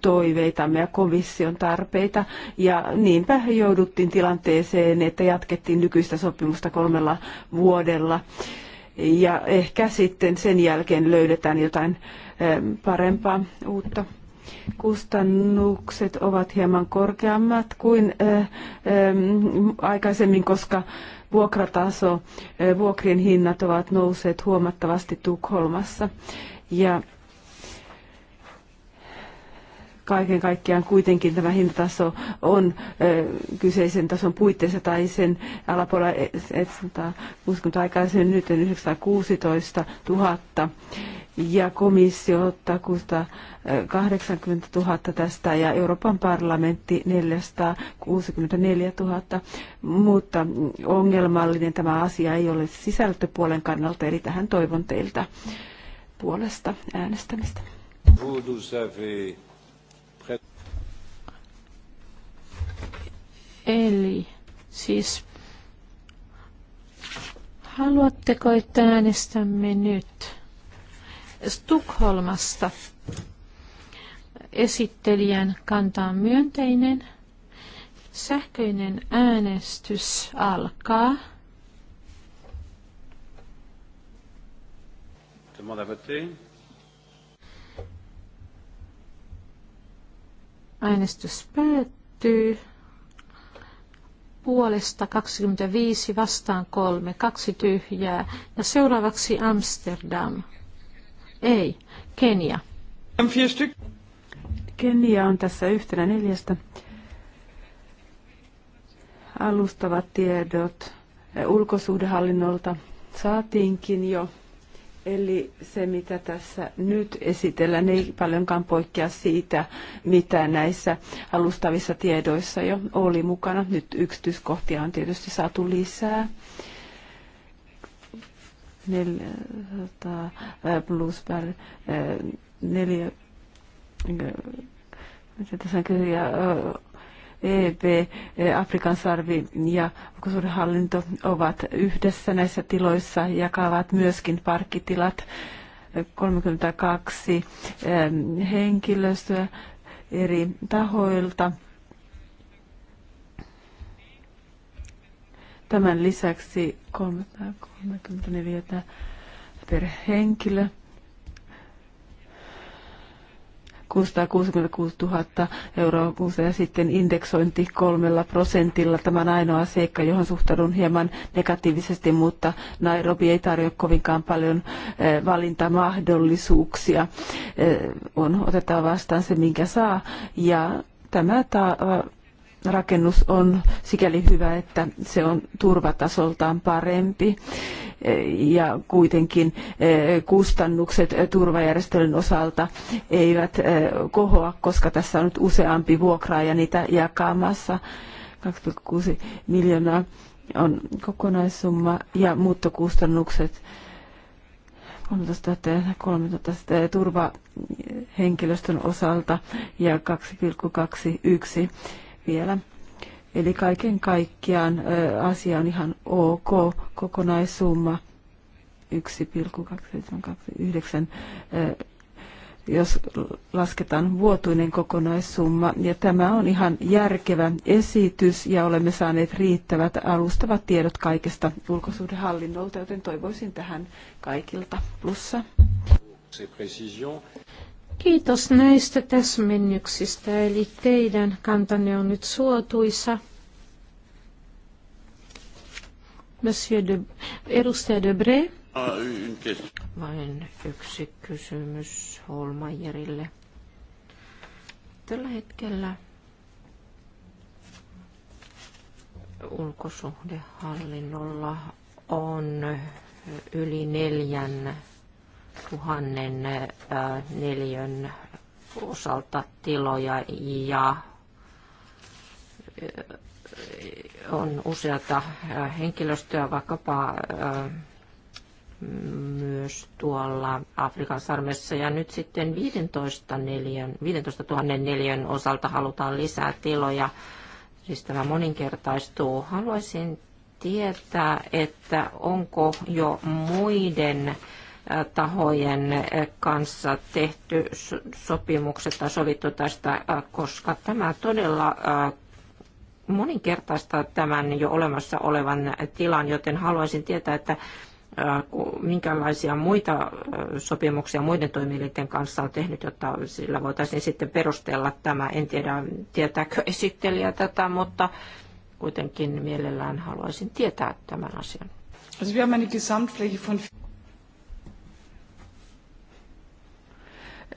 toiveitamme ja komission tarpeita. Ja niinpä jouduttiin tilanteeseen, että jatkettiin nykyistä sopimusta kolmella vuodella ja ehkä sitten sen jälkeen löydetään jotain ähm, parempaa uutta. Kustannukset ovat hieman korkeammat kuin äh, ähm, aikaisemmin, koska vuokrataso, äh, vuokrien hinnat ovat nousseet huomattavasti Tukholmassa. Ja kaiken kaikkiaan kuitenkin tämä hintataso on kyseisen tason puitteissa tai sen alapuolella 760 tota, aikaisemmin nyt 916 000 ja komissio ottaa 680 000 tästä ja Euroopan parlamentti 464 000, mutta ongelmallinen tämä asia ei ole sisältöpuolen kannalta, eli tähän toivon teiltä puolesta äänestämistä. Vous Eli siis haluatteko, että äänestämme nyt Stukholmasta Esittelijän kanta myönteinen. Sähköinen äänestys alkaa. Äänestys päättyy puolesta 25 vastaan kolme, kaksi tyhjää. Ja seuraavaksi Amsterdam. Ei, Kenia. Kenia on tässä yhtenä neljästä. Alustavat tiedot ulkosuhdehallinnolta saatiinkin jo Eli se, mitä tässä nyt esitellään, ei paljonkaan poikkea siitä, mitä näissä alustavissa tiedoissa jo oli mukana. Nyt yksityiskohtia on tietysti saatu lisää. 400 plus per eh, 4 eh, tässä on eh, EP, e, Afrikan sarvi ja kulttuurihallinto ovat yhdessä näissä tiloissa, jakavat myöskin parkkitilat 32 e, henkilöstöä eri tahoilta. Tämän lisäksi 334 per henkilö. 666 000 euroa kuussa ja sitten indeksointi kolmella prosentilla. Tämä on ainoa seikka, johon suhtaudun hieman negatiivisesti, mutta Nairobi ei tarjoa kovinkaan paljon eh, valintamahdollisuuksia. Eh, on otettava vastaan se, minkä saa ja tämä ta- rakennus on sikäli hyvä, että se on turvatasoltaan parempi ja kuitenkin eh, kustannukset turvajärjestelyn osalta eivät eh, kohoa, koska tässä on nyt useampi vuokraaja niitä jakamassa. 2,6 miljoonaa on kokonaissumma ja muuttokustannukset 13 000 ja 13 turvahenkilöstön osalta ja 2,21 vielä. Eli kaiken kaikkiaan asia on ihan ok, kokonaissumma 1,279, jos lasketaan vuotuinen kokonaissumma. Ja tämä on ihan järkevä esitys ja olemme saaneet riittävät alustavat tiedot kaikesta ulkosuhdehallinnolta, joten toivoisin tähän kaikilta plussa. Kiitos näistä täsmennyksistä, eli teidän kantanne on nyt suotuisa. Monsieur de, edustaja Debré. Vain yksi kysymys Holmajerille. Tällä hetkellä ulkosuhdehallinnolla on yli neljän tuhannen neljön osalta tiloja ja on useata henkilöstöä vaikkapa myös tuolla Afrikan sarmessa. Ja nyt sitten 15, neljän, 15 000 neljän osalta halutaan lisää tiloja. Siis tämä moninkertaistuu. Haluaisin tietää, että onko jo muiden tahojen kanssa tehty sopimukset tai sovittu tästä, koska tämä todella moninkertaista tämän jo olemassa olevan tilan, joten haluaisin tietää, että minkälaisia muita sopimuksia muiden toimielinten kanssa on tehnyt, jotta sillä voitaisiin sitten perustella tämä. En tiedä, tietääkö esittelijä tätä, mutta kuitenkin mielellään haluaisin tietää tämän asian. Also wir haben eine Gesamtfläche von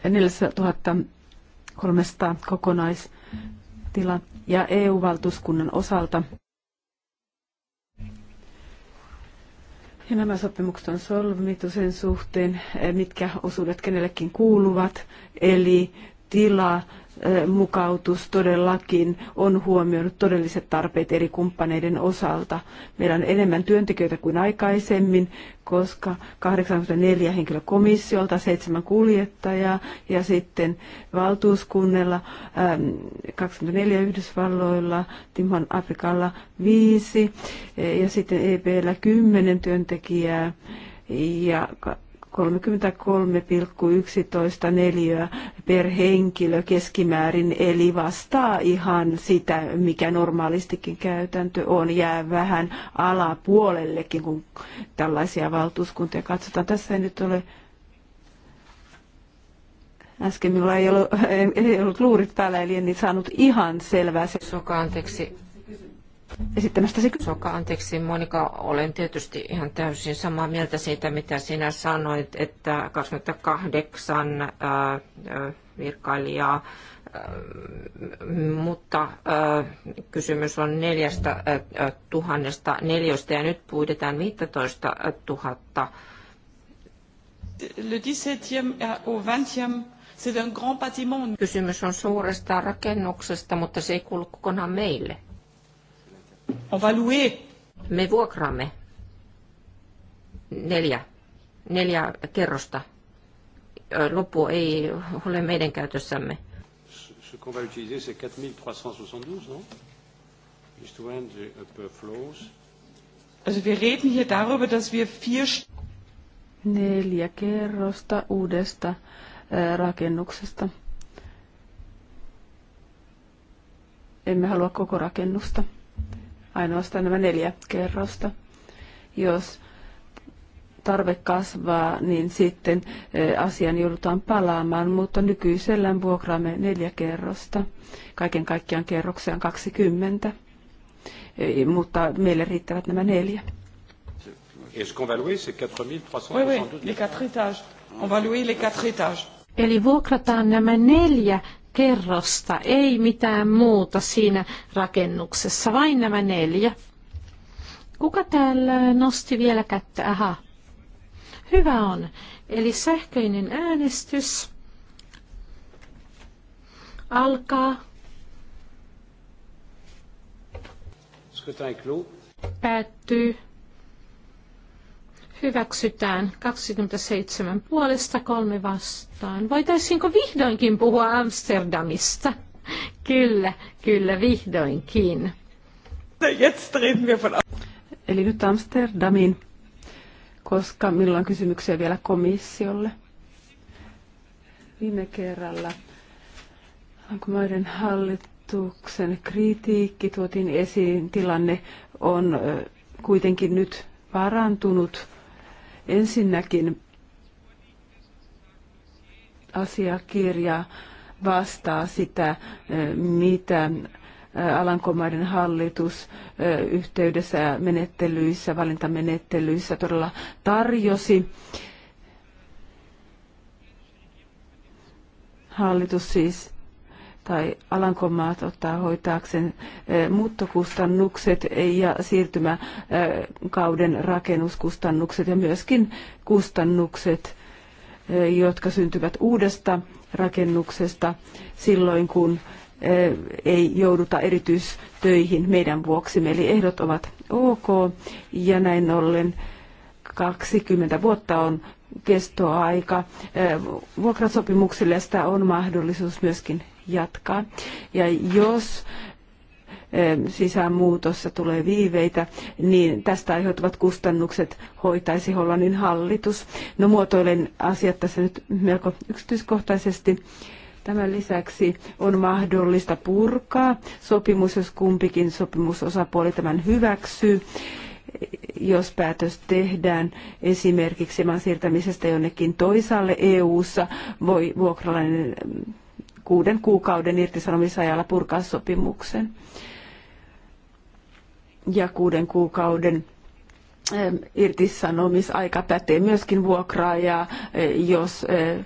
4300 kokonaistila ja EU-valtuuskunnan osalta. Ja nämä sopimukset on solmittu sen suhteen, mitkä osuudet kenellekin kuuluvat, eli tila, mukautus todellakin on huomioinut todelliset tarpeet eri kumppaneiden osalta. Meillä on enemmän työntekijöitä kuin aikaisemmin, koska 84 henkilö komissiolta, 7 kuljettajaa ja sitten valtuuskunnella 24 Yhdysvalloilla, Timon Afrikalla 5 e, ja sitten EPllä 10 työntekijää ja 33,11 neliöä per henkilö keskimäärin, eli vastaa ihan sitä, mikä normaalistikin käytäntö on, jää vähän alapuolellekin, kun tällaisia valtuuskuntia katsotaan. Tässä ei nyt ole Äsken minulla ei ollut, ei ollut luurit päällä, eli en niin saanut ihan selvää. Suka, anteeksi, esittämästä se Soka, anteeksi Monika, olen tietysti ihan täysin samaa mieltä siitä, mitä sinä sanoit, että 28 äh, äh, virkailijaa äh, mutta äh, kysymys on neljästä äh, äh tuhannesta neljöstä ja nyt puhutaan 15 tuhatta. Le 17 au 20e Kysymys on suuresta rakennuksesta, mutta se ei kuulu kokonaan meille. On va louer. Me vuokraamme neljä, neljä kerrosta. Loppu ei ole meidän käytössämme. Ce qu'on va utiliser, c'est 4372, non? Instrument per flows. Also wir Neljä kerrosta uudesta rakennuksesta. Emme halua koko rakennusta ainoastaan nämä neljä kerrosta. Jos tarve kasvaa, niin sitten e, asian joudutaan palaamaan, mutta nykyisellään vuokraamme neljä kerrosta. Kaiken kaikkiaan kerroksia on 20, mutta meille riittävät nämä neljä. Eli vuokrataan nämä neljä kerrosta, ei mitään muuta siinä rakennuksessa, vain nämä neljä. Kuka täällä nosti vielä kättä? Aha. Hyvä on. Eli sähköinen äänestys alkaa. Päättyy hyväksytään 27 puolesta kolme vastaan. Voitaisiinko vihdoinkin puhua Amsterdamista? Kyllä, kyllä vihdoinkin. Eli nyt Amsterdamin, koska milloin on kysymyksiä vielä komissiolle? Viime kerralla Alankomaiden hallituksen kritiikki tuotiin esiin. Tilanne on kuitenkin nyt parantunut Ensinnäkin asiakirja vastaa sitä, eh, mitä eh, Alankomaiden hallitus eh, yhteydessä menettelyissä, valintamenettelyissä todella tarjosi. Hallitus siis tai Alankomaat ottaa hoitaakseen eh, muuttokustannukset ja siirtymäkauden eh, rakennuskustannukset ja myöskin kustannukset, eh, jotka syntyvät uudesta rakennuksesta silloin, kun ei jouduta erityistöihin meidän vuoksi. Eli ehdot ovat ok ja näin ollen 20 vuotta on kestoaika. Vuokrasopimuksille sitä on mahdollisuus myöskin jatkaa. Ja jos sisäänmuutossa tulee viiveitä, niin tästä aiheutuvat kustannukset hoitaisi Hollannin hallitus. No muotoilen asiat tässä nyt melko yksityiskohtaisesti. Tämän lisäksi on mahdollista purkaa sopimus, jos kumpikin sopimusosapuoli tämän hyväksyy jos päätös tehdään esimerkiksi maan siirtämisestä jonnekin toisaalle EU-ssa, voi vuokralainen kuuden kuukauden irtisanomisajalla purkaa sopimuksen. Ja kuuden kuukauden irtisanomisaika pätee myöskin vuokraajaa, e, jos e,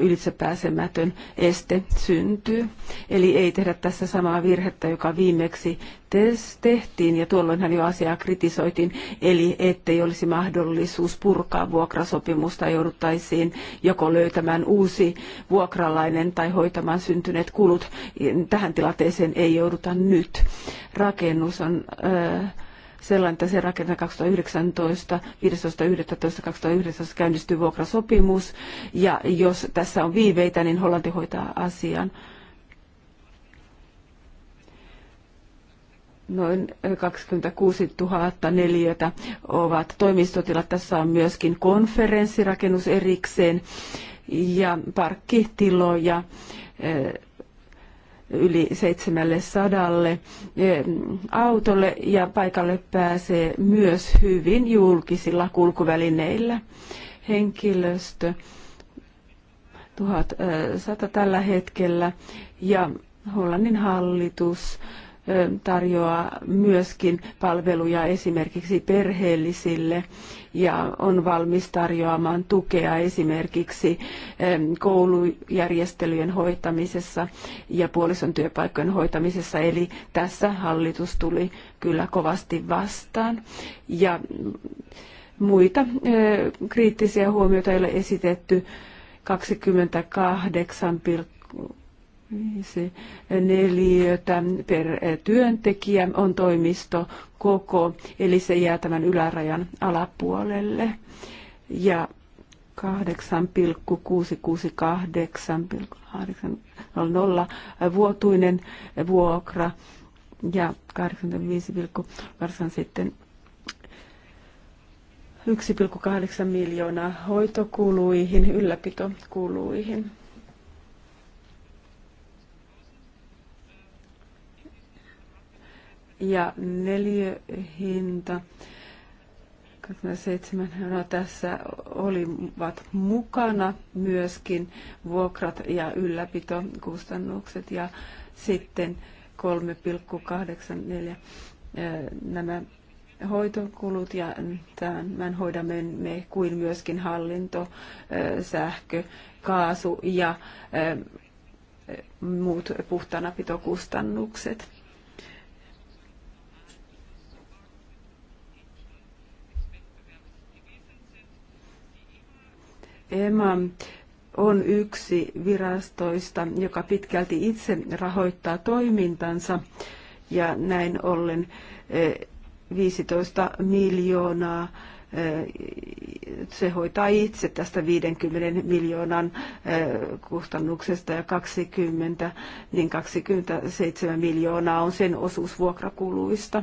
ylitsepääsemätön este syntyy. Eli ei tehdä tässä samaa virhettä, joka viimeksi tehtiin, ja tuolloinhan jo asiaa kritisoitiin, eli ettei olisi mahdollisuus purkaa vuokrasopimusta, jouduttaisiin joko löytämään uusi vuokralainen tai hoitamaan syntyneet kulut. Tähän tilanteeseen ei jouduta nyt. Rakennus on sellainen, että se rakennetaan 2019, 15.11.2019 käynnistyy vuokrasopimus, ja jos tässä on viiveitä, niin Hollanti hoitaa asian. noin 26 000 neliötä ovat toimistotilat. Tässä on myöskin konferenssirakennus erikseen ja parkkitiloja yli 700 eh, autolle ja paikalle pääsee myös hyvin julkisilla kulkuvälineillä. Henkilöstö 1100 eh, tällä hetkellä ja Hollannin hallitus tarjoaa myöskin palveluja esimerkiksi perheellisille ja on valmis tarjoamaan tukea esimerkiksi koulujärjestelyjen hoitamisessa ja puolison työpaikkojen hoitamisessa. Eli tässä hallitus tuli kyllä kovasti vastaan. Ja muita kriittisiä huomioita ei ole esitetty 28, viisi neliötä per eh, työntekijä on toimisto koko, eli se jää tämän ylärajan alapuolelle. Ja 8,668,800 vuotuinen vuokra ja 8,5, sitten 1,8 miljoonaa hoitokuluihin, ylläpitokuluihin. ja neliöhinta 27 euroa tässä olivat mukana myöskin vuokrat ja ylläpitokustannukset ja sitten 3,84 eh, nämä hoitokulut ja tämän hoidamme me kuin myöskin hallinto, eh, sähkö, kaasu ja eh, muut puhtaanapitokustannukset. EMA on yksi virastoista, joka pitkälti itse rahoittaa toimintansa ja näin ollen 15 e, miljoonaa e, se hoitaa itse tästä 50 miljoonan e, kustannuksesta ja 20, niin 27 miljoonaa on sen osuus vuokrakuluista.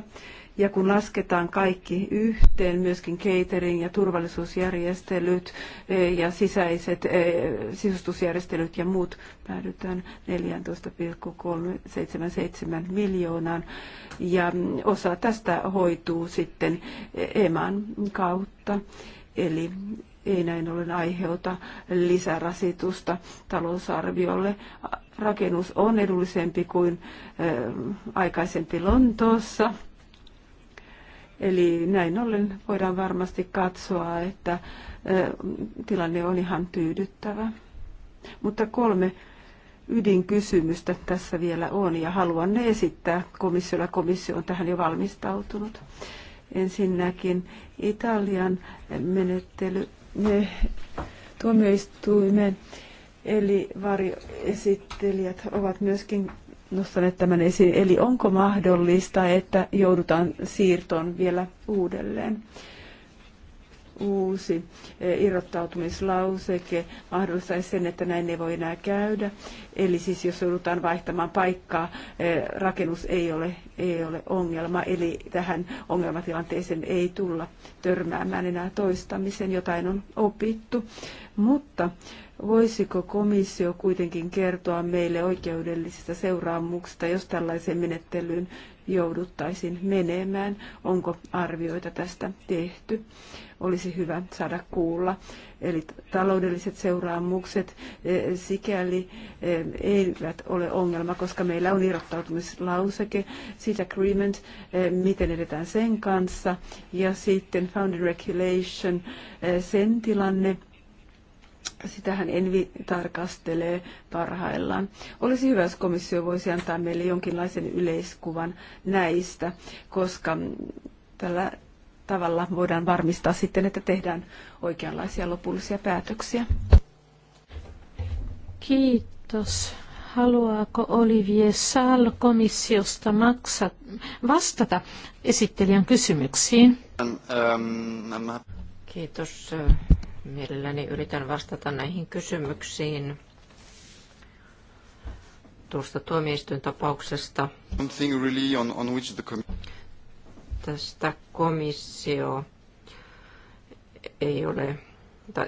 Ja kun lasketaan kaikki yhteen, myöskin catering ja turvallisuusjärjestelyt e, ja sisäiset e, sisustusjärjestelyt ja muut, päädytään 14,377 miljoonaan. Ja osa tästä hoituu sitten EMAN kautta. Eli ei näin ollen aiheuta lisärasitusta talousarviolle. Rakennus on edullisempi kuin e, aikaisempi Lontoossa Eli näin ollen voidaan varmasti katsoa, että tilanne on ihan tyydyttävä. Mutta kolme ydinkysymystä tässä vielä on ja haluan ne esittää komissiolla. Komissio on tähän jo valmistautunut. Ensinnäkin Italian menettely ne tuomioistuimeen. Eli varjoesittelijät ovat myöskin nostaneet tämän esiin. Eli onko mahdollista, että joudutaan siirtoon vielä uudelleen? Uusi e, irrottautumislauseke mahdollistaisi sen, että näin ei voi enää käydä. Eli siis jos joudutaan vaihtamaan paikkaa, e, rakennus ei ole, ei ole ongelma. Eli tähän ongelmatilanteeseen ei tulla törmäämään enää toistamisen. Jotain on opittu. Mutta Voisiko komissio kuitenkin kertoa meille oikeudellisista seuraamuksista, jos tällaiseen menettelyyn jouduttaisiin menemään? Onko arvioita tästä tehty? Olisi hyvä saada kuulla. Eli taloudelliset seuraamukset e, sikäli e, eivät ole ongelma, koska meillä on irrottautumislauseke, seat agreement, e, miten edetään sen kanssa, ja sitten founding regulation, sen tilanne – sitähän Envi tarkastelee parhaillaan. Olisi hyvä, jos komissio voisi antaa meille jonkinlaisen yleiskuvan näistä, koska tällä tavalla voidaan varmistaa sitten, että tehdään oikeanlaisia lopullisia päätöksiä. Kiitos. Haluaako Olivier Sal komissiosta maksat, vastata esittelijän kysymyksiin? Um, um, um, Kiitos Mielelläni yritän vastata näihin kysymyksiin tuosta tuomioistuin tapauksesta. really on, on which the Tästä komissio ei ole,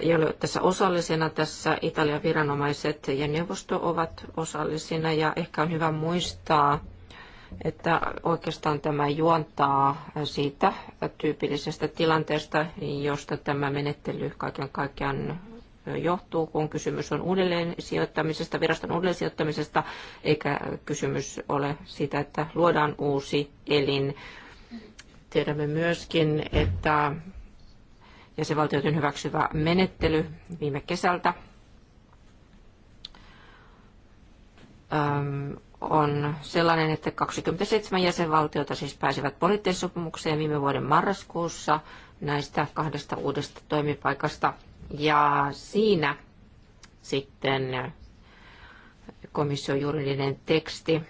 ei ole tässä osallisena. Tässä Italian viranomaiset ja neuvosto ovat osallisina ja ehkä on hyvä muistaa, että oikeastaan tämä juontaa siitä tyypillisestä tilanteesta, josta tämä menettely kaiken kaikkiaan johtuu, kun kysymys on uudelleen sijoittamisesta, viraston uudelleen sijoittamisesta, eikä kysymys ole siitä, että luodaan uusi elin. Tiedämme myöskin, että jäsenvaltioiden hyväksyvä menettely viime kesältä ähm, on sellainen, että 27 jäsenvaltiota siis pääsivät poliittiseen sopimukseen viime vuoden marraskuussa näistä kahdesta uudesta toimipaikasta. Ja siinä sitten komission juridinen teksti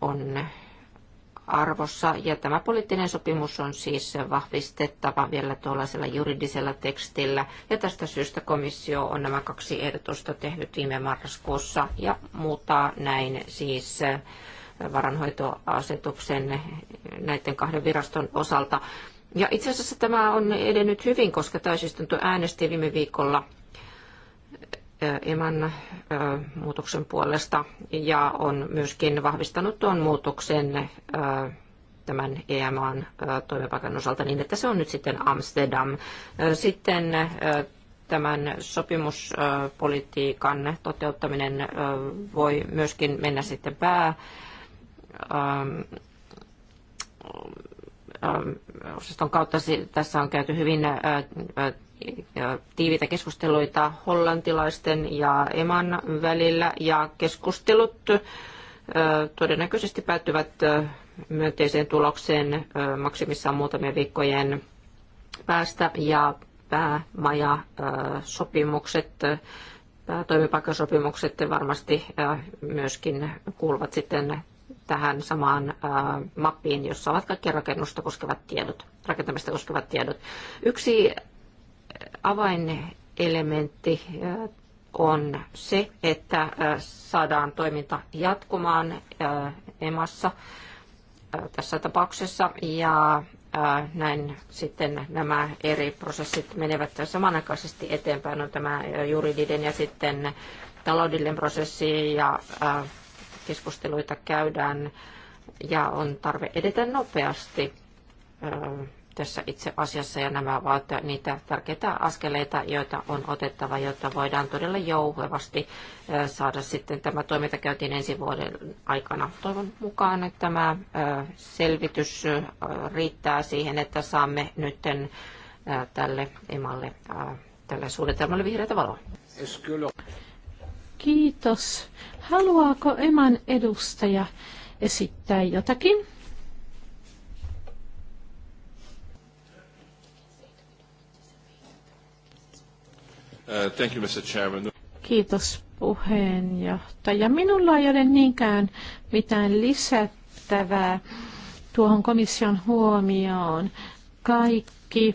on arvossa. Ja tämä poliittinen sopimus on siis vahvistettava vielä tuollaisella juridisella tekstillä. Ja tästä syystä komissio on nämä kaksi ehdotusta tehnyt viime marraskuussa ja muuttaa näin siis äh, varanhoitoasetuksen näiden kahden viraston osalta. Ja itse asiassa tämä on edennyt hyvin, koska täysistunto äänesti viime viikolla EMAN muutoksen puolesta ja on myöskin vahvistanut tuon muutoksen tämän EMAn toimipaikan osalta niin, että se on nyt sitten Amsterdam. Sitten tämän sopimuspolitiikan toteuttaminen voi myöskin mennä sitten pää osaston kautta. Tässä on käyty hyvin tiiviitä keskusteluita hollantilaisten ja Eman välillä ja keskustelut todennäköisesti päättyvät myönteiseen tulokseen maksimissaan muutamien viikkojen päästä ja päämaja sopimukset toimipaikkasopimukset varmasti myöskin kuuluvat sitten tähän samaan mappiin, jossa ovat kaikki rakennusta koskevat tiedot, rakentamista koskevat tiedot. Yksi avainelementti on se, että saadaan toiminta jatkumaan emassa tässä tapauksessa ja näin sitten nämä eri prosessit menevät samanaikaisesti eteenpäin. On tämä juridinen ja sitten taloudellinen prosessi ja keskusteluita käydään ja on tarve edetä nopeasti tässä itse asiassa, ja nämä ovat niitä tärkeitä askeleita, joita on otettava, jotta voidaan todella jouhevasti saada sitten tämä toiminta käytiin ensi vuoden aikana. Toivon mukaan, että tämä selvitys riittää siihen, että saamme nyt tälle emalle, tälle suunnitelmalle vihreätä valoa. Kiitos. Haluaako eman edustaja esittää jotakin? Uh, thank you, Mr. Chairman. Kiitos puheenjohtaja. Minulla ei ole niinkään mitään lisättävää tuohon komission huomioon. Kaikki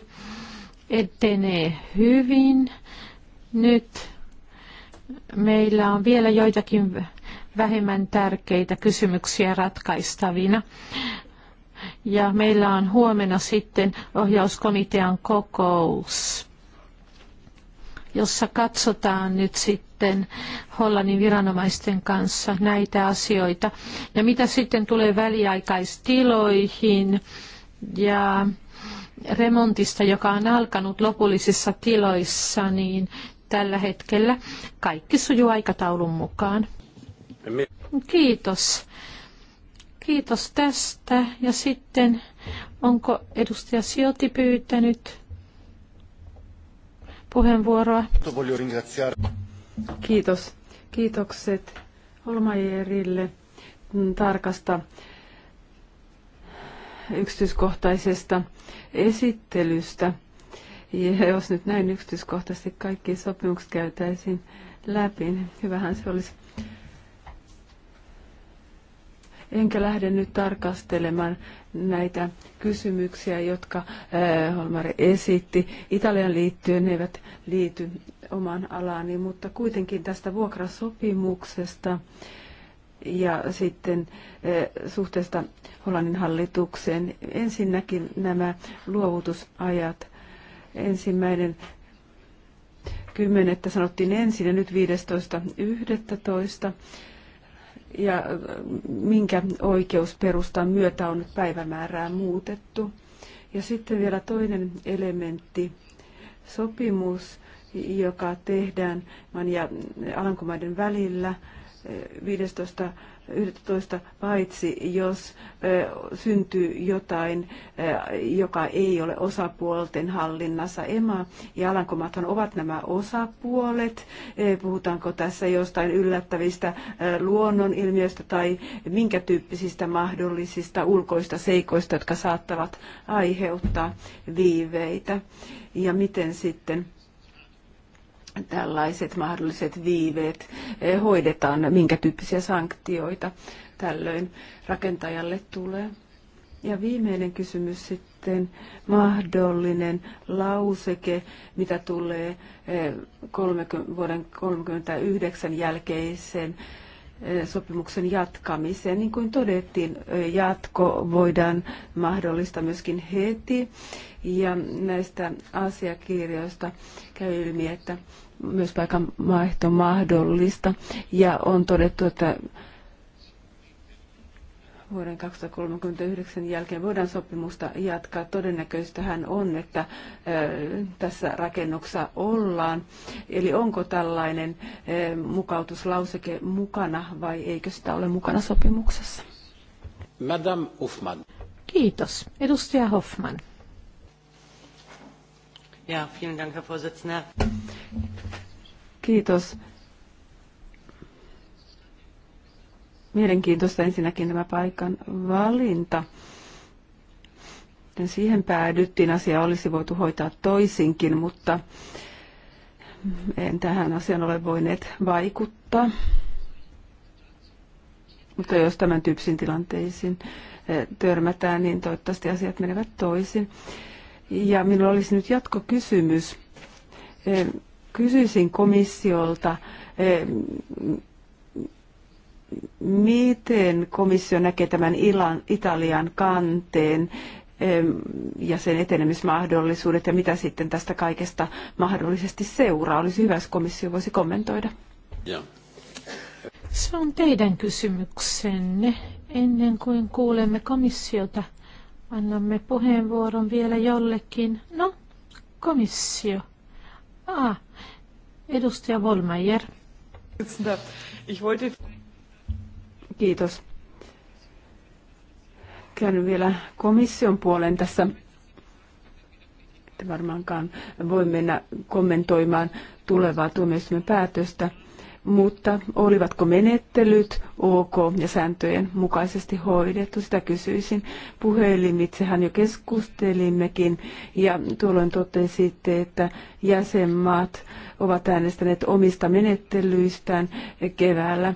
etenee hyvin. Nyt meillä on vielä joitakin vähemmän tärkeitä kysymyksiä ratkaistavina. Ja meillä on huomenna sitten ohjauskomitean kokous jossa katsotaan nyt sitten Hollannin viranomaisten kanssa näitä asioita. Ja mitä sitten tulee väliaikaistiloihin ja remontista, joka on alkanut lopullisissa tiloissa, niin tällä hetkellä kaikki sujuu aikataulun mukaan. Kiitos. Kiitos tästä. Ja sitten, onko edustaja Sioti pyytänyt puheenvuoroa. Kiitos. Kiitokset Holmajerille tarkasta yksityiskohtaisesta esittelystä. Ja jos nyt näin yksityiskohtaisesti kaikki sopimukset käytäisiin läpi, niin hyvähän se olisi. Enkä lähde nyt tarkastelemaan näitä kysymyksiä, jotka eh, Holmari esitti. Italian liittyen ne eivät liity oman alaani, mutta kuitenkin tästä vuokrasopimuksesta ja sitten eh, suhteesta Hollannin hallitukseen. Ensinnäkin nämä luovutusajat. Ensimmäinen kymmenettä sanottiin ensin ja nyt 15.11 ja äh, minkä oikeusperustan myötä on nyt päivämäärää muutettu. Ja sitten vielä toinen elementti, sopimus, joka tehdään ja Alankomaiden välillä 15. Äh, 11 paitsi jos syntyy jotain, joka ei ole osapuolten hallinnassa. EMA ja Alankomaathan ovat nämä osapuolet. E, puhutaanko tässä jostain yllättävistä luonnonilmiöistä tai minkä tyyppisistä mahdollisista ulkoista seikoista, jotka saattavat aiheuttaa viiveitä? Ja miten sitten tällaiset mahdolliset viiveet eh, hoidetaan, minkä tyyppisiä sanktioita tällöin rakentajalle tulee. Ja viimeinen kysymys sitten, mahdollinen lauseke, mitä tulee 30, eh, vuoden 1939 jälkeisen eh, sopimuksen jatkamiseen. Niin kuin todettiin, jatko voidaan mahdollista myöskin heti. Ja näistä asiakirjoista käy ilmi, että myös paikan vaihto mahdollista. Ja on todettu, että vuoden 2039 jälkeen voidaan sopimusta jatkaa. hän on, että tässä rakennuksessa ollaan. Eli onko tällainen mukautuslauseke mukana vai eikö sitä ole mukana sopimuksessa? Madame Hoffman. Kiitos. Edustaja Hoffman. Ja, vielen Dank, Herr Vorsitzender. Kiitos. Mielenkiintoista ensinnäkin tämä paikan valinta. Siihen päädyttiin, asia olisi voitu hoitaa toisinkin, mutta en tähän asiaan ole voineet vaikuttaa. Mutta jos tämän tyyppisiin tilanteisiin eh, törmätään, niin toivottavasti asiat menevät toisin. Ja minulla olisi nyt jatkokysymys. Eh, kysyisin komissiolta, eh, miten komissio näkee tämän Italian kanteen eh, ja sen etenemismahdollisuudet ja mitä sitten tästä kaikesta mahdollisesti seuraa. Olisi hyvä, jos komissio voisi kommentoida. Ja. Se on teidän kysymyksenne ennen kuin kuulemme komissiota. Annamme puheenvuoron vielä jollekin. No, komissio. Ah, edustaja Volmeier. Kiitos. Käyn vielä komission puolen tässä. Te varmaankaan voi mennä kommentoimaan tulevaa tuomioistuimen päätöstä mutta olivatko menettelyt ok ja sääntöjen mukaisesti hoidettu, sitä kysyisin. Puhelimitsehän jo keskustelimmekin ja tuolloin totesitte, että jäsenmaat ovat äänestäneet omista menettelyistään keväällä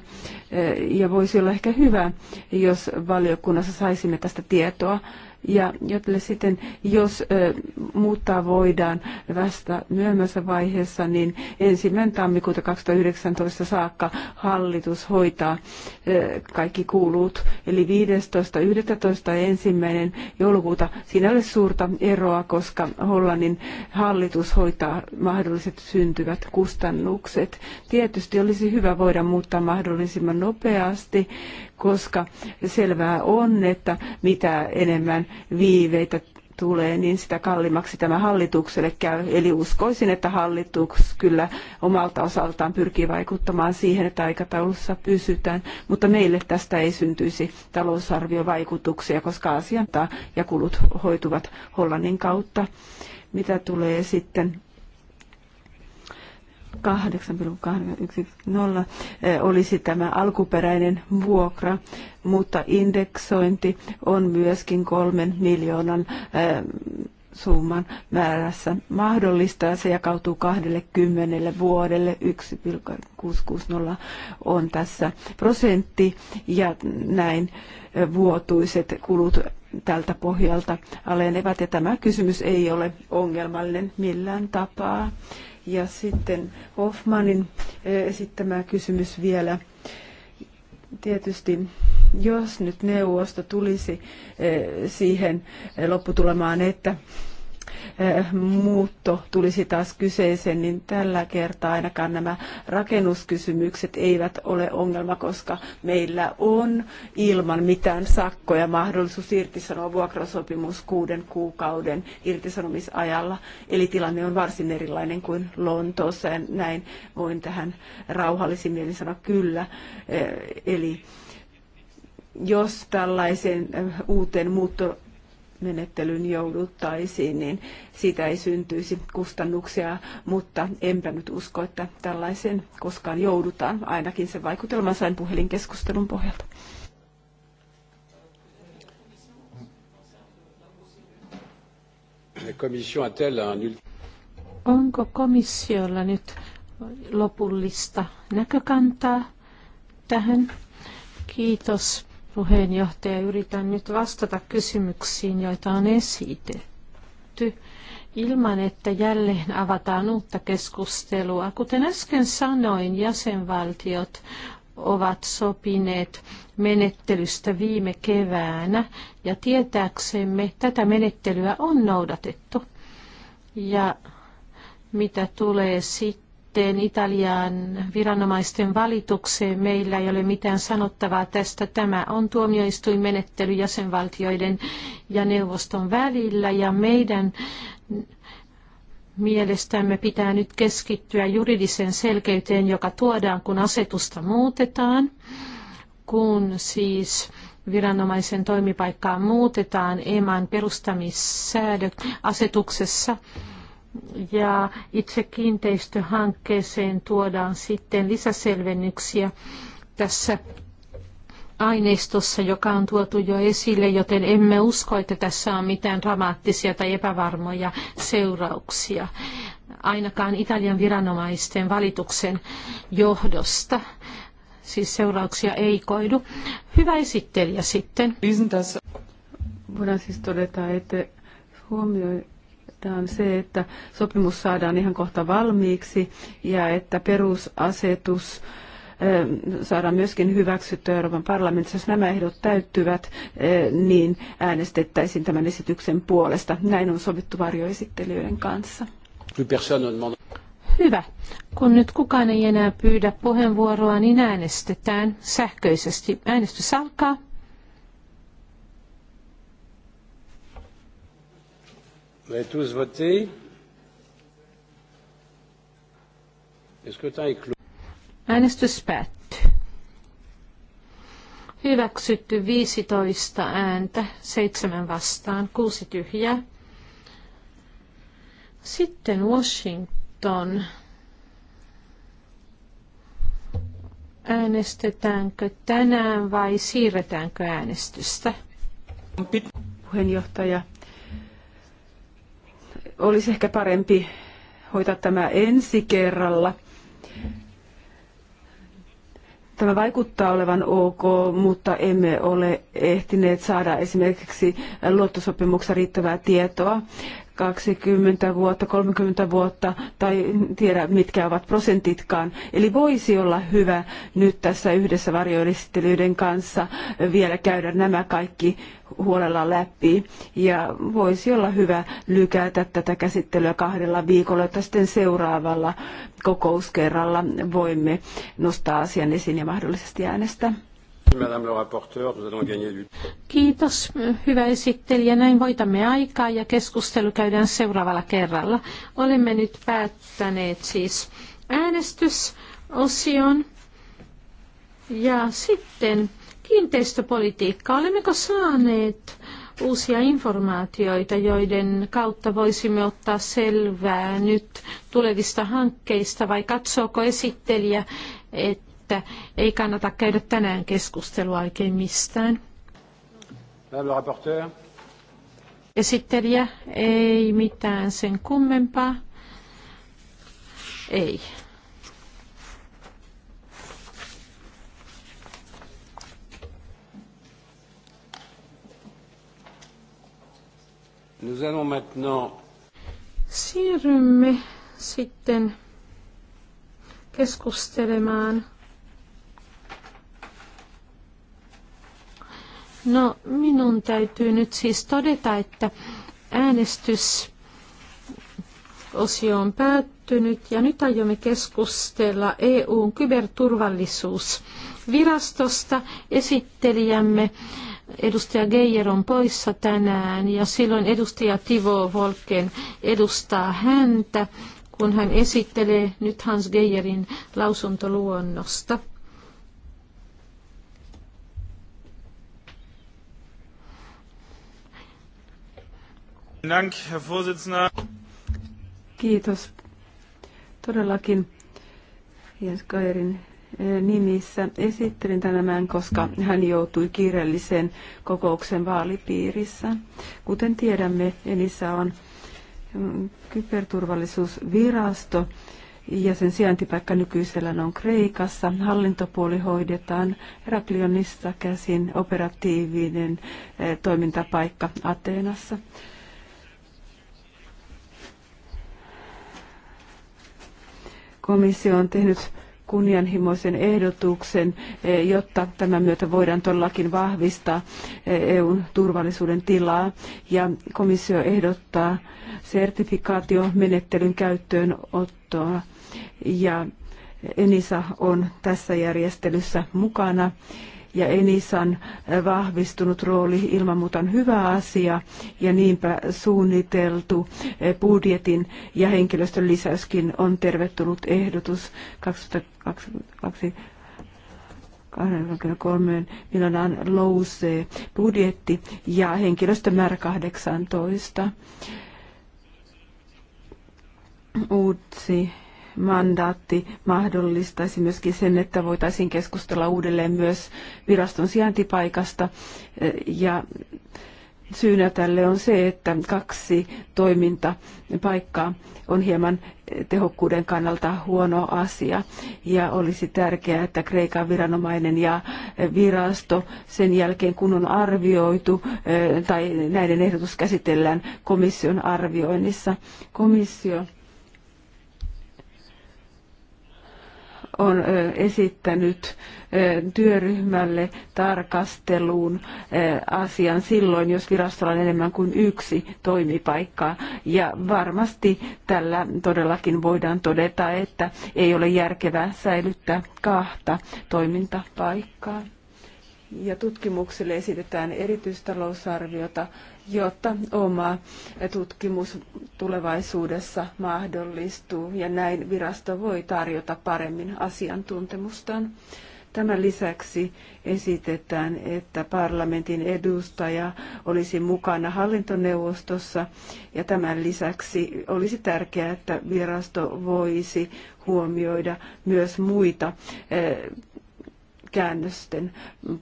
ja voisi olla ehkä hyvä, jos valiokunnassa saisimme tästä tietoa ja jotta sitten, jos muuttaa voidaan vasta myöhemmässä vaiheessa, niin ensimmäinen tammikuuta 2019 saakka hallitus hoitaa kaikki kuulut. Eli 15.11. ensimmäinen joulukuuta. Siinä ei ole suurta eroa, koska Hollannin hallitus hoitaa mahdolliset syntyvät kustannukset. Tietysti olisi hyvä voida muuttaa mahdollisimman nopeasti, koska selvää on, että mitä enemmän viiveitä tulee, niin sitä kalliimmaksi tämä hallitukselle käy. Eli uskoisin, että hallitus kyllä omalta osaltaan pyrkii vaikuttamaan siihen, että aikataulussa pysytään, mutta meille tästä ei syntyisi talousarviovaikutuksia, koska asiantaa ja kulut hoituvat Hollannin kautta. Mitä tulee sitten 8,810 eh, olisi tämä alkuperäinen vuokra, mutta indeksointi on myöskin kolmen miljoonan eh, summan määrässä mahdollista ja se jakautuu 20 vuodelle. 1,660 on tässä prosentti ja näin eh, vuotuiset kulut tältä pohjalta alenevat ja tämä kysymys ei ole ongelmallinen millään tapaa. Ja sitten Hoffmanin eh, esittämä kysymys vielä. Tietysti jos nyt neuvosto tulisi eh, siihen eh, lopputulemaan, että Eh, muutto tulisi taas kyseeseen, niin tällä kertaa ainakaan nämä rakennuskysymykset eivät ole ongelma, koska meillä on ilman mitään sakkoja mahdollisuus irtisanoa vuokrasopimus kuuden kuukauden irtisanomisajalla. Eli tilanne on varsin erilainen kuin Lontoossa ja näin voin tähän rauhallisin mielin sanoa kyllä. Eh, eli jos tällaiseen eh, uuteen muutto menettelyyn jouduttaisiin, niin siitä ei syntyisi kustannuksia, mutta enpä nyt usko, että tällaisen koskaan joudutaan. Ainakin sen vaikutelman sain puhelinkeskustelun pohjalta. Onko komissiolla nyt lopullista näkökantaa tähän? Kiitos puheenjohtaja. Yritän nyt vastata kysymyksiin, joita on esitetty, ilman että jälleen avataan uutta keskustelua. Kuten äsken sanoin, jäsenvaltiot ovat sopineet menettelystä viime keväänä ja tietääksemme tätä menettelyä on noudatettu. Ja mitä tulee sitten sitten Italian viranomaisten valitukseen meillä ei ole mitään sanottavaa tästä. Tämä on tuomioistuinmenettely jäsenvaltioiden ja neuvoston välillä ja meidän mielestämme pitää nyt keskittyä juridiseen selkeyteen, joka tuodaan, kun asetusta muutetaan, kun siis viranomaisen toimipaikkaa muutetaan EMAn perustamissäädöt asetuksessa ja itse kiinteistöhankkeeseen tuodaan sitten lisäselvennyksiä tässä aineistossa, joka on tuotu jo esille, joten emme usko, että tässä on mitään dramaattisia tai epävarmoja seurauksia, ainakaan Italian viranomaisten valituksen johdosta. Siis seurauksia ei koidu. Hyvä esittelijä sitten. Voidaan siis todeta, että huomioi on se, että sopimus saadaan ihan kohta valmiiksi ja että perusasetus ähm, saadaan myöskin hyväksyttyä Euroopan parlamentissa. Jos nämä ehdot täyttyvät, äh, niin äänestettäisiin tämän esityksen puolesta. Näin on sovittu varjoesittelijöiden kanssa. Hyvä. Kun nyt kukaan ei enää pyydä puheenvuoroa, niin äänestetään sähköisesti. Äänestys alkaa. Vous avez tous voté. Le scrutin est clos. Äänestys päättyy. Hyväksytty 15 ääntä, 7 vastaan, 6 tyhjää. Sitten Washington. Äänestetäänkö tänään vai siirretäänkö äänestystä? Puheenjohtaja, olisi ehkä parempi hoitaa tämä ensi kerralla. Tämä vaikuttaa olevan ok, mutta emme ole ehtineet saada esimerkiksi luottosopimuksessa riittävää tietoa 20 vuotta, 30 vuotta tai tiedä mitkä ovat prosentitkaan. Eli voisi olla hyvä nyt tässä yhdessä varjoelistelyiden kanssa vielä käydä nämä kaikki huolella läpi. Ja voisi olla hyvä lykätä tätä käsittelyä kahdella viikolla, jotta sitten seuraavalla kokouskerralla voimme nostaa asian esiin ja mahdollisesti äänestää. Kiitos, hyvä esittelijä. Näin voitamme aikaa ja keskustelu käydään seuraavalla kerralla. Olemme nyt päättäneet siis äänestysosion ja sitten kiinteistöpolitiikka. Olemmeko saaneet uusia informaatioita, joiden kautta voisimme ottaa selvää nyt tulevista hankkeista vai katsooko esittelijä, että että ei kannata käydä tänään keskustelua oikein mistään. Esittelijä, ei mitään sen kummempaa. Ei. Nous allons maintenant... Siirrymme sitten keskustelemaan No, minun täytyy nyt siis todeta, että äänestys osio on päättynyt ja nyt aiomme keskustella EUn kyberturvallisuusvirastosta. Esittelijämme edustaja Geijer on poissa tänään ja silloin edustaja Tivo Volken edustaa häntä, kun hän esittelee nyt Hans Geijerin lausuntoluonnosta. Dank, Herr Vorsitzender. Kiitos. Todellakin Jenskairin eh, nimissä esittelin tämän, koska hän joutui kiireelliseen kokouksen vaalipiirissä. Kuten tiedämme, Enissä on mm, kyberturvallisuusvirasto ja sen sijaintipaikka nykyisellä on Kreikassa. Hallintopuoli hoidetaan Heraklionista käsin operatiivinen eh, toimintapaikka Ateenassa. komissio on tehnyt kunnianhimoisen ehdotuksen, eh, jotta tämän myötä voidaan todellakin vahvistaa eh, EUn turvallisuuden tilaa. Ja komissio ehdottaa sertifikaatiomenettelyn käyttöönottoa ja Enisa on tässä järjestelyssä mukana ja Enisan eh, vahvistunut rooli ilman muuta on hyvä asia ja niinpä suunniteltu eh, budjetin ja henkilöstön lisäyskin on tervetullut ehdotus 2022 23 miljoonan lousee budjetti ja henkilöstömäärä 18. Uutsi mandaatti mahdollistaisi myöskin sen, että voitaisiin keskustella uudelleen myös viraston sijaintipaikasta. Ja syynä tälle on se, että kaksi toimintapaikkaa on hieman tehokkuuden kannalta huono asia. Ja olisi tärkeää, että Kreikan viranomainen ja virasto sen jälkeen, kun on arvioitu, tai näiden ehdotus käsitellään komission arvioinnissa. Komissio on esittänyt työryhmälle tarkasteluun asian silloin, jos virastolla on enemmän kuin yksi toimipaikka. Ja varmasti tällä todellakin voidaan todeta, että ei ole järkevää säilyttää kahta toimintapaikkaa ja tutkimukselle esitetään erityistalousarviota, jotta oma tutkimus tulevaisuudessa mahdollistuu ja näin virasto voi tarjota paremmin asiantuntemustaan. Tämän lisäksi esitetään, että parlamentin edustaja olisi mukana hallintoneuvostossa ja tämän lisäksi olisi tärkeää, että virasto voisi huomioida myös muita eh, käännösten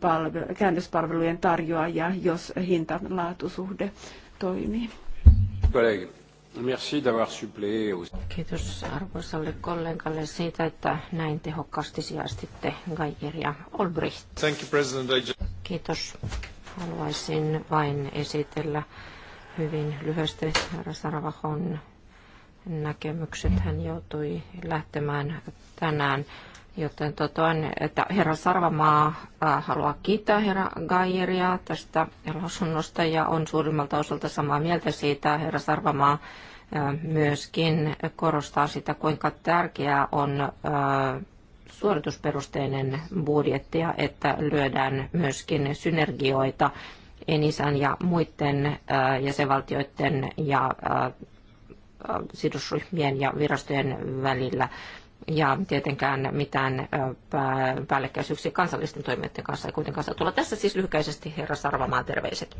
palvelu, käännöspalvelujen tarjoajia, jos hinta-laatusuhde toimii. Kiitos arvoisalle kollegalle siitä, että näin tehokkaasti sijaistitte Geiger ja Olbricht. Thank you, President. Kiitos. Haluaisin vain esitellä hyvin lyhyesti saravakon näkemykset. Hän joutui lähtemään tänään Joten totoan, että herra Sarvamaa äh, haluaa kiittää herra Gaieria tästä lausunnosta ja on suurimmalta osalta samaa mieltä siitä. Herra Sarvamaa äh, myöskin korostaa sitä, kuinka tärkeää on äh, suoritusperusteinen budjetti ja että lyödään myöskin synergioita Enisan ja muiden jäsenvaltioiden ja sidosryhmien ja virastojen välillä ja tietenkään mitään päällekkäisyyksiä kansallisten toimijoiden kanssa ei kuitenkaan saa tulla. Tässä siis lyhykäisesti herra Sarvamaan terveiset.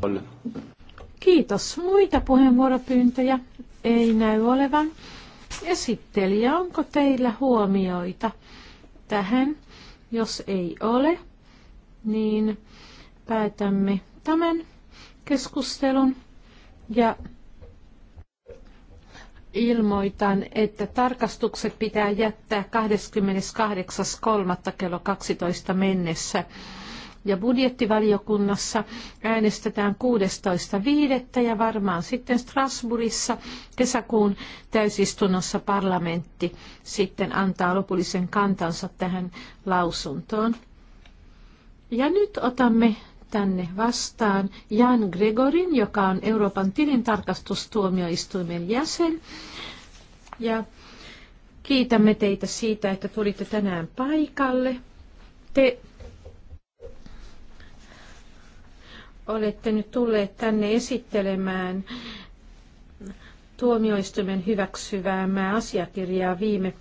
Kiitos. Muita puheenvuoropyyntöjä ei näy olevan. Esittelijä, onko teillä huomioita tähän? Jos ei ole, niin päätämme tämän keskustelun ja ilmoitan, että tarkastukset pitää jättää 28.3. kello 12 mennessä. Ja budjettivaliokunnassa äänestetään 16.5. ja varmaan sitten Strasbourgissa kesäkuun täysistunnossa parlamentti sitten antaa lopullisen kantansa tähän lausuntoon. Ja nyt otamme tänne vastaan Jan Gregorin, joka on Euroopan tilintarkastustuomioistuimen jäsen. Ja kiitämme teitä siitä, että tulitte tänään paikalle. Te olette nyt tulleet tänne esittelemään tuomioistuimen hyväksyväämää asiakirjaa viime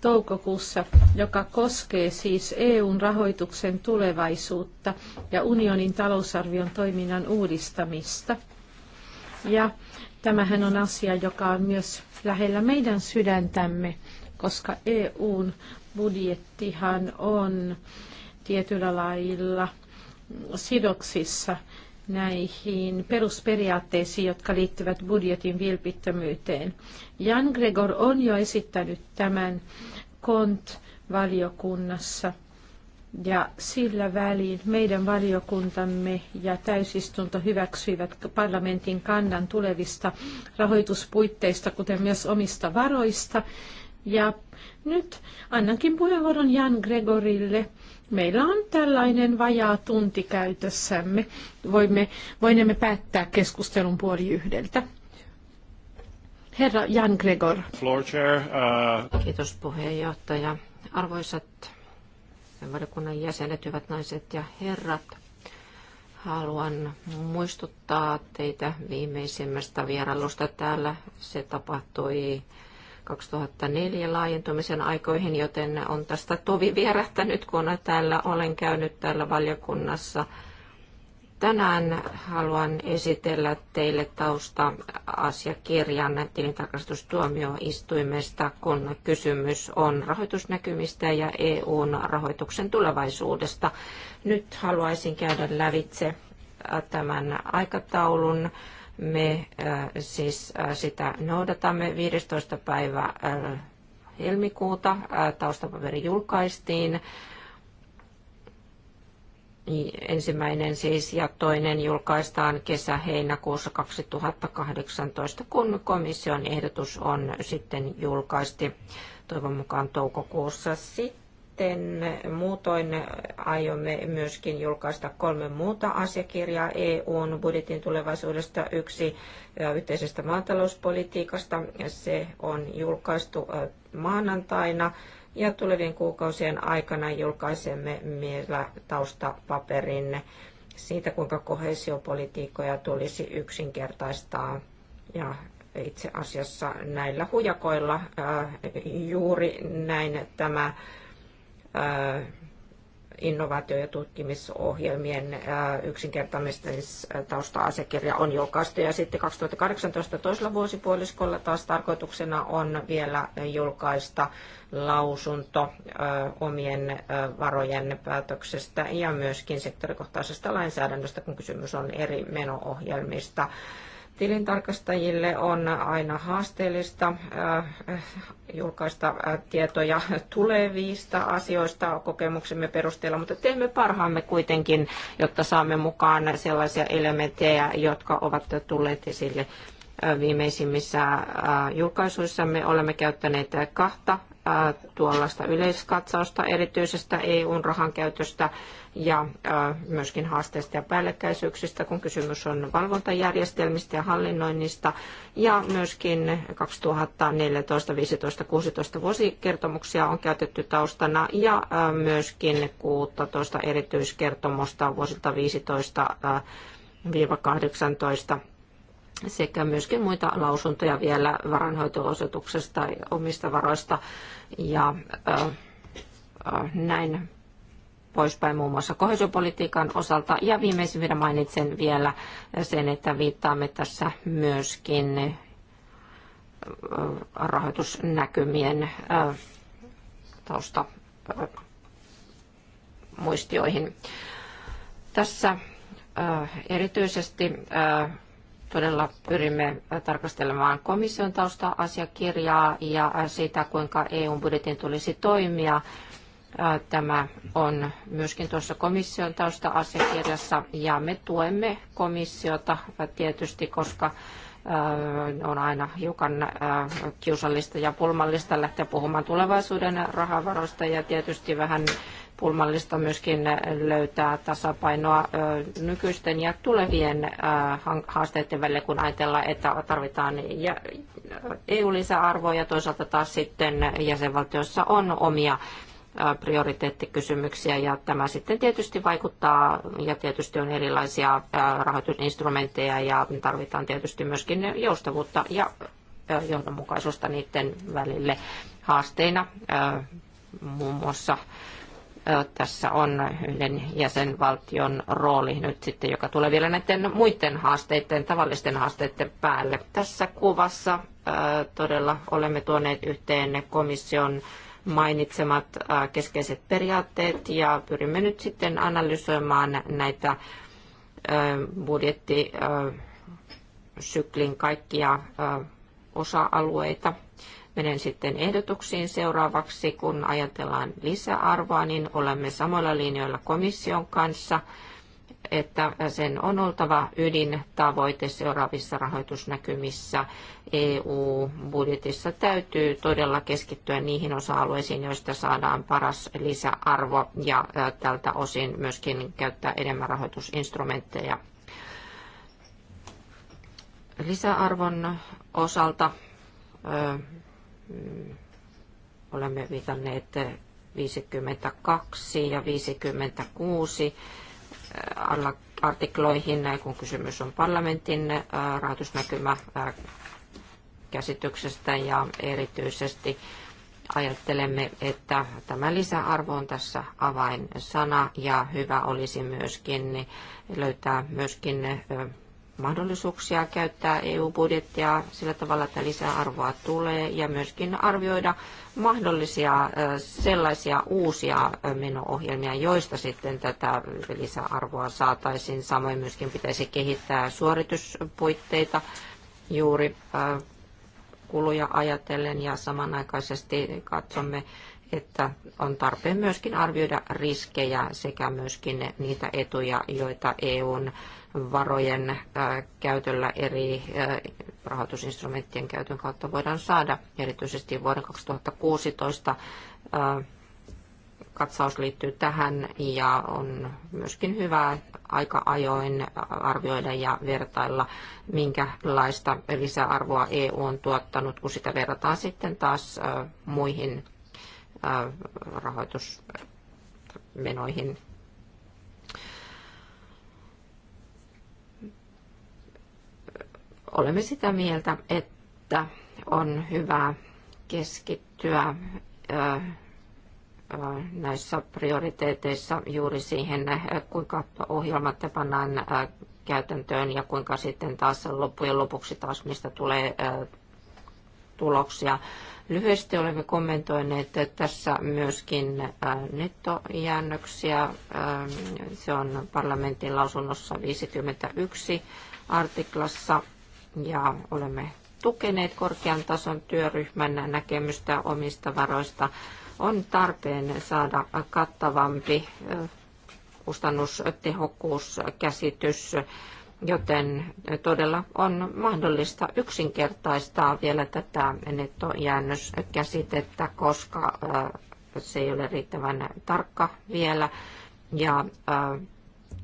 toukokuussa, joka koskee siis EUn rahoituksen tulevaisuutta ja unionin talousarvion toiminnan uudistamista. Ja tämähän on asia, joka on myös lähellä meidän sydäntämme, koska EUn budjettihan on tietyllä lailla sidoksissa näihin perusperiaatteisiin, jotka liittyvät budjetin vilpittömyyteen. Jan Gregor on jo esittänyt tämän KONT-valiokunnassa ja sillä väliin meidän valiokuntamme ja täysistunto hyväksyivät parlamentin kannan tulevista rahoituspuitteista, kuten myös omista varoista. Ja nyt annankin puheenvuoron Jan Gregorille Meillä on tällainen vajaa tunti käytössämme. Voimme, voimme päättää keskustelun puoli yhdeltä. Herra Jan Gregor. Floor chair, uh... Kiitos puheenjohtaja. Arvoisat valiokunnan jäsenet, hyvät naiset ja herrat. Haluan muistuttaa teitä viimeisimmästä vierailusta täällä. Se tapahtui 2004 laajentumisen aikoihin, joten on tästä tovi vierähtänyt, kun täällä olen käynyt täällä valiokunnassa. Tänään haluan esitellä teille tausta-asiakirjan tilintarkastustuomioistuimesta, kun kysymys on rahoitusnäkymistä ja EUn rahoituksen tulevaisuudesta. Nyt haluaisin käydä lävitse tämän aikataulun me äh, siis äh, sitä noudatamme 15. päivä äh, helmikuuta. Taustapaperi julkaistiin. Ensimmäinen siis ja toinen julkaistaan kesä-heinäkuussa 2018, kun komission ehdotus on sitten julkaisti toivon mukaan toukokuussa sitten sitten muutoin aiomme myöskin julkaista kolme muuta asiakirjaa EUn budjetin tulevaisuudesta. Yksi yhteisestä maatalouspolitiikasta, se on julkaistu maanantaina ja tulevien kuukausien aikana julkaisemme vielä taustapaperin siitä, kuinka kohesiopolitiikkoja tulisi yksinkertaistaa ja itse asiassa näillä hujakoilla juuri näin tämä innovaatio- ja tutkimisohjelmien yksinkertaistamistausta-asiakirja on julkaistu. Ja sitten 2018 toisella vuosipuoliskolla taas tarkoituksena on vielä julkaista lausunto omien varojen päätöksestä ja myöskin sektorikohtaisesta lainsäädännöstä, kun kysymys on eri menoohjelmista. ohjelmista Tilintarkastajille on aina haasteellista äh, julkaista äh, tietoja tulevista asioista kokemuksemme perusteella, mutta teemme parhaamme kuitenkin, jotta saamme mukaan sellaisia elementtejä, jotka ovat tulleet esille äh, viimeisimmissä julkaisuissamme olemme käyttäneet kahta tuollaista yleiskatsausta erityisestä EUn rahankäytöstä ja myöskin haasteista ja päällekkäisyyksistä, kun kysymys on valvontajärjestelmistä ja hallinnoinnista ja myöskin 2014, 15, 16 vuosikertomuksia on käytetty taustana ja myöskin 16 erityiskertomusta vuosilta 15 18 sekä myöskin muita lausuntoja vielä ja omista varoista ja äh, äh, näin poispäin muun muassa kohesiopolitiikan osalta. Ja viimeisimmin mainitsen vielä sen, että viittaamme tässä myöskin rahoitusnäkymien tausta muistioihin. Tässä erityisesti todella pyrimme tarkastelemaan komission tausta-asiakirjaa ja sitä, kuinka EU-budjetin tulisi toimia. Tämä on myöskin tuossa komission tausta-asiakirjassa ja me tuemme komissiota tietysti, koska on aina hiukan kiusallista ja pulmallista lähteä puhumaan tulevaisuuden rahavaroista ja tietysti vähän pulmallista myöskin löytää tasapainoa nykyisten ja tulevien haasteiden välillä, kun ajatellaan, että tarvitaan EU-lisäarvoa ja toisaalta taas sitten jäsenvaltioissa on omia prioriteettikysymyksiä ja tämä sitten tietysti vaikuttaa ja tietysti on erilaisia rahoitusinstrumentteja ja tarvitaan tietysti myöskin joustavuutta ja johdonmukaisuutta niiden välille haasteina muun muassa tässä on yhden jäsenvaltion rooli nyt sitten, joka tulee vielä näiden muiden haasteiden, tavallisten haasteiden päälle. Tässä kuvassa todella olemme tuoneet yhteen komission mainitsemat keskeiset periaatteet ja pyrimme nyt sitten analysoimaan näitä budjettisyklin kaikkia osa-alueita – Menen sitten ehdotuksiin seuraavaksi. Kun ajatellaan lisäarvoa, niin olemme samoilla linjoilla komission kanssa että sen on oltava ydintavoite seuraavissa rahoitusnäkymissä. EU-budjetissa täytyy todella keskittyä niihin osa-alueisiin, joista saadaan paras lisäarvo ja tältä osin myöskin käyttää enemmän rahoitusinstrumentteja. Lisäarvon osalta Mm. olemme viitanneet 52 ja 56 äh, artikloihin, äh, kun kysymys on parlamentin äh, rahoitusnäkymä käsityksestä ja erityisesti ajattelemme, että tämä lisäarvo on tässä avainsana ja hyvä olisi myöskin löytää myöskin mahdollisuuksia käyttää EU-budjettia sillä tavalla, että arvoa tulee ja myöskin arvioida mahdollisia sellaisia uusia menoohjelmia, joista sitten tätä lisäarvoa saataisiin. Samoin myöskin pitäisi kehittää suorituspuitteita juuri kuluja ajatellen ja samanaikaisesti katsomme, että on tarpeen myöskin arvioida riskejä sekä myöskin niitä etuja, joita EUn varojen äh, käytöllä eri äh, rahoitusinstrumenttien käytön kautta voidaan saada. Erityisesti vuoden 2016 äh, katsaus liittyy tähän ja on myöskin hyvä aika ajoin arvioida ja vertailla, minkälaista lisäarvoa EU on tuottanut, kun sitä verrataan sitten taas muihin rahoitusmenoihin olemme sitä mieltä, että on hyvä keskittyä näissä prioriteeteissa juuri siihen, kuinka ohjelmat pannaan käytäntöön ja kuinka sitten taas loppujen lopuksi taas mistä tulee tuloksia. Lyhyesti olemme kommentoineet tässä myöskin nettojäännöksiä. Se on parlamentin lausunnossa 51 artiklassa ja olemme tukeneet korkean tason työryhmän näkemystä omista varoista. On tarpeen saada kattavampi kustannustehokkuuskäsitys, joten todella on mahdollista yksinkertaistaa vielä tätä nettojäännöskäsitettä, koska se ei ole riittävän tarkka vielä. Ja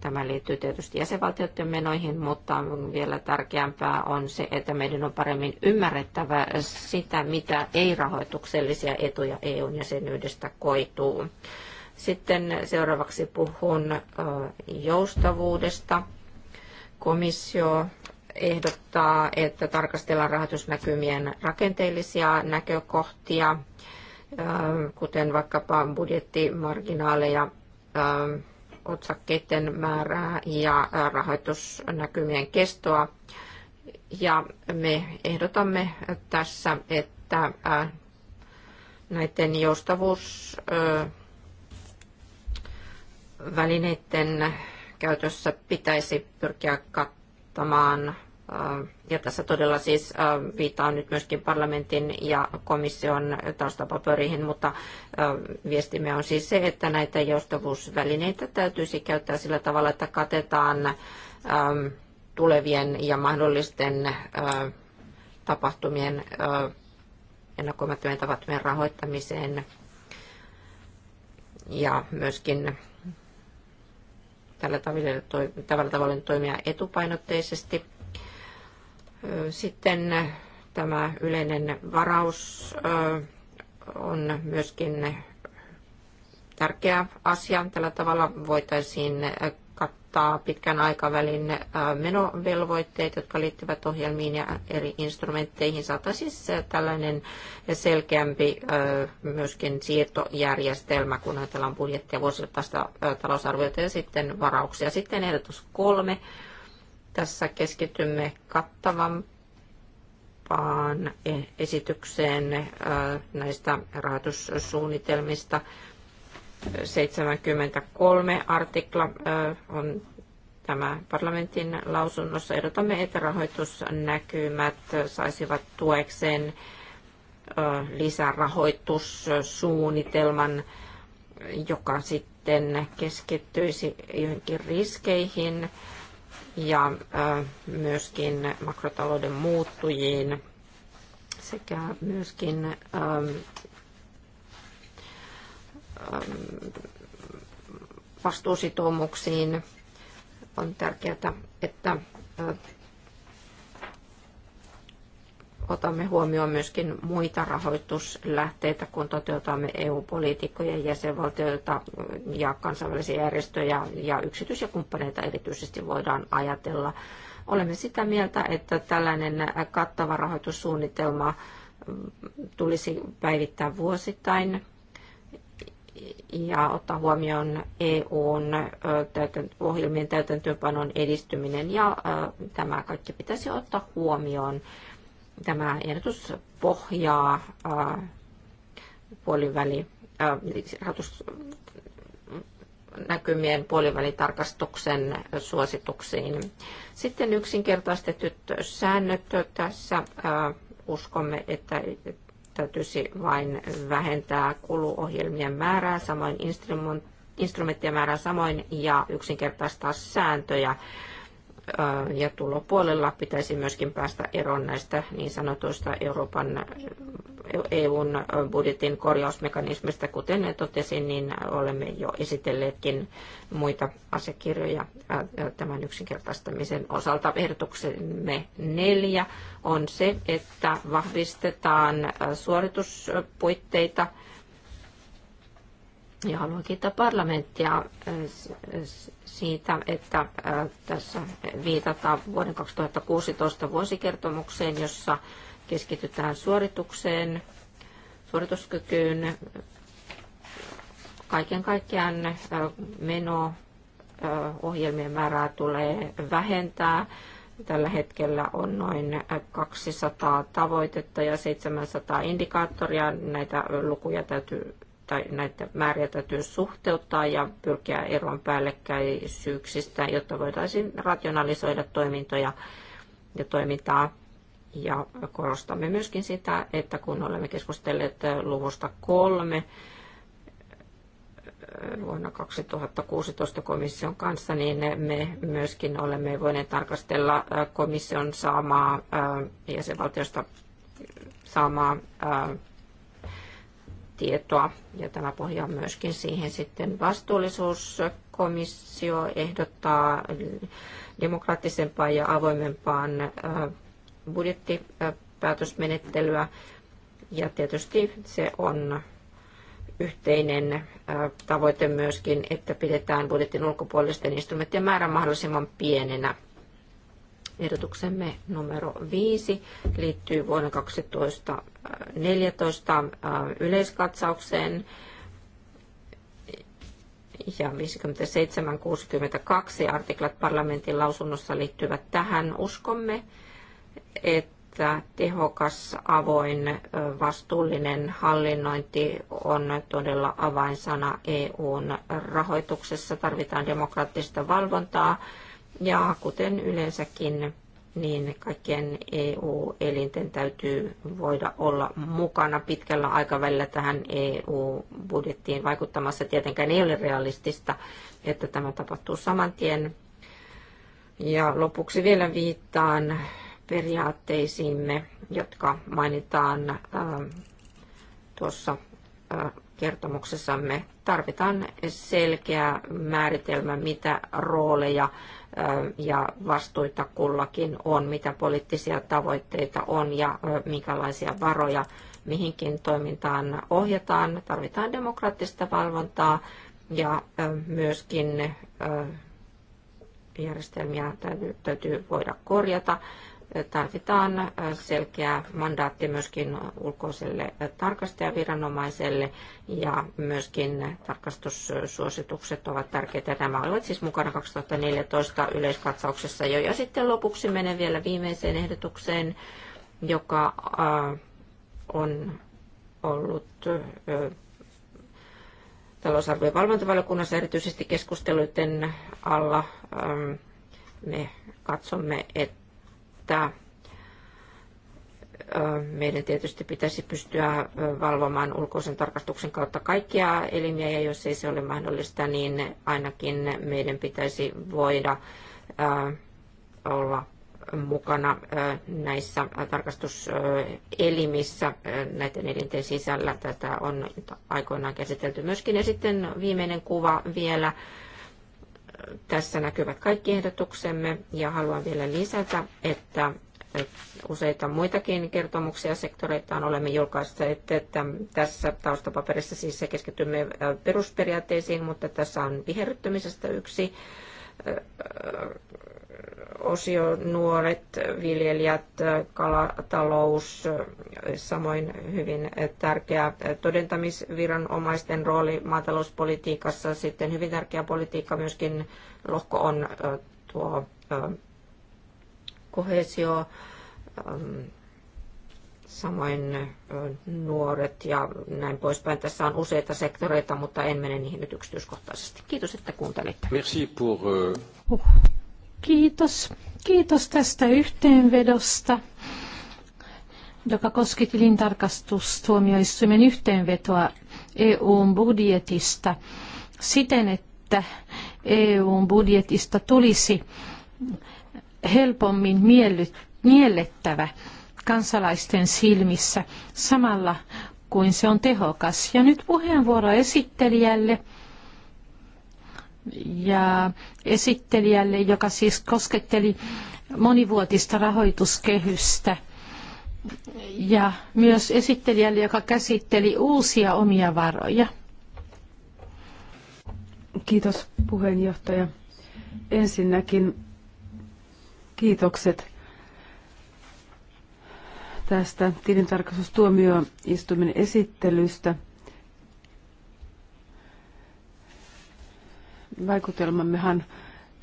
Tämä liittyy tietysti jäsenvaltioiden menoihin, mutta vielä tärkeämpää on se, että meidän on paremmin ymmärrettävä sitä, mitä ei-rahoituksellisia etuja EUn jäsenyydestä koituu. Sitten seuraavaksi puhun joustavuudesta. Komissio ehdottaa, että tarkastellaan rahoitusnäkymien rakenteellisia näkökohtia, kuten vaikkapa budjettimarginaaleja otsakkeiden määrää ja rahoitusnäkymien kestoa. Ja me ehdotamme tässä, että näiden joustavuusvälineiden käytössä pitäisi pyrkiä kattamaan ja tässä todella siis viittaan nyt myöskin parlamentin ja komission taustapaperiin, mutta viestimme on siis se, että näitä joustavuusvälineitä täytyisi käyttää sillä tavalla, että katetaan tulevien ja mahdollisten tapahtumien, ennakoimattomien tapahtumien rahoittamiseen ja myöskin tällä tällä tavalla toimia etupainotteisesti. Sitten tämä yleinen varaus on myöskin tärkeä asia. Tällä tavalla voitaisiin kattaa pitkän aikavälin menovelvoitteet, jotka liittyvät ohjelmiin ja eri instrumentteihin. Saataisiin siis tällainen selkeämpi myöskin siirtojärjestelmä, kun ajatellaan budjettia vuosittaista talousarviota ja sitten varauksia. Sitten ehdotus kolme tässä keskitymme kattavampaan esitykseen äh, näistä rahoitussuunnitelmista. 73 artikla äh, on tämä parlamentin lausunnossa. Ehdotamme, että rahoitusnäkymät saisivat tuekseen äh, lisärahoitussuunnitelman, joka sitten keskittyisi joihinkin riskeihin ja myöskin makrotalouden muuttujiin sekä myöskin vastuusitoumuksiin on tärkeää, että otamme huomioon myöskin muita rahoituslähteitä, kun toteutamme EU-poliitikkojen jäsenvaltioita ja kansainvälisiä järjestöjä ja yksityisiä kumppaneita erityisesti voidaan ajatella. Olemme sitä mieltä, että tällainen kattava rahoitussuunnitelma mm, tulisi päivittää vuosittain ja ottaa huomioon EUn ohjelmien täytäntöönpanon edistyminen ja tämä kaikki pitäisi ottaa huomioon Tämä ehdotus pohjaa puoliväli, rahoitus, näkymien puolivälitarkastuksen suosituksiin. Sitten yksinkertaistetyt säännöt tässä. Uskomme, että täytyisi vain vähentää kuluohjelmien määrää, samoin instrumenttien määrää samoin ja yksinkertaistaa sääntöjä Äh, ja tulopuolella pitäisi myöskin päästä eroon näistä niin sanotuista Euroopan EUn budjetin korjausmekanismista, kuten totesin, niin olemme jo esitelleetkin muita asiakirjoja äh, tämän yksinkertaistamisen osalta. Ehdotuksemme neljä on se, että vahvistetaan suorituspuitteita ja haluan kiittää parlamenttia äh, siitä, että äh, tässä viitataan vuoden 2016 vuosikertomukseen, jossa keskitytään suoritukseen, suorituskykyyn, kaiken kaikkiaan äh, meno, ohjelmien määrää tulee vähentää. Tällä hetkellä on noin 200 tavoitetta ja 700 indikaattoria. Näitä lukuja täytyy tai näitä määriä täytyy suhteuttaa ja pyrkiä eroon päällekkäisyyksistä, jotta voitaisiin rationalisoida toimintoja ja toimintaa. Ja korostamme myöskin sitä, että kun olemme keskustelleet luvusta kolme, vuonna 2016 komission kanssa, niin me myöskin olemme voineet tarkastella komission saamaa jäsenvaltiosta saamaa tietoa. Ja tämä pohjaa myöskin siihen sitten vastuullisuuskomissio ehdottaa demokraattisempaa ja avoimempaan budjettipäätösmenettelyä. Ja tietysti se on yhteinen tavoite myöskin, että pidetään budjetin ulkopuolisten instrumenttien määrä mahdollisimman pienenä. Ehdotuksemme numero 5 liittyy vuonna 2014 äh, yleiskatsaukseen ja 57.62 artiklat parlamentin lausunnossa liittyvät tähän. Uskomme, että tehokas, avoin, äh, vastuullinen hallinnointi on todella avainsana EUn rahoituksessa. Tarvitaan demokraattista valvontaa ja kuten yleensäkin, niin kaikkien EU-elinten täytyy voida olla mukana pitkällä aikavälillä tähän EU-budjettiin vaikuttamassa. Tietenkään ei ole realistista, että tämä tapahtuu saman tien. Ja lopuksi vielä viittaan periaatteisiimme, jotka mainitaan ähm, tuossa äh, kertomuksessamme. Tarvitaan selkeä määritelmä, mitä rooleja ja vastuita kullakin on, mitä poliittisia tavoitteita on ja minkälaisia varoja mihinkin toimintaan ohjataan. Tarvitaan demokraattista valvontaa ja myöskin järjestelmiä täytyy voida korjata tarvitaan selkeä mandaatti myöskin ulkoiselle tarkastajaviranomaiselle ja myöskin tarkastussuositukset ovat tärkeitä. Nämä olivat siis mukana 2014 yleiskatsauksessa jo. Ja sitten lopuksi menen vielä viimeiseen ehdotukseen, joka on ollut talousarvojen valvontavaliokunnassa erityisesti keskusteluiden alla. Me katsomme, että että meidän tietysti pitäisi pystyä valvomaan ulkoisen tarkastuksen kautta kaikkia elimiä, ja jos ei se ole mahdollista, niin ainakin meidän pitäisi voida olla mukana näissä tarkastuselimissä näiden elinten sisällä. Tätä on aikoinaan käsitelty myöskin. Ja sitten viimeinen kuva vielä tässä näkyvät kaikki ehdotuksemme ja haluan vielä lisätä, että useita muitakin kertomuksia sektoreita on olemme julkaisseet. Että tässä taustapaperissa siis se keskitymme äh, perusperiaatteisiin, mutta tässä on viherryttämisestä yksi äh, osio nuoret viljelijät, kalatalous, samoin hyvin tärkeä todentamisviranomaisten rooli maatalouspolitiikassa, sitten hyvin tärkeä politiikka myöskin lohko on tuo kohesio, samoin nuoret ja näin poispäin. Tässä on useita sektoreita, mutta en mene niihin nyt yksityiskohtaisesti. Kiitos, että kuuntelitte. Merci pour... Uh. Kiitos. Kiitos tästä yhteenvedosta, joka koski tilintarkastustuomioistuimen yhteenvetoa EUn budjetista siten, että EUn budjetista tulisi helpommin miellettävä kansalaisten silmissä samalla kuin se on tehokas. Ja nyt puheenvuoro esittelijälle ja esittelijälle, joka siis kosketteli monivuotista rahoituskehystä ja myös esittelijälle, joka käsitteli uusia omia varoja. Kiitos puheenjohtaja. Ensinnäkin kiitokset tästä tilintarkastustuomioistuimen esittelystä. vaikutelmammehan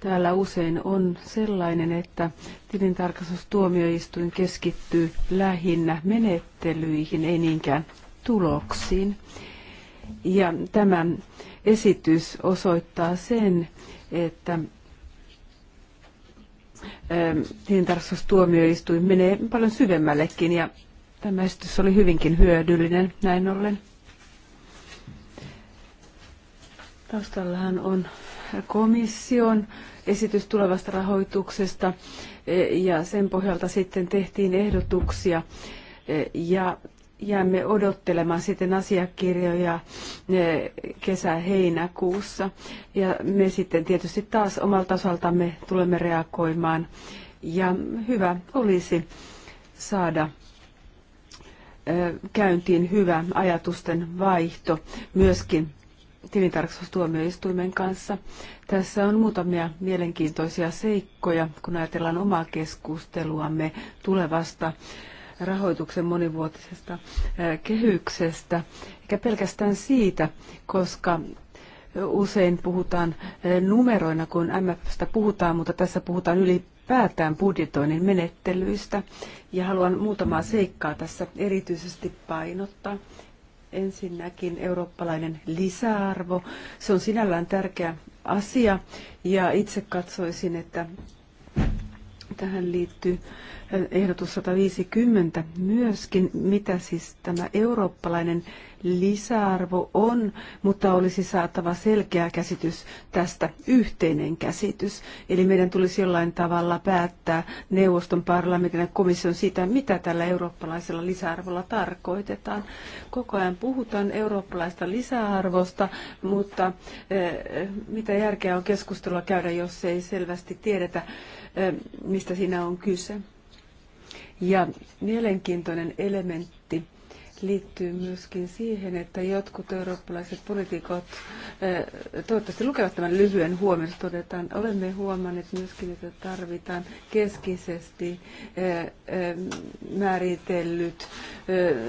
täällä usein on sellainen, että tilintarkastustuomioistuin keskittyy lähinnä menettelyihin, ei niinkään tuloksiin. Ja tämä esitys osoittaa sen, että tilintarkastustuomioistuin menee paljon syvemmällekin ja tämä esitys oli hyvinkin hyödyllinen näin ollen. Taustallahan on komission esitys tulevasta rahoituksesta e, ja sen pohjalta sitten tehtiin ehdotuksia e, ja jäämme odottelemaan sitten asiakirjoja e, kesä-heinäkuussa. Ja me sitten tietysti taas omalta osaltamme tulemme reagoimaan. Ja hyvä olisi saada käyntiin hyvä ajatusten vaihto myöskin tilintarkastustuomioistuimen kanssa. Tässä on muutamia mielenkiintoisia seikkoja, kun ajatellaan omaa keskusteluamme tulevasta rahoituksen monivuotisesta kehyksestä, eikä pelkästään siitä, koska usein puhutaan numeroina, kun MFstä puhutaan, mutta tässä puhutaan yli päätään budjetoinnin menettelyistä. Ja haluan muutamaa seikkaa tässä erityisesti painottaa. Ensinnäkin eurooppalainen lisäarvo. Se on sinällään tärkeä asia ja itse katsoisin, että tähän liittyy eh, ehdotus 150 myöskin, mitä siis tämä eurooppalainen lisäarvo on, mutta olisi saatava selkeä käsitys tästä, yhteinen käsitys. Eli meidän tulisi jollain tavalla päättää neuvoston, parlamentin ja komission siitä, mitä tällä eurooppalaisella lisäarvolla tarkoitetaan. Koko ajan puhutaan eurooppalaista lisäarvosta, mutta eh, mitä järkeä on keskustelua käydä, jos ei selvästi tiedetä, eh, mistä siinä on kyse. Ja mielenkiintoinen elementti liittyy myöskin siihen, että jotkut eurooppalaiset poliitikot eh, toivottavasti lukevat tämän lyhyen huomioon, todetaan, olemme huomanneet myöskin, että tarvitaan keskisesti eh, eh, määritellyt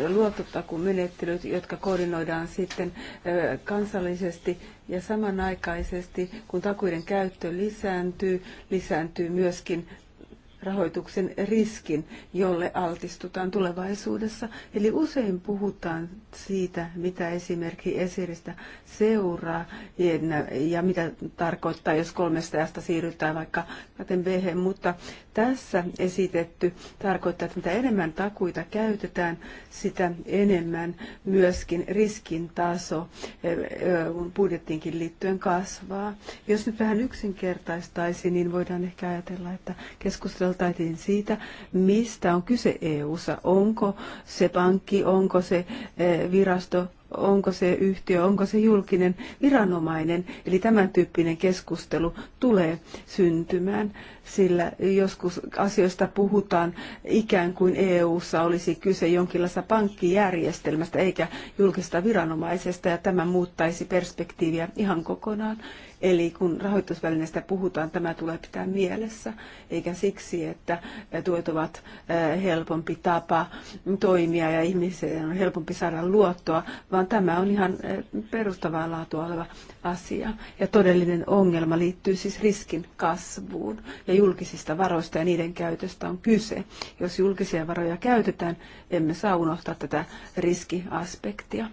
luottotakumenettelyt, jotka koordinoidaan sitten kansallisesti ja samanaikaisesti, kun takuiden käyttö lisääntyy, lisääntyy myöskin rahoituksen riskin, jolle altistutaan tulevaisuudessa. Eli usein puhutaan siitä, mitä esimerkki esiristä seuraa ja mitä tarkoittaa, jos kolmesta ajasta siirrytään vaikka katen mutta tässä esitetty tarkoittaa, että mitä enemmän takuita käytetään, sitä enemmän myöskin riskin taso eh, eh, budjettiinkin liittyen kasvaa. Jos nyt vähän yksinkertaistaisi, niin voidaan ehkä ajatella, että keskusteltaisiin siitä, mistä on kyse EU-ssa. Onko se pankki, onko se eh, virasto, onko se yhtiö, onko se julkinen viranomainen. Eli tämän tyyppinen keskustelu tulee syntymään, sillä joskus asioista puhutaan ikään kuin EU-ssa olisi kyse jonkinlaista pankkijärjestelmästä eikä julkista viranomaisesta, ja tämä muuttaisi perspektiiviä ihan kokonaan. Eli kun rahoitusvälineestä puhutaan, tämä tulee pitää mielessä, eikä siksi, että tuet ovat helpompi tapa toimia ja ihmisen on helpompi saada luottoa, vaan tämä on ihan perustavaa laatua oleva asia. Ja todellinen ongelma liittyy siis riskin kasvuun ja julkisista varoista ja niiden käytöstä on kyse. Jos julkisia varoja käytetään, emme saa unohtaa tätä riskiaspektia.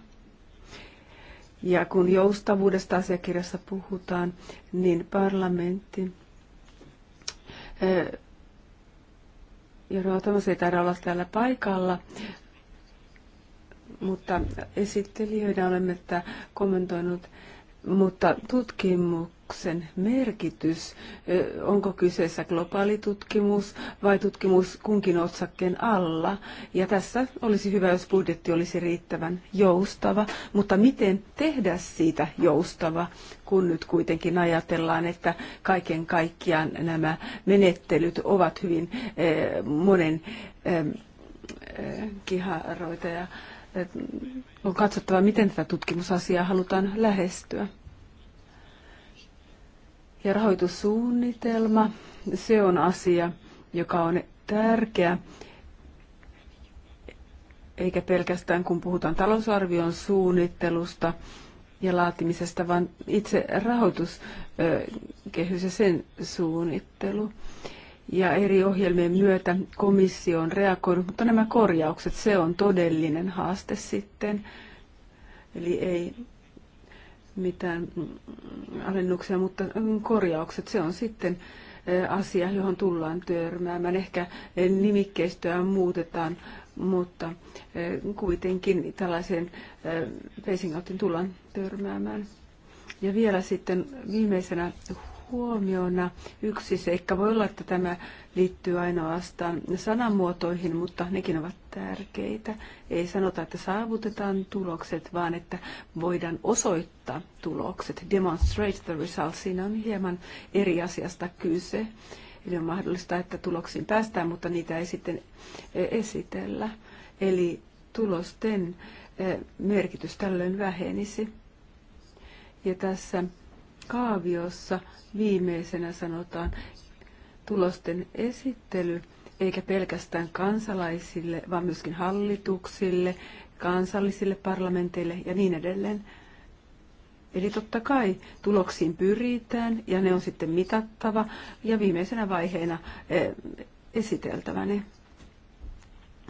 Ja kun joustavuudesta asiakirjassa puhutaan, niin parlamentti eh, ja Ruotamas ei taida olla täällä paikalla, mutta esittelijöinä olemme että kommentoinut mutta tutkimuksen merkitys, onko kyseessä globaali tutkimus vai tutkimus kunkin otsakkeen alla. Ja tässä olisi hyvä, jos budjetti olisi riittävän joustava, mutta miten tehdä siitä joustava, kun nyt kuitenkin ajatellaan, että kaiken kaikkiaan nämä menettelyt ovat hyvin monen kiharoita ja on katsottava, miten tätä tutkimusasiaa halutaan lähestyä. Ja rahoitussuunnitelma, se on asia, joka on tärkeä, eikä pelkästään kun puhutaan talousarvion suunnittelusta ja laatimisesta, vaan itse rahoituskehys ja sen suunnittelu ja eri ohjelmien myötä komissio on reagoinut, mutta nämä korjaukset, se on todellinen haaste sitten. Eli ei mitään alennuksia, mutta korjaukset, se on sitten eh, asia, johon tullaan törmäämään. Ehkä eh, nimikkeistöä muutetaan, mutta eh, kuitenkin tällaisen facing outin tullaan törmäämään. Ja vielä sitten viimeisenä huomiona yksi seikka. Voi olla, että tämä liittyy ainoastaan sanamuotoihin, mutta nekin ovat tärkeitä. Ei sanota, että saavutetaan tulokset, vaan että voidaan osoittaa tulokset. Demonstrate the results. Siinä on hieman eri asiasta kyse. Eli on mahdollista, että tuloksiin päästään, mutta niitä ei sitten e, esitellä. Eli tulosten e, merkitys tällöin vähenisi. Ja tässä kaaviossa viimeisenä sanotaan tulosten esittely, eikä pelkästään kansalaisille, vaan myöskin hallituksille, kansallisille parlamenteille ja niin edelleen. Eli totta kai tuloksiin pyritään ja ne on sitten mitattava ja viimeisenä vaiheena eh, esiteltävä ne.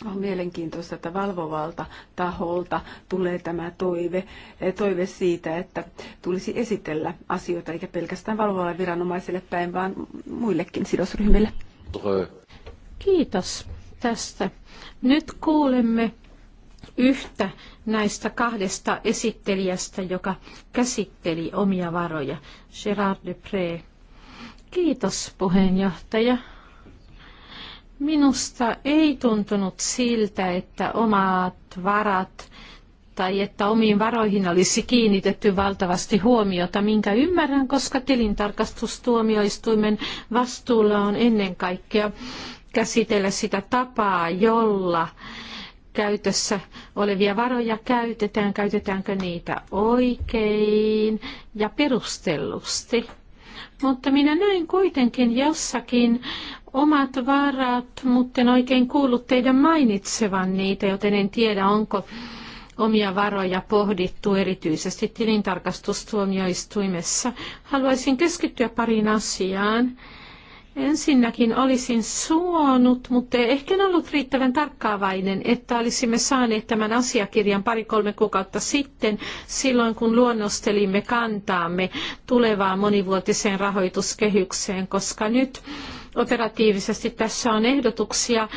On mielenkiintoista, että valvovalta taholta tulee tämä toive, eh, toive siitä, että tulisi esitellä asioita eikä pelkästään valvovalle viranomaiselle päin, vaan muillekin sidosryhmille. Kiitos tästä. Nyt kuulemme yhtä näistä kahdesta esittelijästä, joka käsitteli omia varoja, Gerard Dupré. Kiitos puheenjohtaja. Minusta ei tuntunut siltä, että omat varat tai että omiin varoihin olisi kiinnitetty valtavasti huomiota, minkä ymmärrän, koska tilintarkastustuomioistuimen vastuulla on ennen kaikkea käsitellä sitä tapaa, jolla käytössä olevia varoja käytetään, käytetäänkö niitä oikein ja perustellusti. Mutta minä näin kuitenkin jossakin omat varat, mutta en oikein kuullut teidän mainitsevan niitä, joten en tiedä, onko omia varoja pohdittu erityisesti tilintarkastustuomioistuimessa. Haluaisin keskittyä pariin asiaan. Ensinnäkin olisin suonut, mutta ehkä en ollut riittävän tarkkaavainen, että olisimme saaneet tämän asiakirjan pari-kolme kuukautta sitten, silloin kun luonnostelimme kantaamme tulevaan monivuotiseen rahoituskehykseen, koska nyt operatiivisesti. Tässä on ehdotuksia,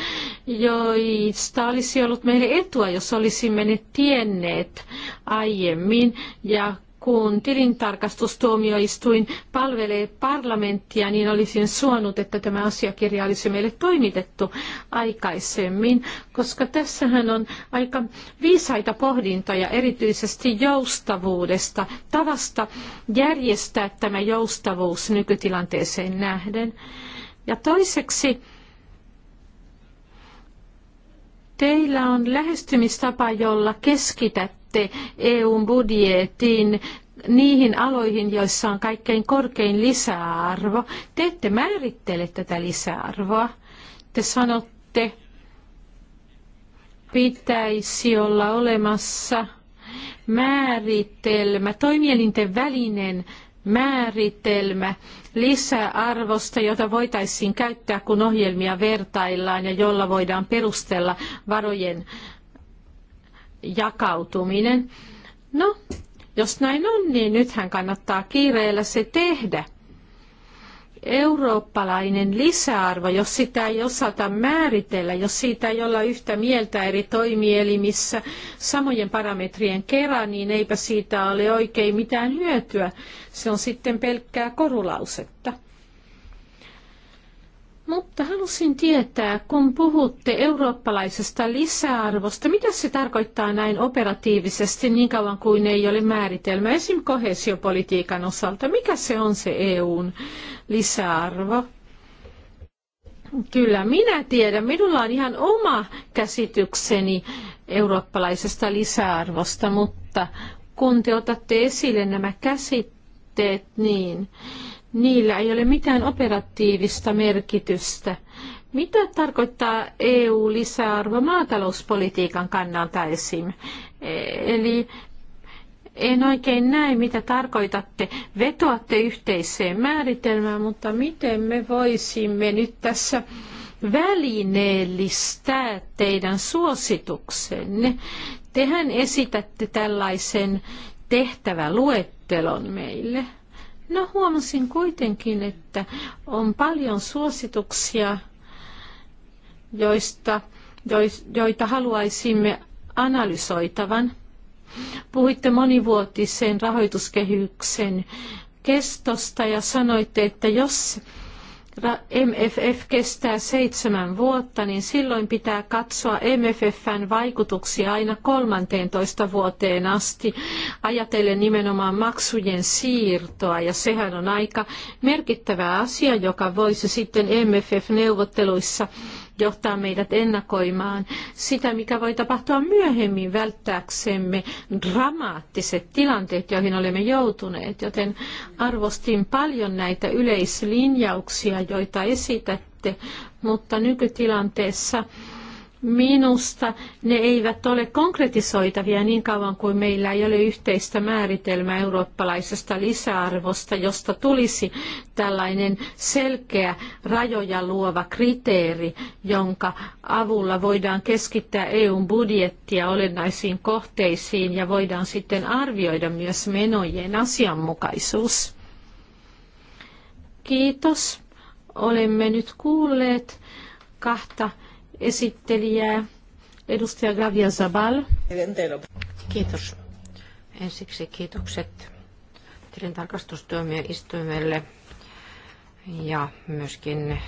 joista olisi ollut meille etua, jos olisimme ne tienneet aiemmin ja kun tilintarkastustuomioistuin palvelee parlamenttia, niin olisin suonut, että tämä asiakirja olisi meille toimitettu aikaisemmin, koska tässähän on aika viisaita pohdintoja erityisesti joustavuudesta, tavasta järjestää tämä joustavuus nykytilanteeseen nähden. Ja toiseksi, teillä on lähestymistapa, jolla keskitätte EUn budjetin niihin aloihin, joissa on kaikkein korkein lisäarvo. Te ette määrittele tätä lisäarvoa. Te sanotte, pitäisi olla olemassa määritelmä, toimielinten välinen määritelmä lisäarvosta, jota voitaisiin käyttää, kun ohjelmia vertaillaan ja jolla voidaan perustella varojen jakautuminen. No, jos näin on, niin nythän kannattaa kiireellä se tehdä eurooppalainen lisäarvo, jos sitä ei osata määritellä, jos siitä ei olla yhtä mieltä eri toimielimissä samojen parametrien kerran, niin eipä siitä ole oikein mitään hyötyä. Se on sitten pelkkää korulausetta. Mutta halusin tietää, kun puhutte eurooppalaisesta lisäarvosta, mitä se tarkoittaa näin operatiivisesti niin kauan kuin ei ole määritelmä esim. kohesiopolitiikan osalta. Mikä se on se EUn lisäarvo? Kyllä, minä tiedän. Minulla on ihan oma käsitykseni eurooppalaisesta lisäarvosta, mutta kun te otatte esille nämä käsitteet, niin niillä ei ole mitään operatiivista merkitystä. Mitä tarkoittaa EU-lisäarvo maatalouspolitiikan kannalta esim? Eli en oikein näe, mitä tarkoitatte. Vetoatte yhteiseen määritelmään, mutta miten me voisimme nyt tässä välineellistää teidän suosituksenne? Tehän esitätte tällaisen tehtäväluettelon meille. No huomasin kuitenkin, että on paljon suosituksia, joista, joita haluaisimme analysoitavan. Puhuitte monivuotisen rahoituskehyksen kestosta ja sanoitte, että jos MFF kestää seitsemän vuotta, niin silloin pitää katsoa MFFn vaikutuksia aina 13 vuoteen asti, ajatellen nimenomaan maksujen siirtoa, ja sehän on aika merkittävä asia, joka voisi sitten MFF-neuvotteluissa johtaa meidät ennakoimaan sitä, mikä voi tapahtua myöhemmin välttääksemme dramaattiset tilanteet, joihin olemme joutuneet. Joten arvostin paljon näitä yleislinjauksia, joita esitätte, mutta nykytilanteessa Minusta ne eivät ole konkretisoitavia niin kauan kuin meillä ei ole yhteistä määritelmää eurooppalaisesta lisäarvosta, josta tulisi tällainen selkeä rajoja luova kriteeri, jonka avulla voidaan keskittää EUn budjettia olennaisiin kohteisiin ja voidaan sitten arvioida myös menojen asianmukaisuus. Kiitos. Olemme nyt kuulleet kahta esittelijää, edustaja Gavia Zabal. Kiitos. Ensiksi kiitokset tilintarkastustuomioistuimelle ja myöskin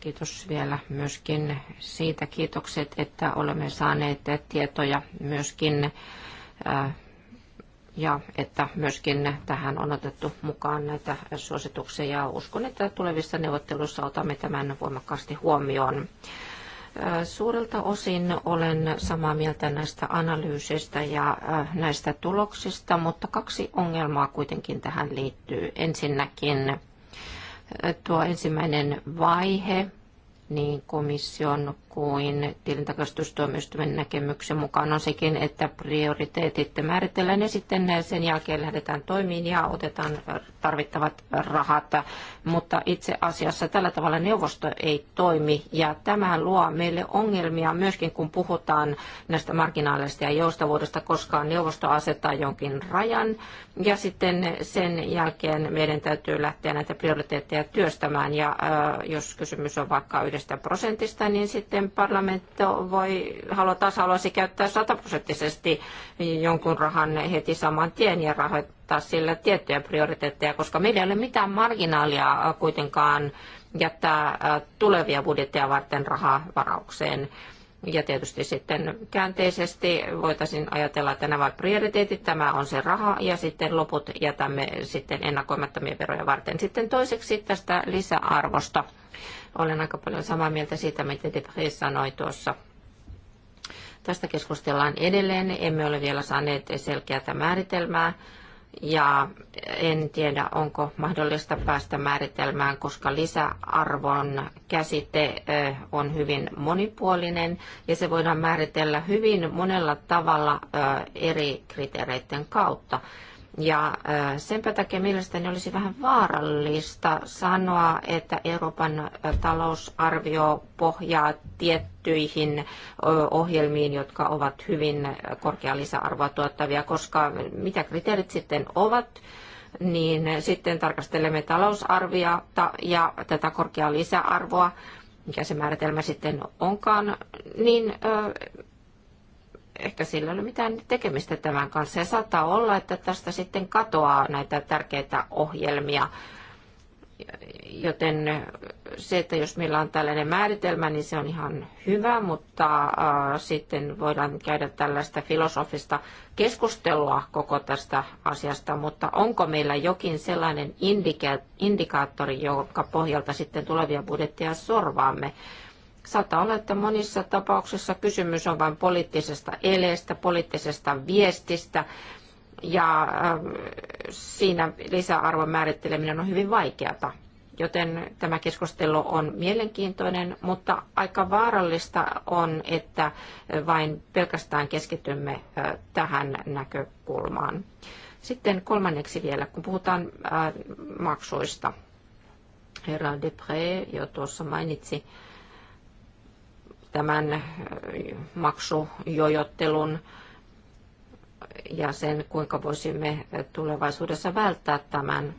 kiitos vielä myöskin siitä kiitokset, että olemme saaneet tietoja myöskin ja että myöskin tähän on otettu mukaan näitä suosituksia ja uskon, että tulevissa neuvotteluissa otamme tämän voimakkaasti huomioon. Suurelta osin olen samaa mieltä näistä analyyseistä ja näistä tuloksista, mutta kaksi ongelmaa kuitenkin tähän liittyy. Ensinnäkin tuo ensimmäinen vaihe, niin komission kuin tilintarkastustuomioistuimen näkemyksen mukaan on sekin, että prioriteetit määritellään ja sitten sen jälkeen lähdetään toimiin ja otetaan tarvittavat rahat. Mutta itse asiassa tällä tavalla neuvosto ei toimi ja tämä luo meille ongelmia myöskin kun puhutaan näistä marginaalista ja joustavuudesta, koska neuvosto asettaa jonkin rajan ja sitten sen jälkeen meidän täytyy lähteä näitä prioriteetteja työstämään ja jos kysymys on vaikka yhdessä. 50 prosentista, niin sitten parlamentti voi, haluaa tasa-alueesi käyttää sataprosenttisesti jonkun rahan heti saman tien ja rahoittaa sillä tiettyjä prioriteetteja, koska meillä ei ole mitään marginaalia kuitenkaan jättää tulevia budjetteja varten rahaa varaukseen. Ja tietysti sitten käänteisesti voitaisiin ajatella, että nämä prioriteetit, tämä on se raha ja sitten loput jätämme sitten ennakoimattomia veroja varten. Sitten toiseksi tästä lisäarvosta. Olen aika paljon samaa mieltä siitä, mitä Debris sanoi tuossa Tästä keskustellaan edelleen. Emme ole vielä saaneet selkeää määritelmää. Ja en tiedä, onko mahdollista päästä määritelmään, koska lisäarvon käsite on hyvin monipuolinen ja se voidaan määritellä hyvin monella tavalla eri kriteereiden kautta. Ja sen takia mielestäni olisi vähän vaarallista sanoa, että Euroopan talousarvio pohjaa tiettyihin ohjelmiin, jotka ovat hyvin korkea lisäarvoa tuottavia, koska mitä kriteerit sitten ovat, niin sitten tarkastelemme talousarviota ja tätä korkeaa lisäarvoa mikä se määritelmä sitten onkaan, niin ehkä sillä ei ole mitään tekemistä tämän kanssa. Ja saattaa olla, että tästä sitten katoaa näitä tärkeitä ohjelmia. Joten se, että jos meillä on tällainen määritelmä, niin se on ihan hyvä, mutta äh, sitten voidaan käydä tällaista filosofista keskustelua koko tästä asiasta, mutta onko meillä jokin sellainen indika- indikaattori, jonka pohjalta sitten tulevia budjetteja sorvaamme? Saattaa olla, että monissa tapauksissa kysymys on vain poliittisesta eleestä, poliittisesta viestistä, ja ähm, siinä lisäarvon määritteleminen on hyvin vaikeata. Joten tämä keskustelu on mielenkiintoinen, mutta aika vaarallista on, että vain pelkästään keskitymme äh, tähän näkökulmaan. Sitten kolmanneksi vielä, kun puhutaan äh, maksuista. Herra Depré jo tuossa mainitsi, tämän maksujojottelun ja sen, kuinka voisimme tulevaisuudessa välttää tämän.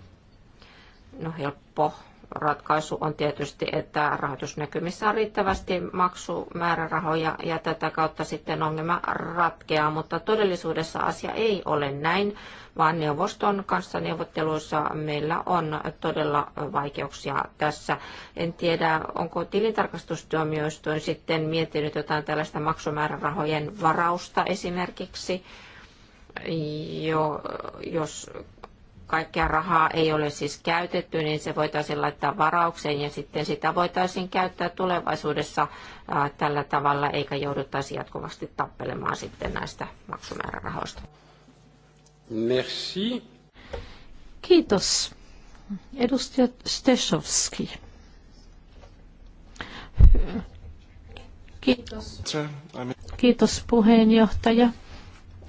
No helppo ratkaisu on tietysti, että rahoitusnäkymissä on riittävästi maksumäärärahoja ja tätä kautta sitten ongelma ratkeaa, mutta todellisuudessa asia ei ole näin, vaan neuvoston kanssa neuvotteluissa meillä on todella vaikeuksia tässä. En tiedä, onko tilintarkastustuomioistuin sitten miettinyt jotain tällaista maksumäärärahojen varausta esimerkiksi, jo, jos kaikkea rahaa ei ole siis käytetty, niin se voitaisiin laittaa varaukseen ja sitten sitä voitaisiin käyttää tulevaisuudessa tällä tavalla, eikä jouduttaisi jatkuvasti tappelemaan sitten näistä maksumäärärahoista. Merci. Kiitos. Edustaja Steshovski. Kiitos. Kiitos puheenjohtaja.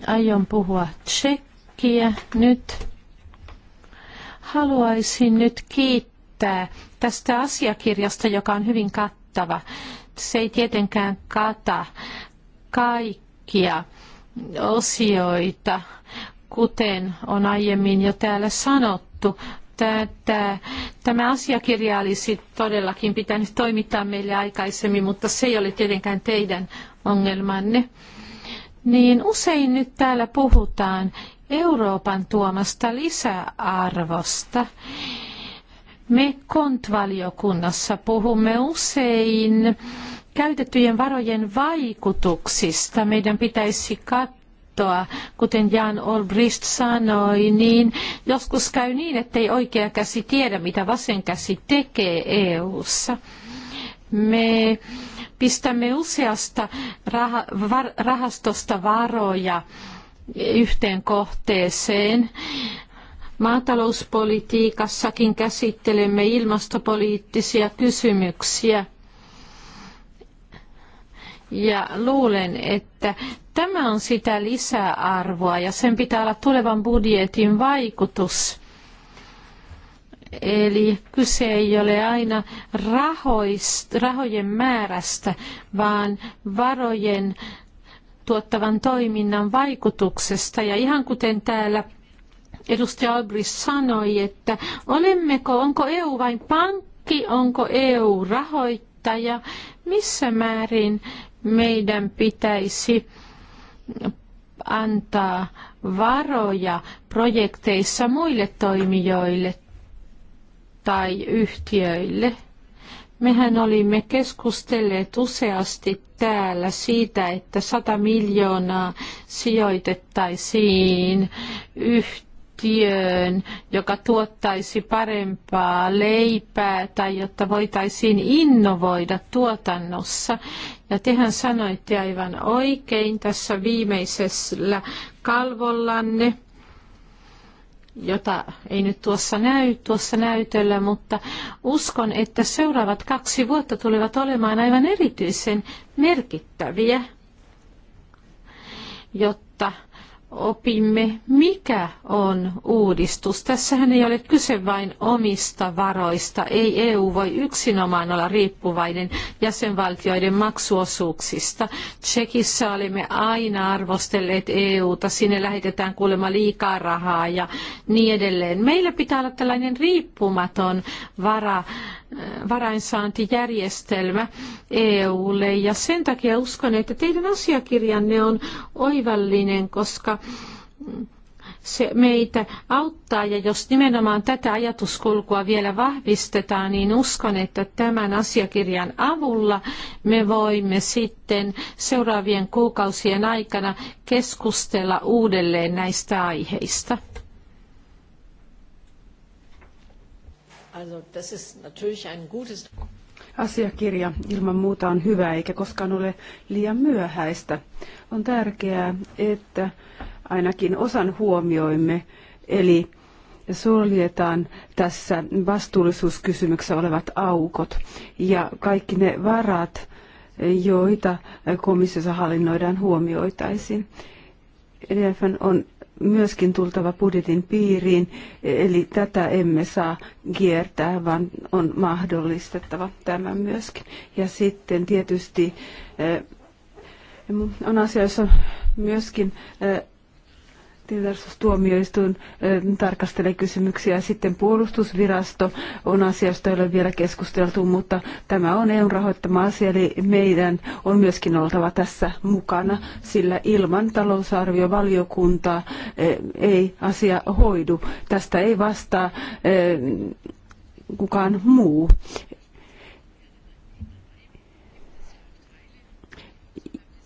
Aion puhua tsekkiä nyt. Haluaisin nyt kiittää tästä asiakirjasta, joka on hyvin kattava. Se ei tietenkään kata kaikkia osioita, kuten on aiemmin jo täällä sanottu. Tätä, tämä asiakirja olisi todellakin pitänyt toimittaa meille aikaisemmin, mutta se ei ole tietenkään teidän ongelmanne niin usein nyt täällä puhutaan Euroopan tuomasta lisäarvosta. Me kontvaliokunnassa puhumme usein käytettyjen varojen vaikutuksista. Meidän pitäisi katsoa, kuten Jan Olbrist sanoi, niin joskus käy niin, että ei oikea käsi tiedä, mitä vasen käsi tekee EU:ssa. Me Pistämme useasta rahastosta varoja yhteen kohteeseen. Maatalouspolitiikassakin käsittelemme ilmastopoliittisia kysymyksiä. Ja luulen, että tämä on sitä lisäarvoa ja sen pitää olla tulevan budjetin vaikutus. Eli kyse ei ole aina rahoist, rahojen määrästä, vaan varojen tuottavan toiminnan vaikutuksesta. Ja ihan kuten täällä edustaja Albrecht sanoi, että olemmeko, onko EU vain pankki, onko EU rahoittaja, missä määrin meidän pitäisi antaa varoja projekteissa muille toimijoille tai yhtiöille. Mehän olimme keskustelleet useasti täällä siitä, että 100 miljoonaa sijoitettaisiin yhtiöön, joka tuottaisi parempaa leipää tai jotta voitaisiin innovoida tuotannossa. Ja tehän sanoitte aivan oikein tässä viimeisellä kalvollanne, jota ei nyt tuossa näy tuossa näytöllä, mutta uskon, että seuraavat kaksi vuotta tulevat olemaan aivan erityisen merkittäviä, jotta opimme, mikä on uudistus. Tässähän ei ole kyse vain omista varoista. Ei EU voi yksinomaan olla riippuvainen jäsenvaltioiden maksuosuuksista. Tsekissä olemme aina arvostelleet EUta, sinne lähetetään kuulemma liikaa rahaa ja niin edelleen. Meillä pitää olla tällainen riippumaton vara varainsaantijärjestelmä EUlle ja sen takia uskon, että teidän asiakirjanne on oivallinen, koska se meitä auttaa ja jos nimenomaan tätä ajatuskulkua vielä vahvistetaan, niin uskon, että tämän asiakirjan avulla me voimme sitten seuraavien kuukausien aikana keskustella uudelleen näistä aiheista. Also das ist natürlich ein gutes Asiakirja ilman muuta on hyvä eikä koskaan ole liian myöhäistä. On tärkeää, että ainakin osan huomioimme, eli suljetaan tässä vastuullisuuskysymyksessä olevat aukot ja kaikki ne varat, joita komissiossa hallinnoidaan, huomioitaisiin. EDF on myöskin tultava budjetin piiriin, eli tätä emme saa kiertää, vaan on mahdollistettava tämä myöskin. Ja sitten tietysti eh, on asia, jossa myöskin eh, Tilastustuomioistuin tarkastelee kysymyksiä. Sitten puolustusvirasto on asiasta josta ei ole vielä keskusteltu, mutta tämä on EUn rahoittama asia, eli meidän on myöskin oltava tässä mukana, sillä ilman talousarviovaliokuntaa ei asia hoidu. Tästä ei vastaa kukaan muu.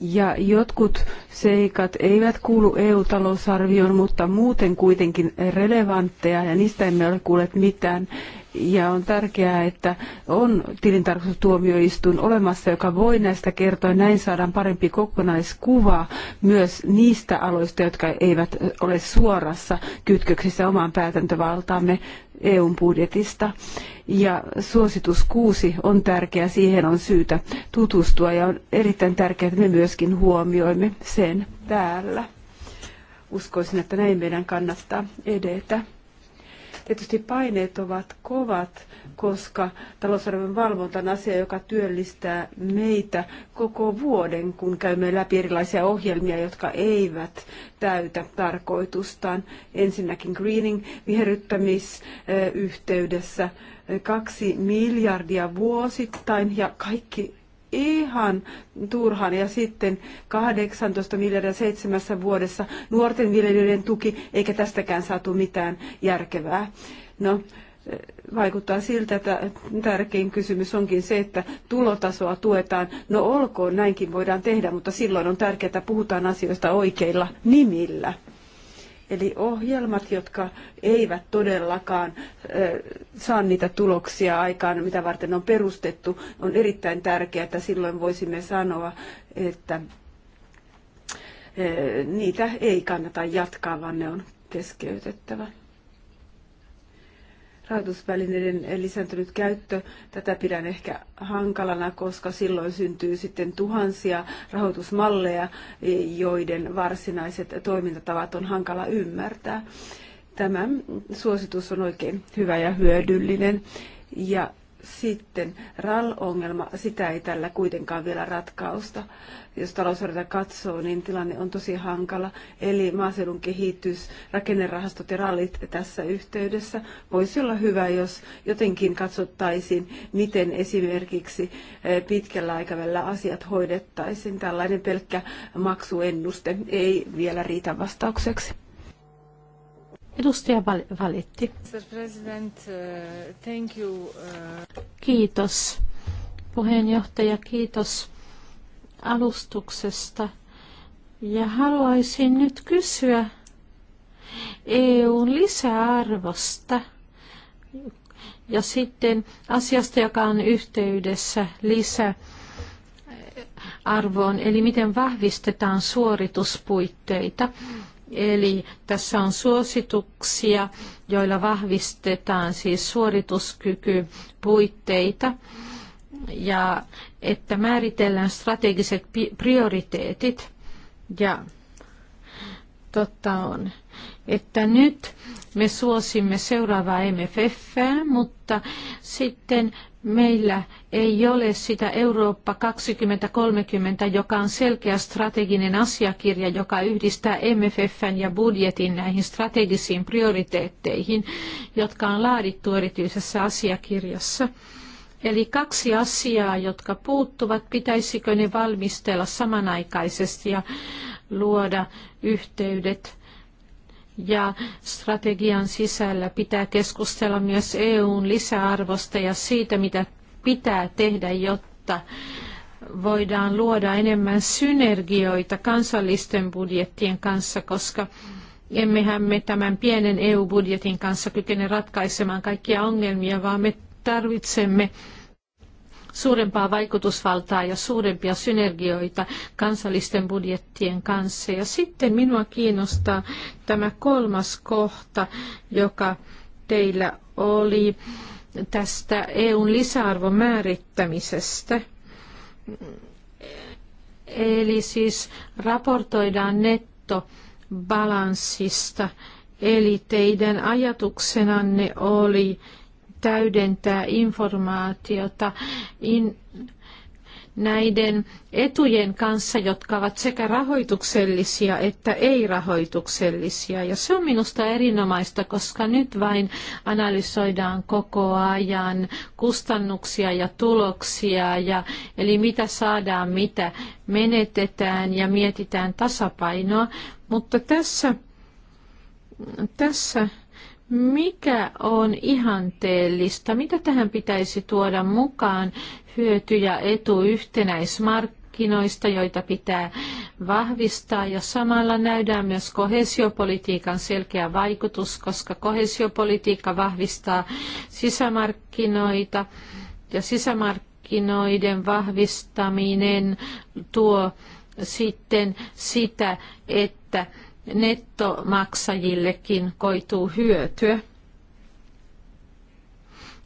ja jotkut seikat eivät kuulu EU-talousarvioon, mutta muuten kuitenkin relevantteja ja niistä emme ole kuulleet mitään. Ja on tärkeää, että on tilintarkastustuomioistuin olemassa, joka voi näistä kertoa. Näin saadaan parempi kokonaiskuva myös niistä aloista, jotka eivät ole suorassa kytköksissä omaan päätäntövaltaamme. EUn budjetista. Ja suositus kuusi on tärkeä, siihen on syytä tutustua ja on erittäin tärkeää, että me myöskin huomioimme sen täällä. Uskoisin, että näin meidän kannattaa edetä. Tietysti paineet ovat kovat koska talousarvion valvonta on asia, joka työllistää meitä koko vuoden, kun käymme läpi erilaisia ohjelmia, jotka eivät täytä tarkoitustaan. Ensinnäkin greening viherryttämisyhteydessä eh, kaksi miljardia vuosittain ja kaikki ihan turhan. Ja sitten 18 miljardia seitsemässä vuodessa nuorten viljelijöiden tuki, eikä tästäkään saatu mitään järkevää. No, vaikuttaa siltä, että tärkein kysymys onkin se, että tulotasoa tuetaan. No olkoon, näinkin voidaan tehdä, mutta silloin on tärkeää, että puhutaan asioista oikeilla nimillä. Eli ohjelmat, jotka eivät todellakaan saa niitä tuloksia aikaan, mitä varten on perustettu, on erittäin tärkeää, että silloin voisimme sanoa, että niitä ei kannata jatkaa, vaan ne on keskeytettävä rahoitusvälineiden eh, lisääntynyt käyttö, tätä pidän ehkä hankalana, koska silloin syntyy sitten tuhansia rahoitusmalleja, eh, joiden varsinaiset toimintatavat on hankala ymmärtää. Tämä suositus on oikein hyvä ja hyödyllinen. Ja sitten RAL-ongelma, sitä ei tällä kuitenkaan vielä ratkausta jos talousarvioita katsoo, niin tilanne on tosi hankala. Eli maaseudun kehitys, rakennerahastot ja rallit tässä yhteydessä voisi olla hyvä, jos jotenkin katsottaisiin, miten esimerkiksi eh, pitkällä aikavälillä asiat hoidettaisiin. Tällainen pelkkä maksuennuste ei vielä riitä vastaukseksi. Edustaja Valitti. Eh, eh. Kiitos puheenjohtaja, kiitos alustuksesta. Ja haluaisin nyt kysyä EUn lisäarvosta ja sitten asiasta, joka on yhteydessä lisäarvoon, eli miten vahvistetaan suorituspuitteita. Eli tässä on suosituksia, joilla vahvistetaan siis suorituskykypuitteita. puitteita ja että määritellään strategiset prioriteetit. Ja totta on, että nyt me suosimme seuraavaa MFF, mutta sitten meillä ei ole sitä Eurooppa 2030, joka on selkeä strateginen asiakirja, joka yhdistää MFFn ja budjetin näihin strategisiin prioriteetteihin, jotka on laadittu erityisessä asiakirjassa. Eli kaksi asiaa, jotka puuttuvat, pitäisikö ne valmistella samanaikaisesti ja luoda yhteydet ja strategian sisällä pitää keskustella myös EUn lisäarvosta ja siitä, mitä pitää tehdä, jotta voidaan luoda enemmän synergioita kansallisten budjettien kanssa, koska emmehän me tämän pienen EU-budjetin kanssa kykene ratkaisemaan kaikkia ongelmia, vaan me tarvitsemme suurempaa vaikutusvaltaa ja suurempia synergioita kansallisten budjettien kanssa. Ja sitten minua kiinnostaa tämä kolmas kohta, joka teillä oli tästä EUn lisäarvon määrittämisestä. Eli siis raportoidaan nettobalanssista. Eli teidän ajatuksenanne oli, täydentää informaatiota in, näiden etujen kanssa, jotka ovat sekä rahoituksellisia että ei-rahoituksellisia. Ja se on minusta erinomaista, koska nyt vain analysoidaan koko ajan kustannuksia ja tuloksia, ja, eli mitä saadaan, mitä menetetään ja mietitään tasapainoa. Mutta tässä, tässä mikä on ihanteellista? Mitä tähän pitäisi tuoda mukaan? Hyöty ja etu yhtenäismarkkinoista, joita pitää vahvistaa ja samalla nähdään myös kohesiopolitiikan selkeä vaikutus, koska kohesiopolitiikka vahvistaa sisämarkkinoita ja sisämarkkinoiden vahvistaminen tuo sitten sitä, että nettomaksajillekin koituu hyötyä.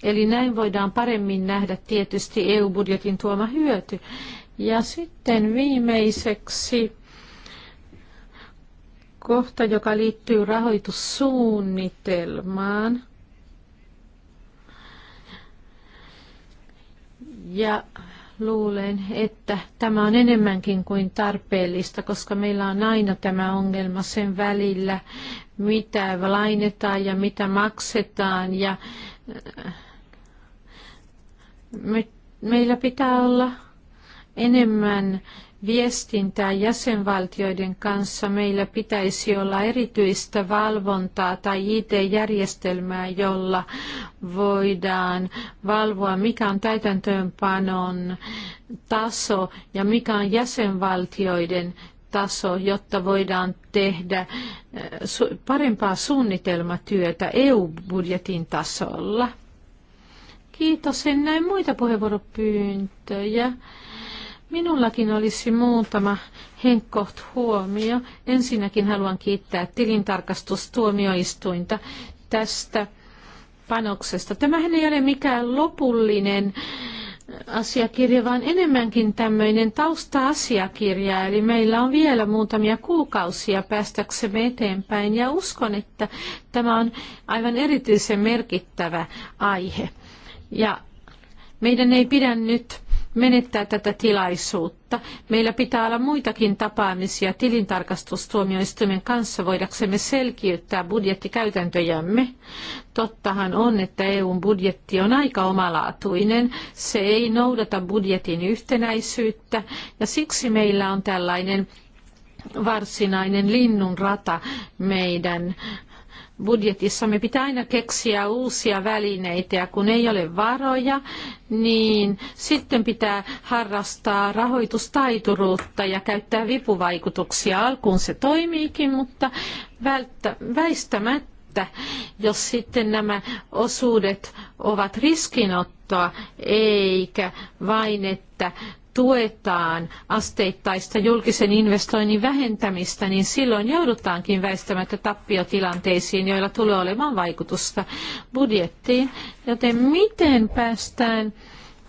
Eli näin voidaan paremmin nähdä tietysti EU-budjetin tuoma hyöty. Ja sitten viimeiseksi kohta, joka liittyy rahoitussuunnitelmaan. Ja luulen, että tämä on enemmänkin kuin tarpeellista, koska meillä on aina tämä ongelma sen välillä, mitä lainetaan ja mitä maksetaan. Ja äh, me, meillä pitää olla enemmän viestintää jäsenvaltioiden kanssa, meillä pitäisi olla erityistä valvontaa tai IT-järjestelmää, jolla voidaan valvoa, mikä on täytäntöönpanon taso ja mikä on jäsenvaltioiden taso, jotta voidaan tehdä eh, parempaa suunnitelmatyötä EU-budjetin tasolla. Kiitos. En näe muita puheenvuoropyyntöjä. Minullakin olisi muutama henkkoht huomio. Ensinnäkin haluan kiittää tilintarkastustuomioistuinta tästä panoksesta. Tämähän ei ole mikään lopullinen asiakirja, vaan enemmänkin tämmöinen tausta-asiakirja. Eli meillä on vielä muutamia kuukausia päästäksemme eteenpäin ja uskon, että tämä on aivan erityisen merkittävä aihe. Ja meidän ei pidä nyt menettää tätä tilaisuutta. Meillä pitää olla muitakin tapaamisia tilintarkastustuomioistuimen kanssa voidaksemme selkiyttää budjettikäytäntöjämme. Tottahan on, että EUn budjetti on aika omalaatuinen. Se ei noudata budjetin yhtenäisyyttä ja siksi meillä on tällainen varsinainen linnunrata meidän budjetissamme pitää aina keksiä uusia välineitä ja kun ei ole varoja, niin sitten pitää harrastaa rahoitustaituruutta ja käyttää vipuvaikutuksia. Alkuun se toimiikin, mutta välttä, väistämättä, jos sitten nämä osuudet ovat riskinottoa, eikä vain, että tuetaan asteittaista julkisen investoinnin vähentämistä, niin silloin joudutaankin väistämättä tappiotilanteisiin, joilla tulee olemaan vaikutusta budjettiin. Joten miten päästään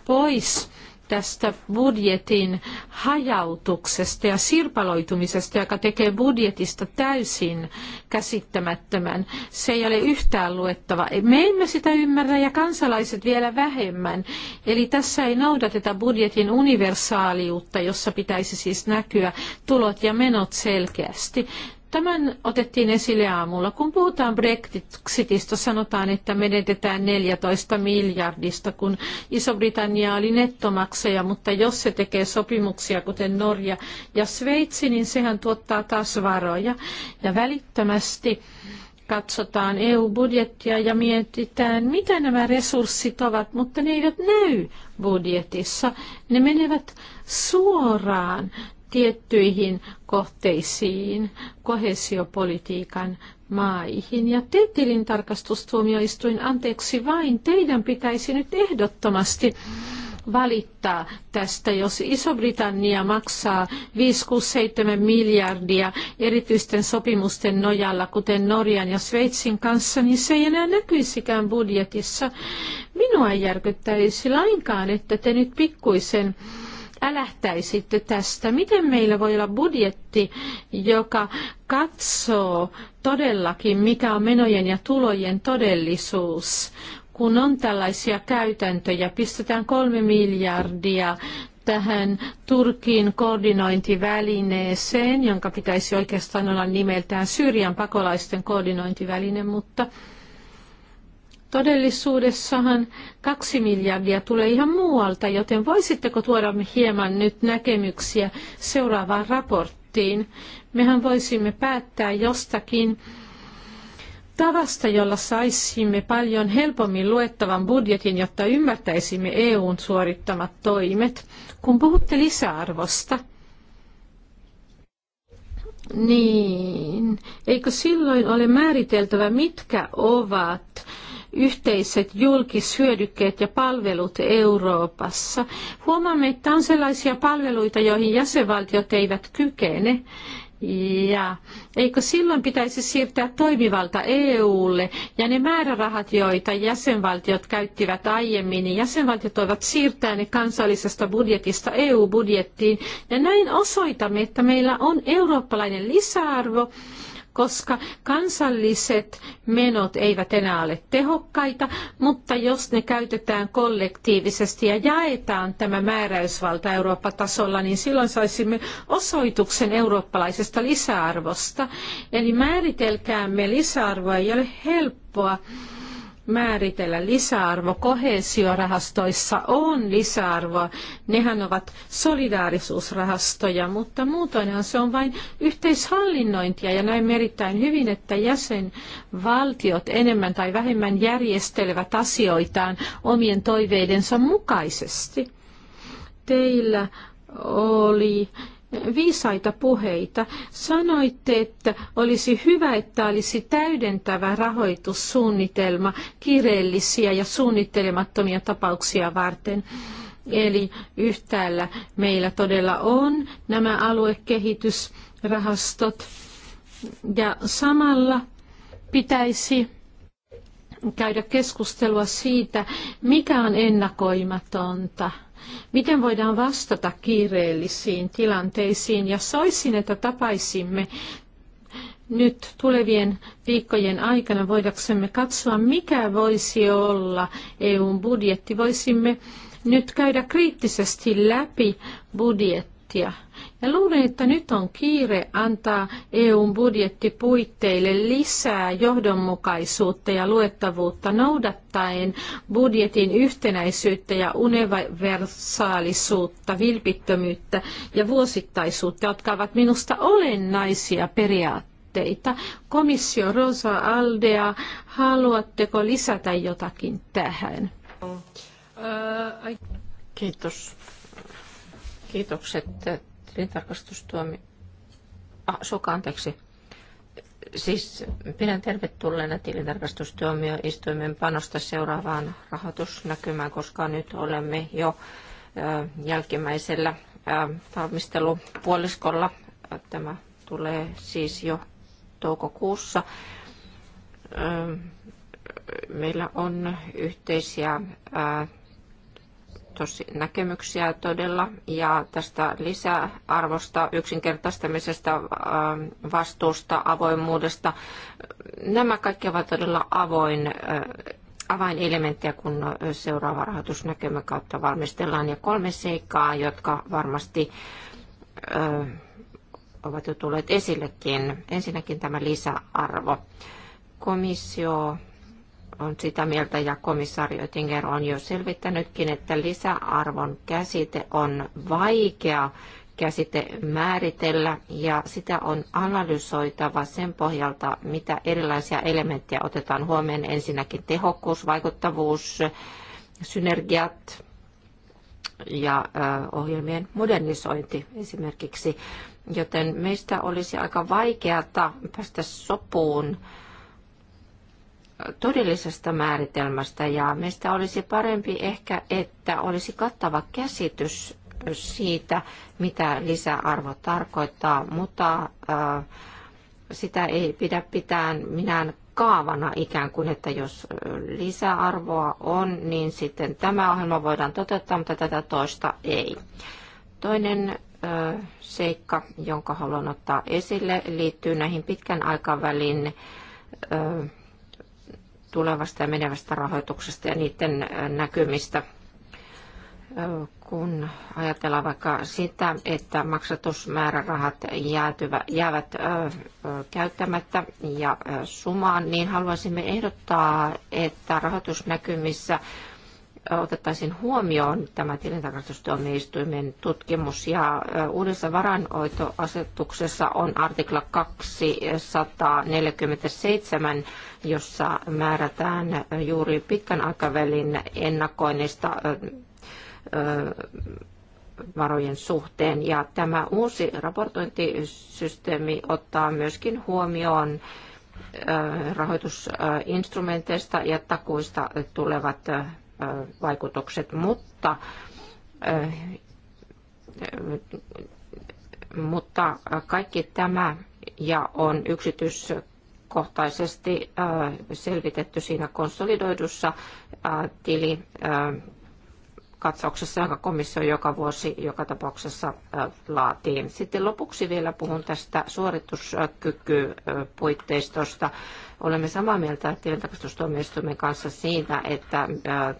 pois tästä budjetin hajautuksesta ja sirpaloitumisesta, joka tekee budjetista täysin käsittämättömän. Se ei ole yhtään luettava. Me emme sitä ymmärrä ja kansalaiset vielä vähemmän. Eli tässä ei noudateta budjetin universaaliutta, jossa pitäisi siis näkyä tulot ja menot selkeästi. Tämän otettiin esille aamulla. Kun puhutaan Brexitistä, sanotaan, että menetetään 14 miljardista, kun Iso-Britannia oli nettomaksaja, mutta jos se tekee sopimuksia, kuten Norja ja Sveitsi, niin sehän tuottaa taas varoja. Ja välittömästi katsotaan EU-budjettia ja mietitään, mitä nämä resurssit ovat, mutta ne eivät näy budjetissa. Ne menevät suoraan tiettyihin kohteisiin, kohesiopolitiikan maihin. Ja te tilintarkastustuomioistuin, anteeksi vain, teidän pitäisi nyt ehdottomasti valittaa tästä, jos Iso-Britannia maksaa 5-6-7 miljardia erityisten sopimusten nojalla, kuten Norjan ja Sveitsin kanssa, niin se ei enää näkyisikään budjetissa. Minua ei järkyttäisi lainkaan, että te nyt pikkuisen älähtäisitte tästä? Miten meillä voi olla budjetti, joka katsoo todellakin, mikä on menojen ja tulojen todellisuus? kun on tällaisia käytäntöjä, pistetään kolme miljardia tähän Turkin koordinointivälineeseen, jonka pitäisi oikeastaan olla nimeltään Syyrian pakolaisten koordinointiväline, mutta Todellisuudessahan kaksi miljardia tulee ihan muualta, joten voisitteko tuoda hieman nyt näkemyksiä seuraavaan raporttiin? Mehän voisimme päättää jostakin tavasta, jolla saisimme paljon helpommin luettavan budjetin, jotta ymmärtäisimme EUn suorittamat toimet. Kun puhutte lisäarvosta, niin eikö silloin ole määriteltävä, mitkä ovat yhteiset julkishyödykkeet ja palvelut Euroopassa. Huomaamme, että on sellaisia palveluita, joihin jäsenvaltiot eivät kykene. Ja eikö silloin pitäisi siirtää toimivalta EUlle ja ne määrärahat, joita jäsenvaltiot käyttivät aiemmin, niin jäsenvaltiot voivat siirtää ne kansallisesta budjetista EU-budjettiin. Ja näin osoitamme, että meillä on eurooppalainen lisäarvo koska kansalliset menot eivät enää ole tehokkaita, mutta jos ne käytetään kollektiivisesti ja jaetaan tämä määräysvalta Eurooppa-tasolla, niin silloin saisimme osoituksen eurooppalaisesta lisäarvosta. Eli määritelkäämme lisäarvoa ei ole helppoa määritellä lisäarvo. Kohesiorahastoissa on lisäarvoa. Nehän ovat solidaarisuusrahastoja, mutta muutoinhan se on vain yhteishallinnointia. Ja näin erittäin hyvin, että jäsenvaltiot enemmän tai vähemmän järjestelevät asioitaan omien toiveidensa mukaisesti. Teillä oli viisaita puheita. Sanoitte, että olisi hyvä, että olisi täydentävä rahoitussuunnitelma kiireellisiä ja suunnittelemattomia tapauksia varten. Eli yhtäällä meillä todella on nämä aluekehitysrahastot ja samalla pitäisi käydä keskustelua siitä, mikä on ennakoimatonta, miten voidaan vastata kiireellisiin tilanteisiin ja soisin, että tapaisimme nyt tulevien viikkojen aikana voidaksemme katsoa, mikä voisi olla EUn budjetti. Voisimme nyt käydä kriittisesti läpi budjettia ja luulen, että nyt on kiire antaa EUn budjettipuitteille lisää johdonmukaisuutta ja luettavuutta noudattaen budjetin yhtenäisyyttä ja universaalisuutta, vilpittömyyttä ja vuosittaisuutta, jotka ovat minusta olennaisia periaatteita. Komissio Rosa Aldea, haluatteko lisätä jotakin tähän? Kiitos. Kiitokset tilintarkastustuomi... Ah, soka, anteeksi. Siis pidän tervetulleena tilintarkastustuomioistuimen panosta seuraavaan rahoitusnäkymään, koska nyt olemme jo jälkimmäisellä valmistelupuoliskolla. Tämä tulee siis jo toukokuussa. Meillä on yhteisiä tosi näkemyksiä todella ja tästä lisäarvosta, yksinkertaistamisesta, äh, vastuusta, avoimuudesta. Nämä kaikki ovat todella avoin äh, avainelementtejä, kun äh, seuraava rahoitusnäkymä kautta valmistellaan. Ja kolme seikkaa, jotka varmasti ö, ovat jo tulleet esillekin. Ensinnäkin tämä lisäarvo. Komissio on sitä mieltä ja komissaari Oettinger on jo selvittänytkin, että lisäarvon käsite on vaikea käsite määritellä ja sitä on analysoitava sen pohjalta, mitä erilaisia elementtejä otetaan huomioon. Ensinnäkin tehokkuus, vaikuttavuus, synergiat ja ohjelmien modernisointi esimerkiksi. Joten meistä olisi aika vaikeata päästä sopuun todellisesta määritelmästä ja meistä olisi parempi ehkä, että olisi kattava käsitys siitä, mitä lisäarvo tarkoittaa, mutta sitä ei pidä pitää minään kaavana ikään kuin, että jos lisäarvoa on, niin sitten tämä ohjelma voidaan toteuttaa, mutta tätä toista ei. Toinen seikka, jonka haluan ottaa esille, liittyy näihin pitkän aikavälin tulevasta ja menevästä rahoituksesta ja niiden äh, näkymistä äh, kun ajatellaan vaikka sitä, että maksatusmäärärahat jäätyvä, jäävät ö, äh, käyttämättä ja ö, sumaan, niin haluaisimme ehdottaa, että rahoitusnäkymissä otettaisiin huomioon tämä tilintarkastustuomioistuimen tutkimus. Ja uudessa varainhoitoasetuksessa on artikla 247, jossa määrätään juuri pitkän aikavälin ennakoinnista varojen suhteen. Ja tämä uusi raportointisysteemi ottaa myöskin huomioon rahoitusinstrumenteista ja takuista tulevat vaikutukset, mutta eh, mutta kaikki tämä ja on yksityiskohtaisesti kohtaisesti eh, selvitetty siinä konsolidoidussa eh, tili katsauksessa, jonka komissio joka vuosi joka tapauksessa laatii. Sitten lopuksi vielä puhun tästä suorituskykypuitteistosta. Olemme samaa mieltä tilintarkastustuomioistuimen kanssa siitä, että äh,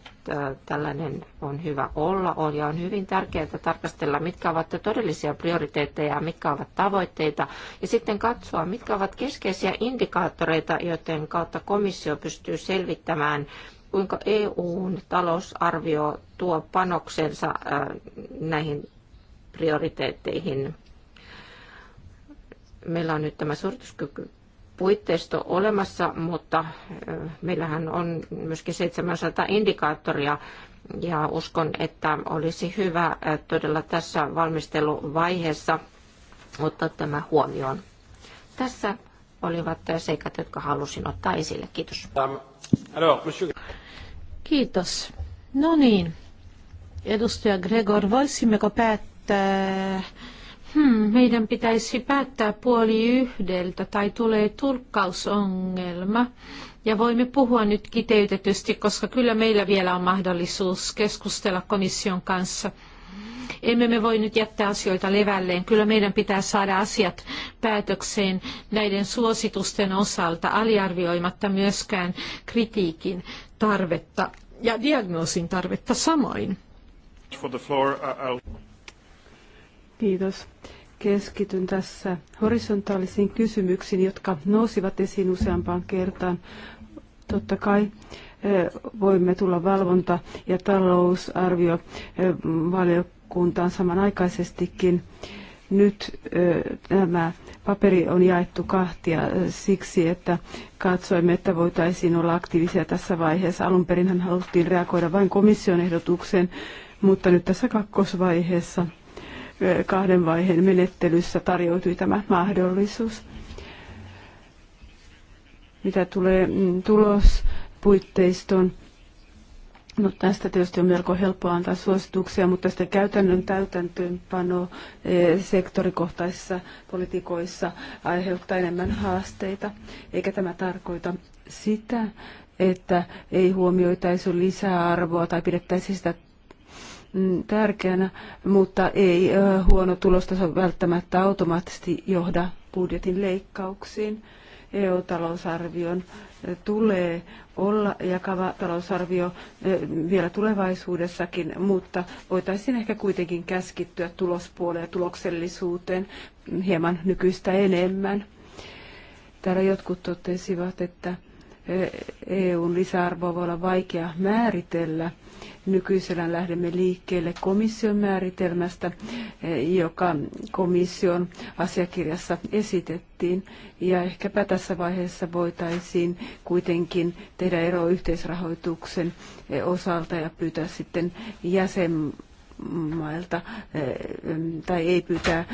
tällainen on hyvä olla on ja on hyvin tärkeää tarkastella, mitkä ovat todellisia prioriteetteja, mitkä ovat tavoitteita ja sitten katsoa, mitkä ovat keskeisiä indikaattoreita, joiden kautta komissio pystyy selvittämään, kuinka EUn talousarvio tuo panoksensa äh, näihin prioriteetteihin. Meillä on nyt tämä suorituskyky puitteisto olemassa, mutta meillähän on myöskin 700 indikaattoria, ja uskon, että olisi hyvä todella tässä valmisteluvaiheessa ottaa tämä huomioon. Tässä olivat seikat, jotka halusin ottaa esille. Kiitos. Ähm, Kiitos. No niin, edustaja Gregor, voisimmeko päättää Hmm, meidän pitäisi päättää puoli yhdeltä tai tulee tulkkausongelma. Ja voimme puhua nyt kiteytetysti, koska kyllä meillä vielä on mahdollisuus keskustella komission kanssa. Emme me voi nyt jättää asioita levälleen. Kyllä meidän pitää saada asiat päätökseen näiden suositusten osalta, aliarvioimatta myöskään kritiikin tarvetta ja diagnoosin tarvetta samoin. Uh, Kiitos. Keskityn tässä horisontaalisiin kysymyksiin, jotka nousivat esiin useampaan kertaan. Totta kai eh, voimme tulla valvonta- ja talousarvio eh, valiokuntaan samanaikaisestikin. Nyt eh, tämä paperi on jaettu kahtia siksi, että katsoimme, että voitaisiin olla aktiivisia tässä vaiheessa. Alun perin haluttiin reagoida vain komission ehdotukseen, mutta nyt tässä kakkosvaiheessa – kahden vaiheen menettelyssä tarjoutui tämä mahdollisuus. Mitä tulee mm, tulospuitteistoon, No, tästä tietysti on melko helppo antaa suosituksia, mutta sitten käytännön täytäntöönpano e, sektorikohtaisissa politikoissa aiheuttaa enemmän haasteita, eikä tämä tarkoita sitä, että ei huomioitaisi lisäarvoa tai pidettäisi sitä Mm, tärkeänä, mutta ei huono tulostaso välttämättä automaattisesti johda budjetin leikkauksiin. EU-talousarvion tulee olla jakava talousarvio vielä tulevaisuudessakin, mutta voitaisiin ehkä kuitenkin käskittyä tulospuoleen ja tuloksellisuuteen hieman nykyistä enemmän. Täällä jotkut totesivat, että EUn lisäarvoa voi olla vaikea määritellä Nykyisellään lähdemme liikkeelle komission määritelmästä, eh, joka komission asiakirjassa esitettiin. Ja ehkäpä tässä vaiheessa voitaisiin kuitenkin tehdä ero yhteisrahoituksen eh, osalta ja pyytää sitten jäsen mailta eh, tai ei pyytää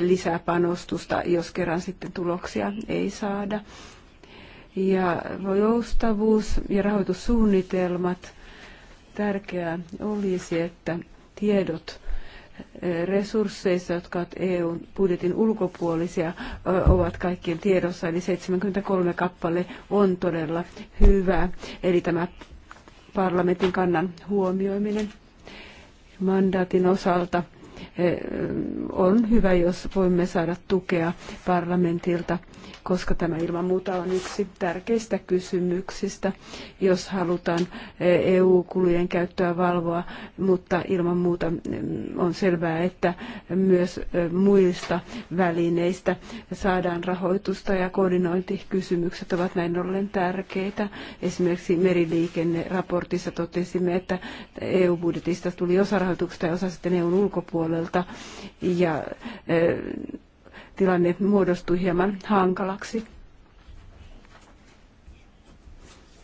lisää panostusta, jos kerran sitten tuloksia ei saada. Ja joustavuus ja rahoitussuunnitelmat tärkeää olisi, että tiedot eh, resursseista, jotka ovat EUn budjetin ulkopuolisia, eh, ovat kaikkien tiedossa. Eli 73 kappale on todella hyvä. Eli tämä parlamentin kannan huomioiminen mandaatin osalta eh, on hyvä, jos voimme saada tukea parlamentilta koska tämä ilman muuta on yksi tärkeistä kysymyksistä, jos halutaan e, EU-kulujen käyttöä valvoa, mutta ilman muuta mm, on selvää, että myös e, muista välineistä saadaan rahoitusta ja koordinointikysymykset ovat näin ollen tärkeitä. Esimerkiksi meriliikenneraportissa totesimme, että EU-budjetista tuli osa rahoituksesta ja osa sitten EUn ulkopuolelta ja e, tilanne muodostui hieman hankalaksi.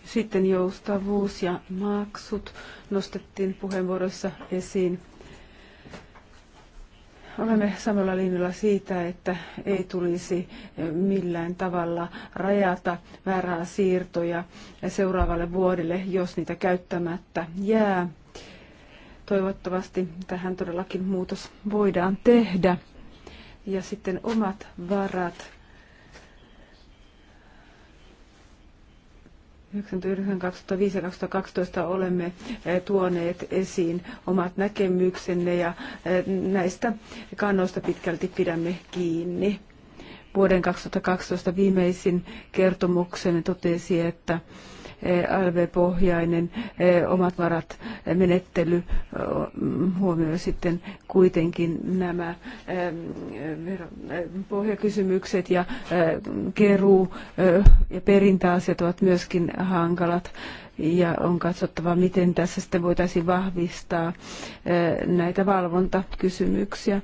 Sitten joustavuus ja maksut nostettiin puheenvuoroissa esiin. Olemme samalla linjalla siitä, että ei tulisi millään tavalla rajata väärää siirtoja seuraavalle vuodelle, jos niitä käyttämättä jää. Toivottavasti tähän todellakin muutos voidaan tehdä ja sitten omat varat 1999, 2005 ja 2012 olemme eh, tuoneet esiin omat näkemyksenne ja eh, näistä kannoista pitkälti pidämme kiinni. Vuoden 2012 viimeisin kertomuksen totesi, että LV-pohjainen eh, omat varat eh, menettely eh, huomioi sitten kuitenkin nämä pohjakysymykset ja keruu ja perintäasiat ovat myöskin hankalat ja on katsottava, miten tässä sitten voitaisiin vahvistaa näitä valvontakysymyksiä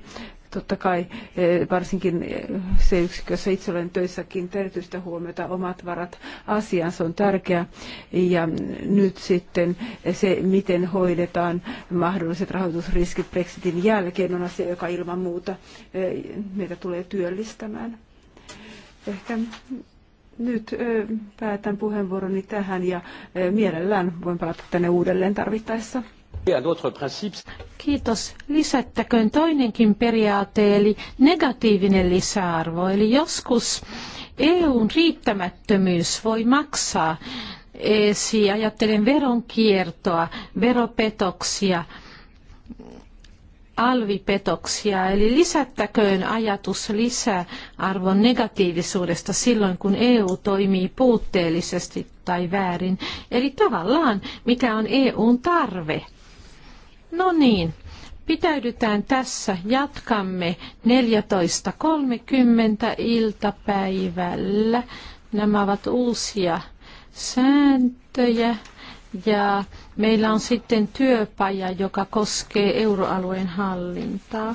totta kai eh, varsinkin eh, se jossa itse olen töissäkin erityistä huomiota omat varat asiaan, se on tärkeä. Ja nyt sitten se, miten hoidetaan mahdolliset rahoitusriskit Brexitin jälkeen, on asia, joka ilman muuta eh, meitä tulee työllistämään. Ehkä nyt päätän puheenvuoroni tähän ja mielellään voin palata tänne uudelleen tarvittaessa. Kiitos. Lisättäköön toinenkin periaate, eli negatiivinen lisäarvo. Eli joskus EUn riittämättömyys voi maksaa esi, ajattelen veronkiertoa, veropetoksia, alvipetoksia, eli lisättäköön ajatus lisäarvon negatiivisuudesta silloin, kun EU toimii puutteellisesti tai väärin. Eli tavallaan, mikä on EUn tarve No niin, pitäydytään tässä. Jatkamme 14.30 iltapäivällä. Nämä ovat uusia sääntöjä. Ja meillä on sitten työpaja, joka koskee euroalueen hallintaa.